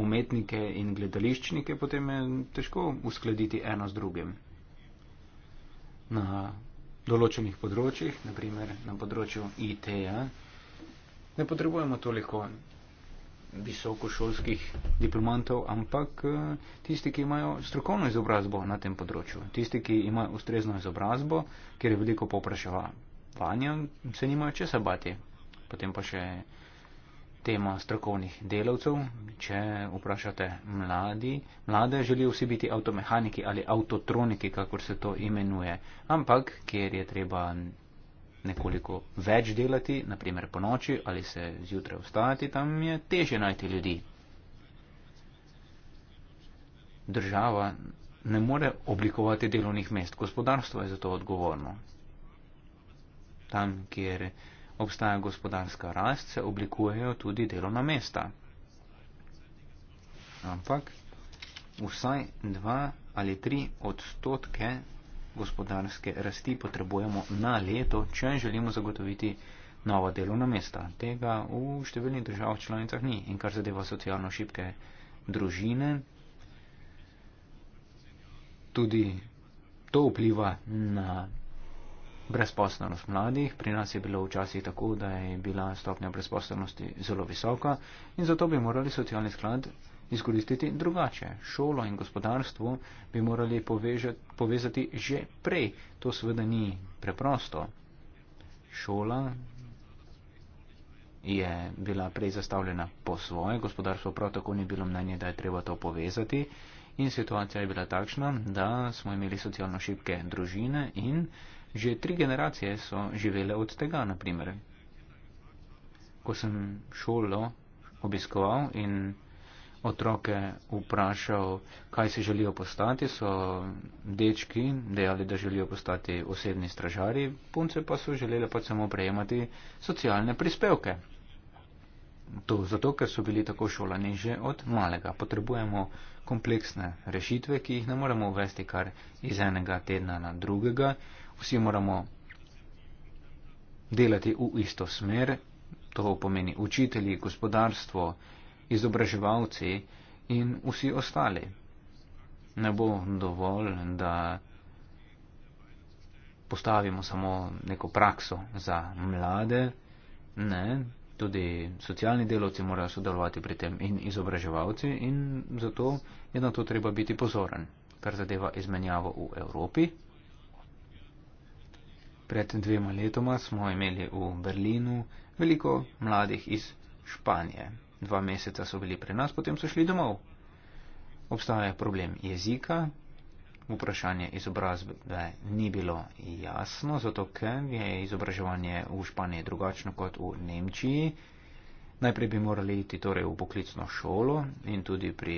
umetnike in gledališčnike, potem je težko uskladiti eno z drugim. Na določenih področjih, naprimer na področju IT-ja, ne potrebujemo toliko visokošolskih diplomantov, ampak eh, tisti, ki imajo strokovno izobrazbo na tem področju, tisti, ki imajo ustrezno izobrazbo, ker je veliko popraševa, vanjo se nimajo česa bati. Potem pa še tema strokovnih delavcev. Če vprašate mladi, mlade želijo vsi biti avtomehaniki ali avtotroniki, kakor se to imenuje. Ampak, kjer je treba nekoliko več delati, naprimer po noči ali se zjutraj vstajati, tam je teže najti ljudi. Država ne more oblikovati delovnih mest, gospodarstvo je za to odgovorno tam, kjer obstaja gospodarska rast, se oblikujejo tudi delovna mesta. Ampak vsaj dva ali tri odstotke gospodarske rasti potrebujemo na leto, če želimo zagotoviti nova delovna mesta. Tega v številnih državah članicah ni. In kar zadeva socialno šibke družine, tudi to vpliva na brezposelnost mladih. Pri nas je bilo včasih tako, da je bila stopnja brezposelnosti zelo visoka in zato bi morali socialni sklad izkoristiti drugače. Šolo in gospodarstvo bi morali povežati, povezati že prej. To seveda ni preprosto. Šola je bila prej zastavljena po svoje, gospodarstvo prav tako ni bilo mnenje, da je treba to povezati. In situacija je bila takšna, da smo imeli socialno šibke družine in Že tri generacije so živele od tega, naprimer. Ko sem šolo obiskoval in otroke vprašal, kaj se želijo postati, so dečki dejali, da želijo postati osebni stražari, punce pa so želele pa samo prejemati socialne prispevke. To zato, ker so bili tako šolani že od malega. Potrebujemo kompleksne rešitve, ki jih ne moremo uvesti kar iz enega tedna na drugega, vsi moramo delati v isto smer, to pomeni učitelji, gospodarstvo, izobraževalci in vsi ostali. Ne bo dovolj, da postavimo samo neko prakso za mlade, ne, tudi socialni delovci morajo sodelovati pri tem in izobraževalci in zato je na to treba biti pozoren, kar zadeva izmenjavo v Evropi. Pred dvema letoma smo imeli v Berlinu veliko mladih iz Španije. Dva meseca so bili pri nas, potem so šli domov. Obstaja problem jezika, vprašanje izobrazbe ni bilo jasno, zato ker je izobraževanje v Španiji drugačno kot v Nemčiji. Najprej bi morali iti torej v poklicno šolo in tudi pri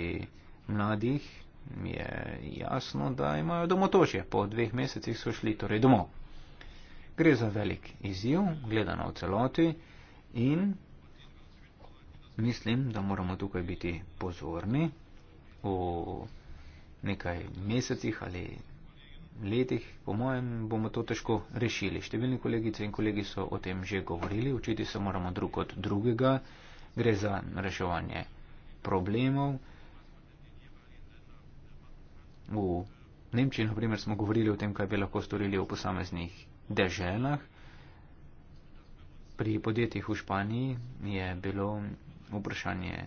mladih je jasno, da imajo domotožje. Po dveh mesecih so šli torej domov gre za velik izziv, gledano v celoti in mislim, da moramo tukaj biti pozorni v nekaj mesecih ali letih, po mojem, bomo to težko rešili. Številni kolegice in kolegi so o tem že govorili, učiti se moramo drug od drugega, gre za reševanje problemov. V Nemčiji, na primer, smo govorili o tem, kaj bi lahko storili v posameznih deželah, pri podjetjih v Španiji je bilo vprašanje,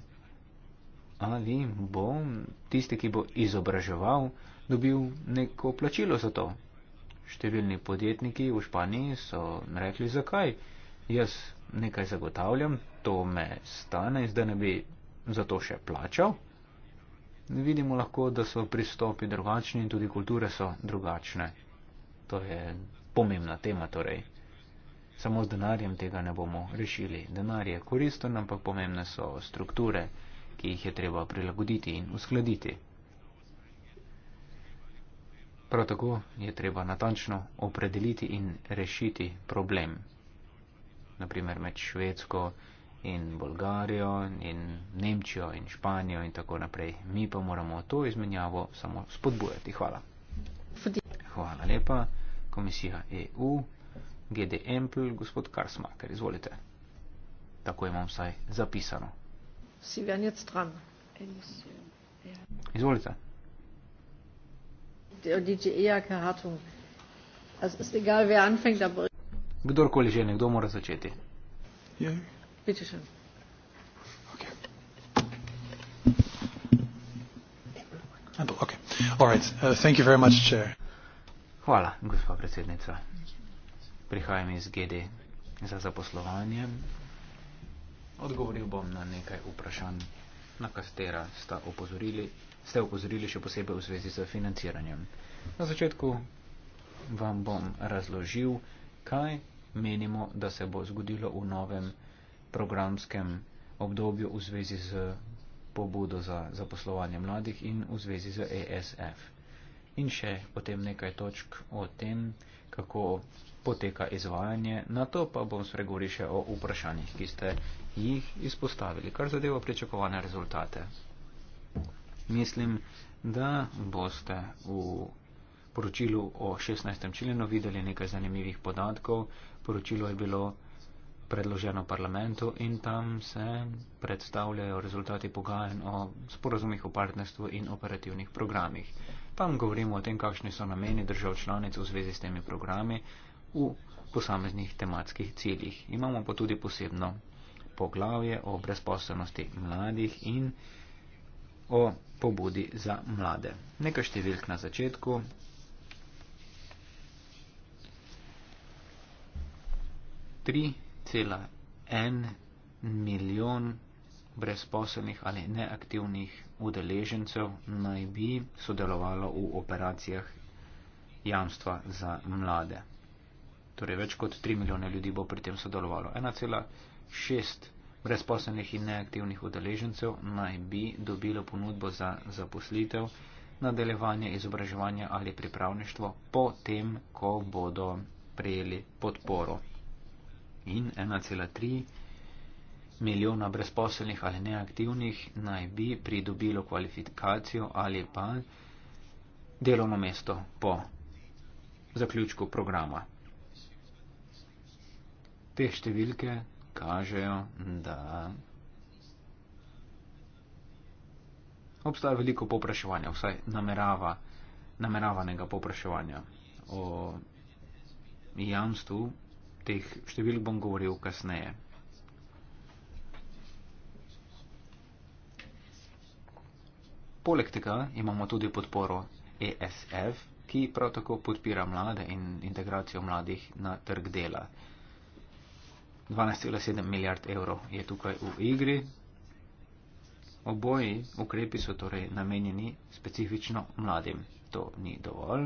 ali bo tisti, ki bo izobraževal, dobil neko plačilo za to. Številni podjetniki v Španiji so rekli, zakaj. Jaz nekaj zagotavljam, to me stane, zdaj ne bi za to še plačal. Vidimo lahko, da so pristopi drugačni in tudi kulture so drugačne. To je pomembna tema. Torej. Samo z denarjem tega ne bomo rešili. Denar je koristen, ampak pomembne so strukture, ki jih je treba prilagoditi in uskladiti. Prav tako je treba natančno opredeliti in rešiti problem. Naprimer med Švedsko in Bolgarijo in Nemčijo in Španijo in tako naprej. Mi pa moramo to izmenjavo samo spodbujati. Hvala. Hvala lepa komisija EU, GD Empl, gospod Karsmaker, izvolite. Tako imam vsaj zapisano. Si ven je stran. Izvolite. DJ EAK Hartung. Kdorkoli že, nekdo mora začeti. Ja. Okay. Ah, no, okay. Right. Uh, thank you very much, chair. Hvala, gospa predsednica. Prihajam iz GD za zaposlovanje. Odgovoril bom na nekaj vprašanj, na katera ste opozorili, ste opozorili še posebej v zvezi z financiranjem. Na začetku vam bom razložil, kaj menimo, da se bo zgodilo v novem programskem obdobju v zvezi z pobudo za zaposlovanje mladih in v zvezi z ESF in še potem nekaj točk o tem, kako poteka izvajanje, na to pa bom spregovoril še o vprašanjih, ki ste jih izpostavili, kar zadeva pričakovane rezultate. Mislim, da boste v poročilu o 16. členu videli nekaj zanimivih podatkov. Poročilo je bilo predloženo parlamentu in tam se predstavljajo rezultati pogajanj o sporozumih o partnerstvu in operativnih programih tam govorimo o tem, kakšni so nameni držav članic v zvezi s temi programi v posameznih tematskih ciljih. Imamo pa tudi posebno poglavje o brezposobnosti mladih in o pobudi za mlade. Nekaj številk na začetku. en milijon brezposobnih ali neaktivnih udeležencev naj bi sodelovalo v operacijah jamstva za mlade. Torej več kot 3 milijone ljudi bo pri tem sodelovalo. 1,6 brezposlenih in neaktivnih udeležencev naj bi dobilo ponudbo za zaposlitev, nadaljevanje izobraževanja ali pripravništvo potem, ko bodo prejeli podporo. In 1,3 milijone milijona brezposelnih ali neaktivnih naj bi pridobilo kvalifikacijo ali pa delovno mesto po zaključku programa. Te številke kažejo, da obstaja veliko popraševanja, vsaj namerava, nameravanega popraševanja. O jamstvu teh številk bom govoril kasneje. Poleg tega imamo tudi podporo ESF, ki prav tako podpira mlade in integracijo mladih na trg dela. 12,7 milijard evrov je tukaj v igri. Oboji ukrepi so torej namenjeni specifično mladim. To ni dovolj.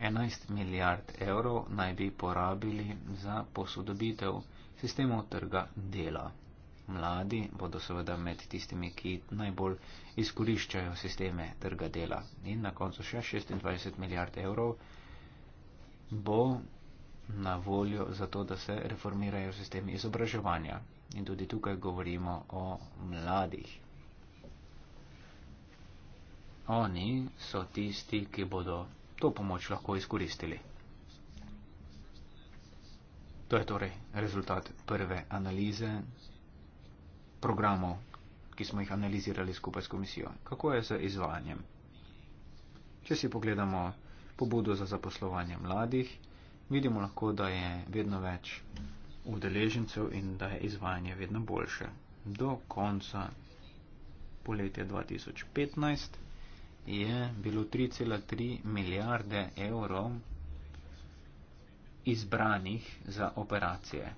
11 milijard evrov naj bi porabili za posodobitev sistemov trga dela mladi bodo seveda med tistimi, ki najbolj izkoriščajo sisteme trga dela. In na koncu še 26 milijard evrov bo na voljo za to, da se reformirajo sistemi izobraževanja. In tudi tukaj govorimo o mladih. Oni so tisti, ki bodo to pomoč lahko izkoristili. To je torej rezultat prve analize programov, ki smo jih analizirali skupaj s komisijo. Kako je z izvajanjem? Če si pogledamo pobudo za zaposlovanje mladih, vidimo lahko, da je vedno več udeležencev in da je izvajanje vedno boljše. Do konca poletja 2015 je bilo 3,3 milijarde evrov izbranih za operacije.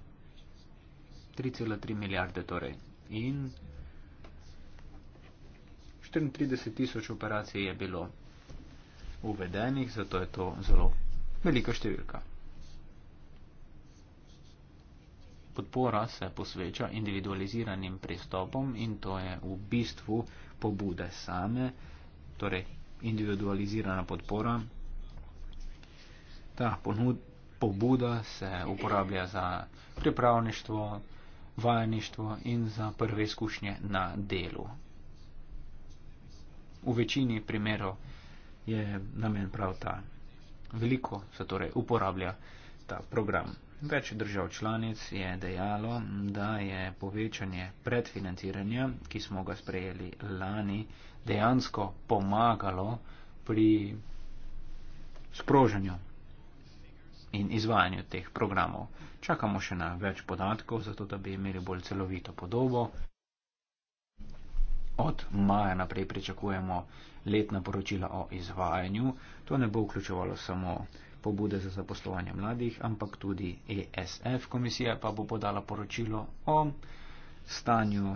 3,3 milijarde torej in 34 tisoč operacij je bilo uvedenih, zato je to zelo velika številka. Podpora se posveča individualiziranim pristopom in to je v bistvu pobude same, torej individualizirana podpora. Ta ponud, pobuda se uporablja za pripravništvo, vajeništvo in za prve izkušnje na delu. V večini primerov je namen prav ta. Veliko se torej uporablja ta program. Več držav članic je dejalo, da je povečanje predfinanciranja, ki smo ga sprejeli lani, dejansko pomagalo pri sprožanju in izvajanju teh programov. Čakamo še na več podatkov, zato da bi imeli bolj celovito podobo. Od maja naprej pričakujemo letna poročila o izvajanju. To ne bo vključevalo samo pobude za zaposlovanje mladih, ampak tudi ESF komisija pa bo podala poročilo o stanju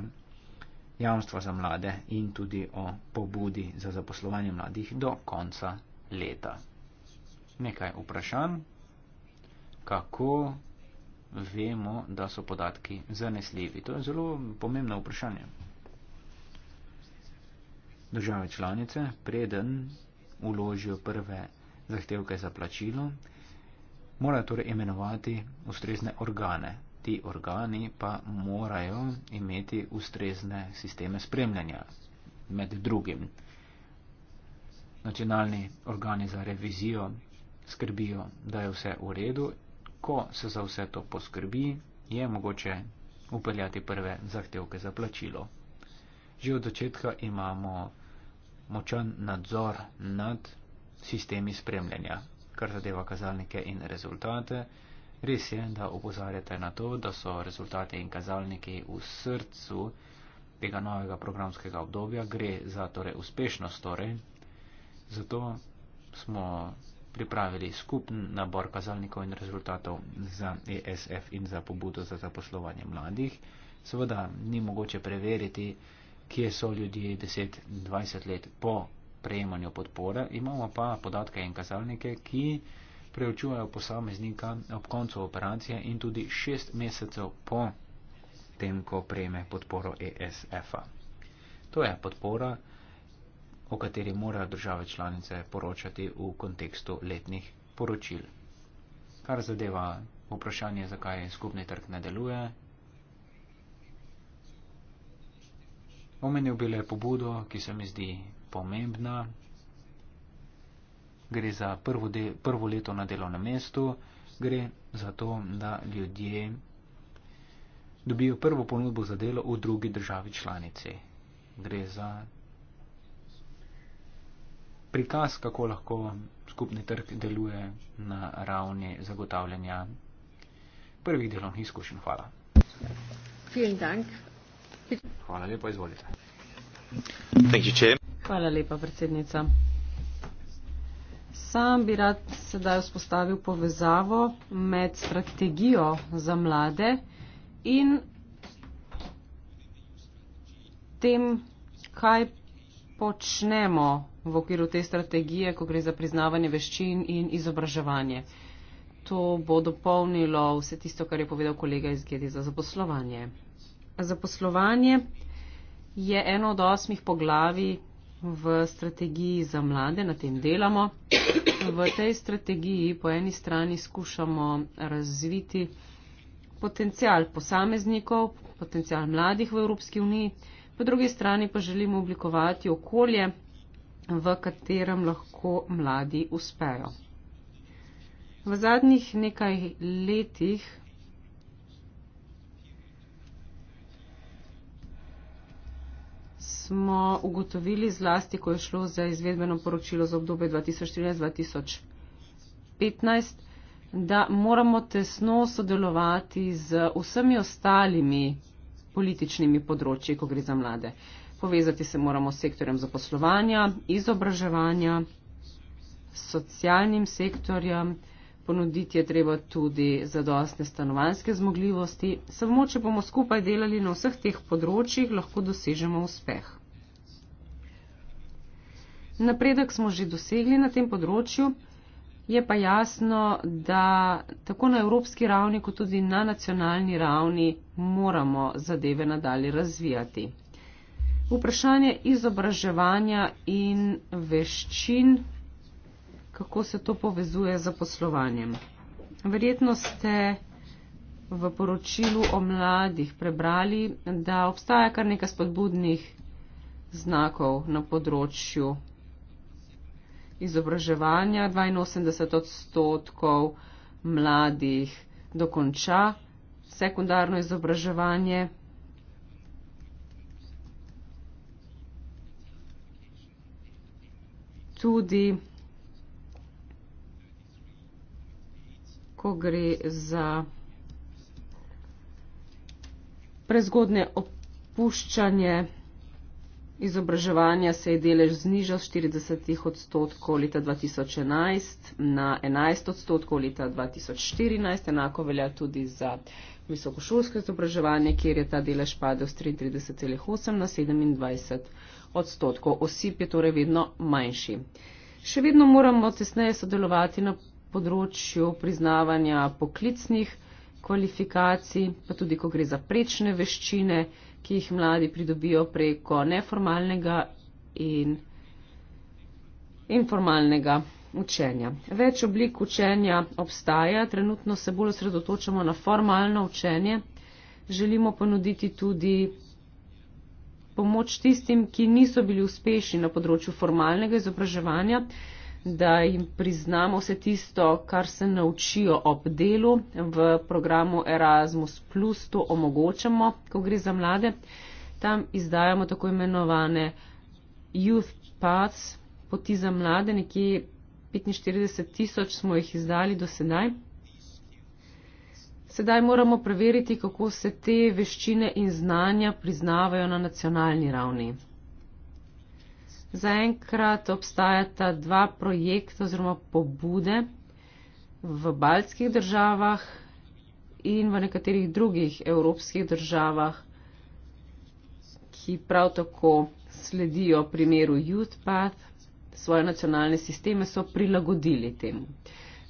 jamstva za mlade in tudi o pobudi za zaposlovanje mladih do konca leta. Nekaj vprašanj. Kako vemo, da so podatki zanesljivi. To je zelo pomembno vprašanje. Države članice, preden uložijo prve zahtevke za plačilo, morajo torej imenovati ustrezne organe. Ti organi pa morajo imeti ustrezne sisteme spremljanja. Med drugim, nacionalni organi za revizijo skrbijo, da je vse v redu ko se za vse to poskrbi, je mogoče upeljati prve zahtevke za plačilo. Že od začetka imamo močan nadzor nad sistemi spremljanja, kar zadeva kazalnike in rezultate. Res je, da upozarjate na to, da so rezultate in kazalniki v srcu tega novega programskega obdobja, gre za torej uspešnost torej, zato smo pripravili skupen nabor kazalnikov in rezultatov za ESF in za pobudo za zaposlovanje mladih. Seveda ni mogoče preveriti, kje so ljudje 10-20 let po prejemanju podpore, imamo pa podatke in kazalnike, ki preučujejo posameznika ob koncu operacije in tudi 6 mesecev po tem, ko prejme podporo ESF-a. To je podpora, o kateri morajo države članice poročati v kontekstu letnih poročil. Kar zadeva vprašanje, zakaj skupni trg ne deluje. Omenil bi le pobudo, ki se mi zdi pomembna. Gre za prvo, de, prvo leto na delovnem mestu, gre za to, da ljudje dobijo prvo ponudbo za delo v drugi državi članici. Gre za prikaz, kako lahko skupni trg deluje na ravni zagotavljanja prvih delovnih izkušenj. Hvala. Hvala lepa, izvolite. Hvala lepa, predsednica. Sam bi rad sedaj vzpostavil povezavo med strategijo za mlade in tem, kaj počnemo v okviru te strategije, ko gre za priznavanje veščin in izobraževanje. To bo dopolnilo vse tisto, kar je povedal kolega iz GEDI za zaposlovanje. Zaposlovanje je eno od osmih poglavi v strategiji za mlade, na tem delamo. V tej strategiji po eni strani skušamo razviti potencial posameznikov, potencial mladih v Evropski uniji, po drugi strani pa želimo oblikovati okolje, v katerem lahko mladi uspejo. V zadnjih nekaj letih smo ugotovili zlasti, ko je šlo za izvedbeno poročilo za obdobje 2014-2015, da moramo tesno sodelovati z vsemi ostalimi političnimi področji, ko gre za mlade. Povezati se moramo s sektorjem zaposlovanja, izobraževanja, socialnim sektorjem. Ponuditi je treba tudi zadostne stanovanske zmogljivosti. Samo, če bomo skupaj delali na vseh teh področjih, lahko dosežemo uspeh. Napredek smo že dosegli na tem področju, je pa jasno, da tako na evropski ravni, kot tudi na nacionalni ravni moramo zadeve nadalje razvijati vprašanje izobraževanja in veščin, kako se to povezuje z poslovanjem. Verjetno ste v poročilu o mladih prebrali, da obstaja kar nekaj spodbudnih znakov na področju izobraževanja. 82 odstotkov mladih dokonča sekundarno izobraževanje. tudi ko gre za prezgodne opuščanje izobraževanja, se je delež znižal z 40 odstotkov leta 2011 na 11 odstotkov leta 2014. Enako velja tudi za visokošolsko izobraževanje, kjer je ta delež padel z 33,8 na 27 odstotkov odstotkov. Osip je torej vedno manjši. Še vedno moramo tesneje sodelovati na področju priznavanja poklicnih kvalifikacij, pa tudi, ko gre za prečne veščine, ki jih mladi pridobijo preko neformalnega in informalnega učenja. Več oblik učenja obstaja, trenutno se bolj osredotočamo na formalno učenje. Želimo ponuditi tudi pomoč tistim, ki niso bili uspešni na področju formalnega izobraževanja, da jim priznamo vse tisto, kar se naučijo ob delu. V programu Erasmus Plus to omogočamo, ko gre za mlade. Tam izdajamo tako imenovane Youth Paths, poti za mlade, nekje 45 tisoč smo jih izdali do sedaj. Sedaj moramo preveriti, kako se te veščine in znanja priznavajo na nacionalni ravni. Zaenkrat obstajata dva projekta oziroma pobude v baltskih državah in v nekaterih drugih evropskih državah, ki prav tako sledijo primeru YouthPath, svoje nacionalne sisteme so prilagodili temu.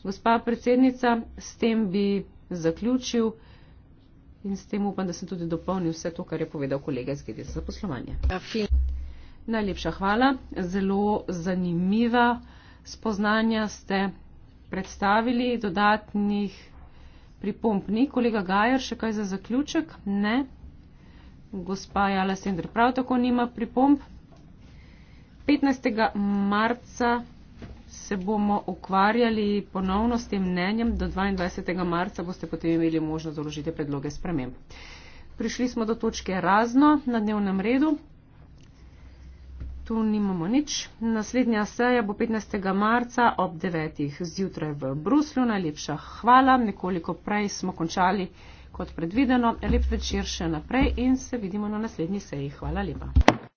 Gospa predsednica, s tem bi zaključil in s tem upam, da sem tudi dopolnil vse to, kar je povedal kolega iz GDS za poslovanje. Ja, Najlepša hvala, zelo zanimiva spoznanja ste predstavili, dodatnih pripomp ni. Kolega Gajer, še kaj za zaključek? Ne. Gospa Jala Sender prav tako nima pripomp. 15. marca se bomo ukvarjali ponovno s tem mnenjem. Do 22. marca boste potem imeli možnost doložiti predloge sprememb. Prišli smo do točke razno na dnevnem redu. Tu nimamo nič. Naslednja seja bo 15. marca ob 9. zjutraj v Bruslju. Najlepša hvala. Nekoliko prej smo končali kot predvideno. Lep večer še naprej in se vidimo na naslednji seji. Hvala lepa.